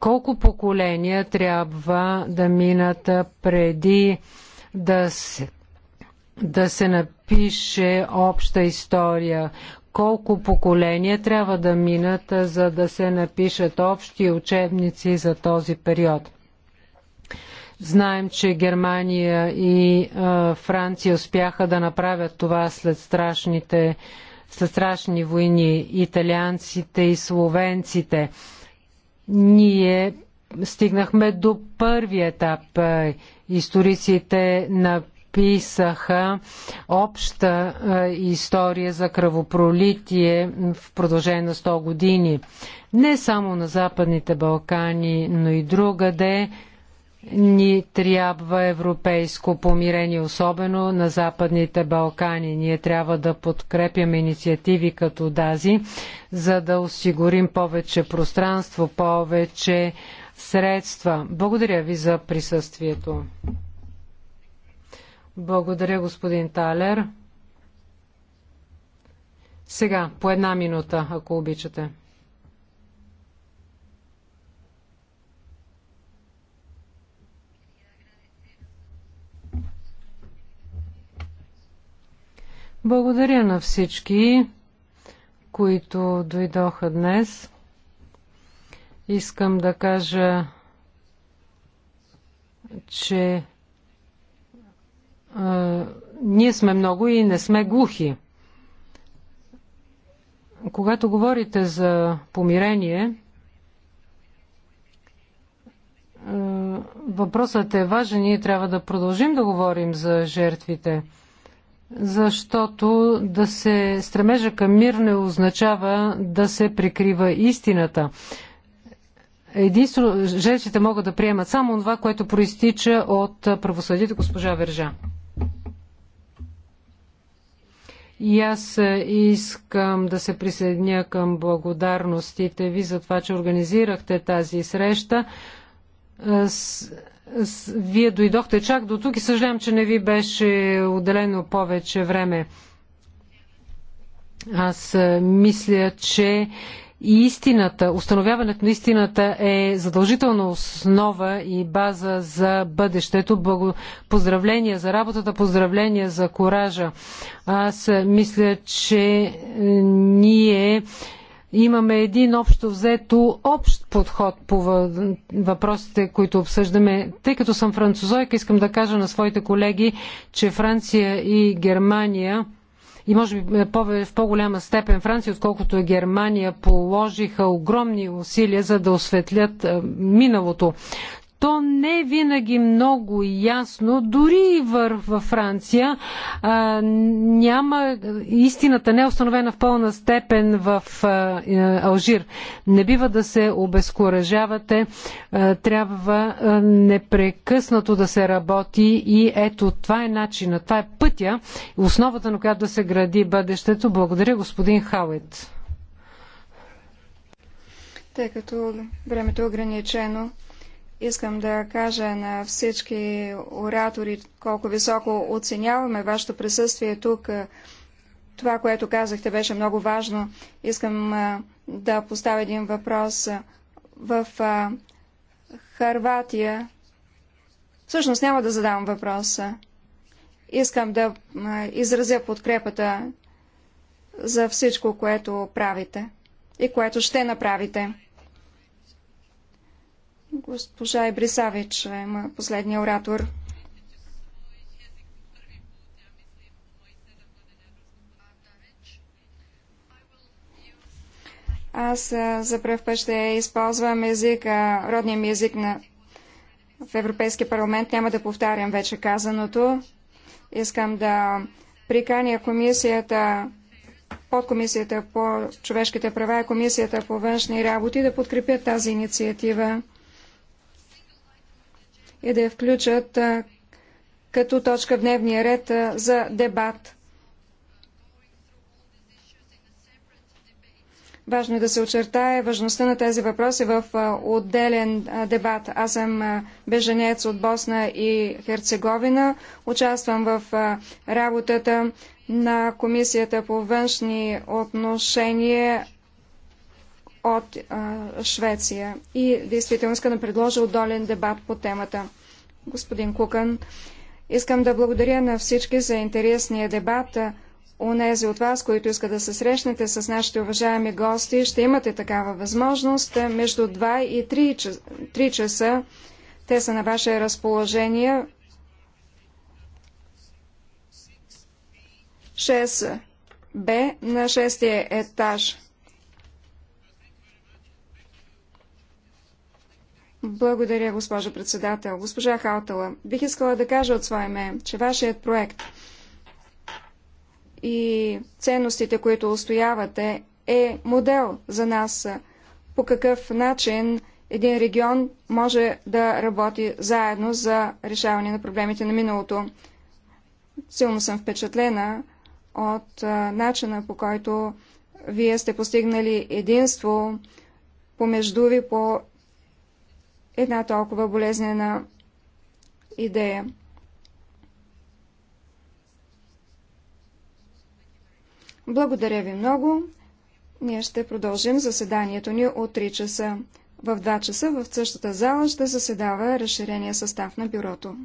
Колко поколения трябва да минат преди да се да се напише обща история. Колко поколения трябва да минат, за да се напишат общи учебници за този период? Знаем, че Германия и а, Франция успяха да направят това след страшните след страшни войни, италианците и словенците. Ние стигнахме до първи етап. Историците на Писаха обща е, история за кръвопролитие в продължение на 100 години. Не само на Западните Балкани, но и другаде ни трябва европейско помирение, особено на Западните Балкани. Ние трябва да подкрепяме инициативи като тази, за да осигурим повече пространство, повече средства. Благодаря ви за присъствието. Благодаря, господин Талер. Сега, по една минута, ако обичате. Благодаря на всички, които дойдоха днес. Искам да кажа, че ние сме много и не сме глухи. Когато говорите за помирение, въпросът е важен и трябва да продължим да говорим за жертвите, защото да се стремежа към мир не означава да се прикрива истината. Единствено, жертвите могат да приемат само това, което проистича от правосъдието госпожа Вержа. И аз искам да се присъединя към благодарностите ви за това, че организирахте тази среща. Вие дойдохте чак до тук и съжалявам, че не ви беше отделено повече време. Аз мисля, че и истината, установяването на истината е задължителна основа и база за бъдещето. Благо... Поздравления за работата, поздравления за коража. Аз мисля, че ние имаме един общо взето общ подход по въпросите, които обсъждаме. Тъй като съм французойка, искам да кажа на своите колеги, че Франция и Германия – и може би е, в по-голяма степен Франция, отколкото е Германия, положиха огромни усилия за да осветлят е, миналото то не е винаги много ясно, дори и във Франция а, няма, истината не е установена в пълна степен в а, Алжир. Не бива да се обезкуражавате, трябва а, непрекъснато да се работи и ето това е начина, това е пътя, основата на която да се гради бъдещето. Благодаря господин Хаует. Тъй като времето е ограничено, Искам да кажа на всички оратори колко високо оценяваме вашето присъствие тук. Това, което казахте, беше много важно. Искам да поставя един въпрос. В Харватия. Всъщност няма да задавам въпроса. Искам да изразя подкрепата за всичко, което правите и което ще направите. Госпожа Ебрисавич е последния оратор. Аз за пръв път ще използвам език, родния ми език на... в Европейския парламент. Няма да повтарям вече казаното. Искам да приканя комисията, подкомисията по човешките права и комисията по външни работи да подкрепят тази инициатива и да я включат като точка в дневния ред за дебат. Важно е да се очертае важността на тези въпроси в отделен дебат. Аз съм беженец от Босна и Херцеговина. Участвам в работата на Комисията по външни отношения от а, Швеция и действително искам да предложа отдолен дебат по темата. Господин Кукън, искам да благодаря на всички за интересния дебат. Онези от вас, които искат да се срещнете с нашите уважаеми гости, ще имате такава възможност между 2 и 3, часа. Те са на ваше разположение. 6 Б на шестия етаж. Благодаря, госпожо председател. Госпожа Хаутала, бих искала да кажа от своя име, че вашият проект и ценностите, които устоявате, е модел за нас по какъв начин един регион може да работи заедно за решаване на проблемите на миналото. Силно съм впечатлена от начина по който вие сте постигнали единство помежду ви по една толкова болезнена идея. Благодаря ви много. Ние ще продължим заседанието ни от 3 часа. В 2 часа в същата зала ще заседава разширения състав на бюрото.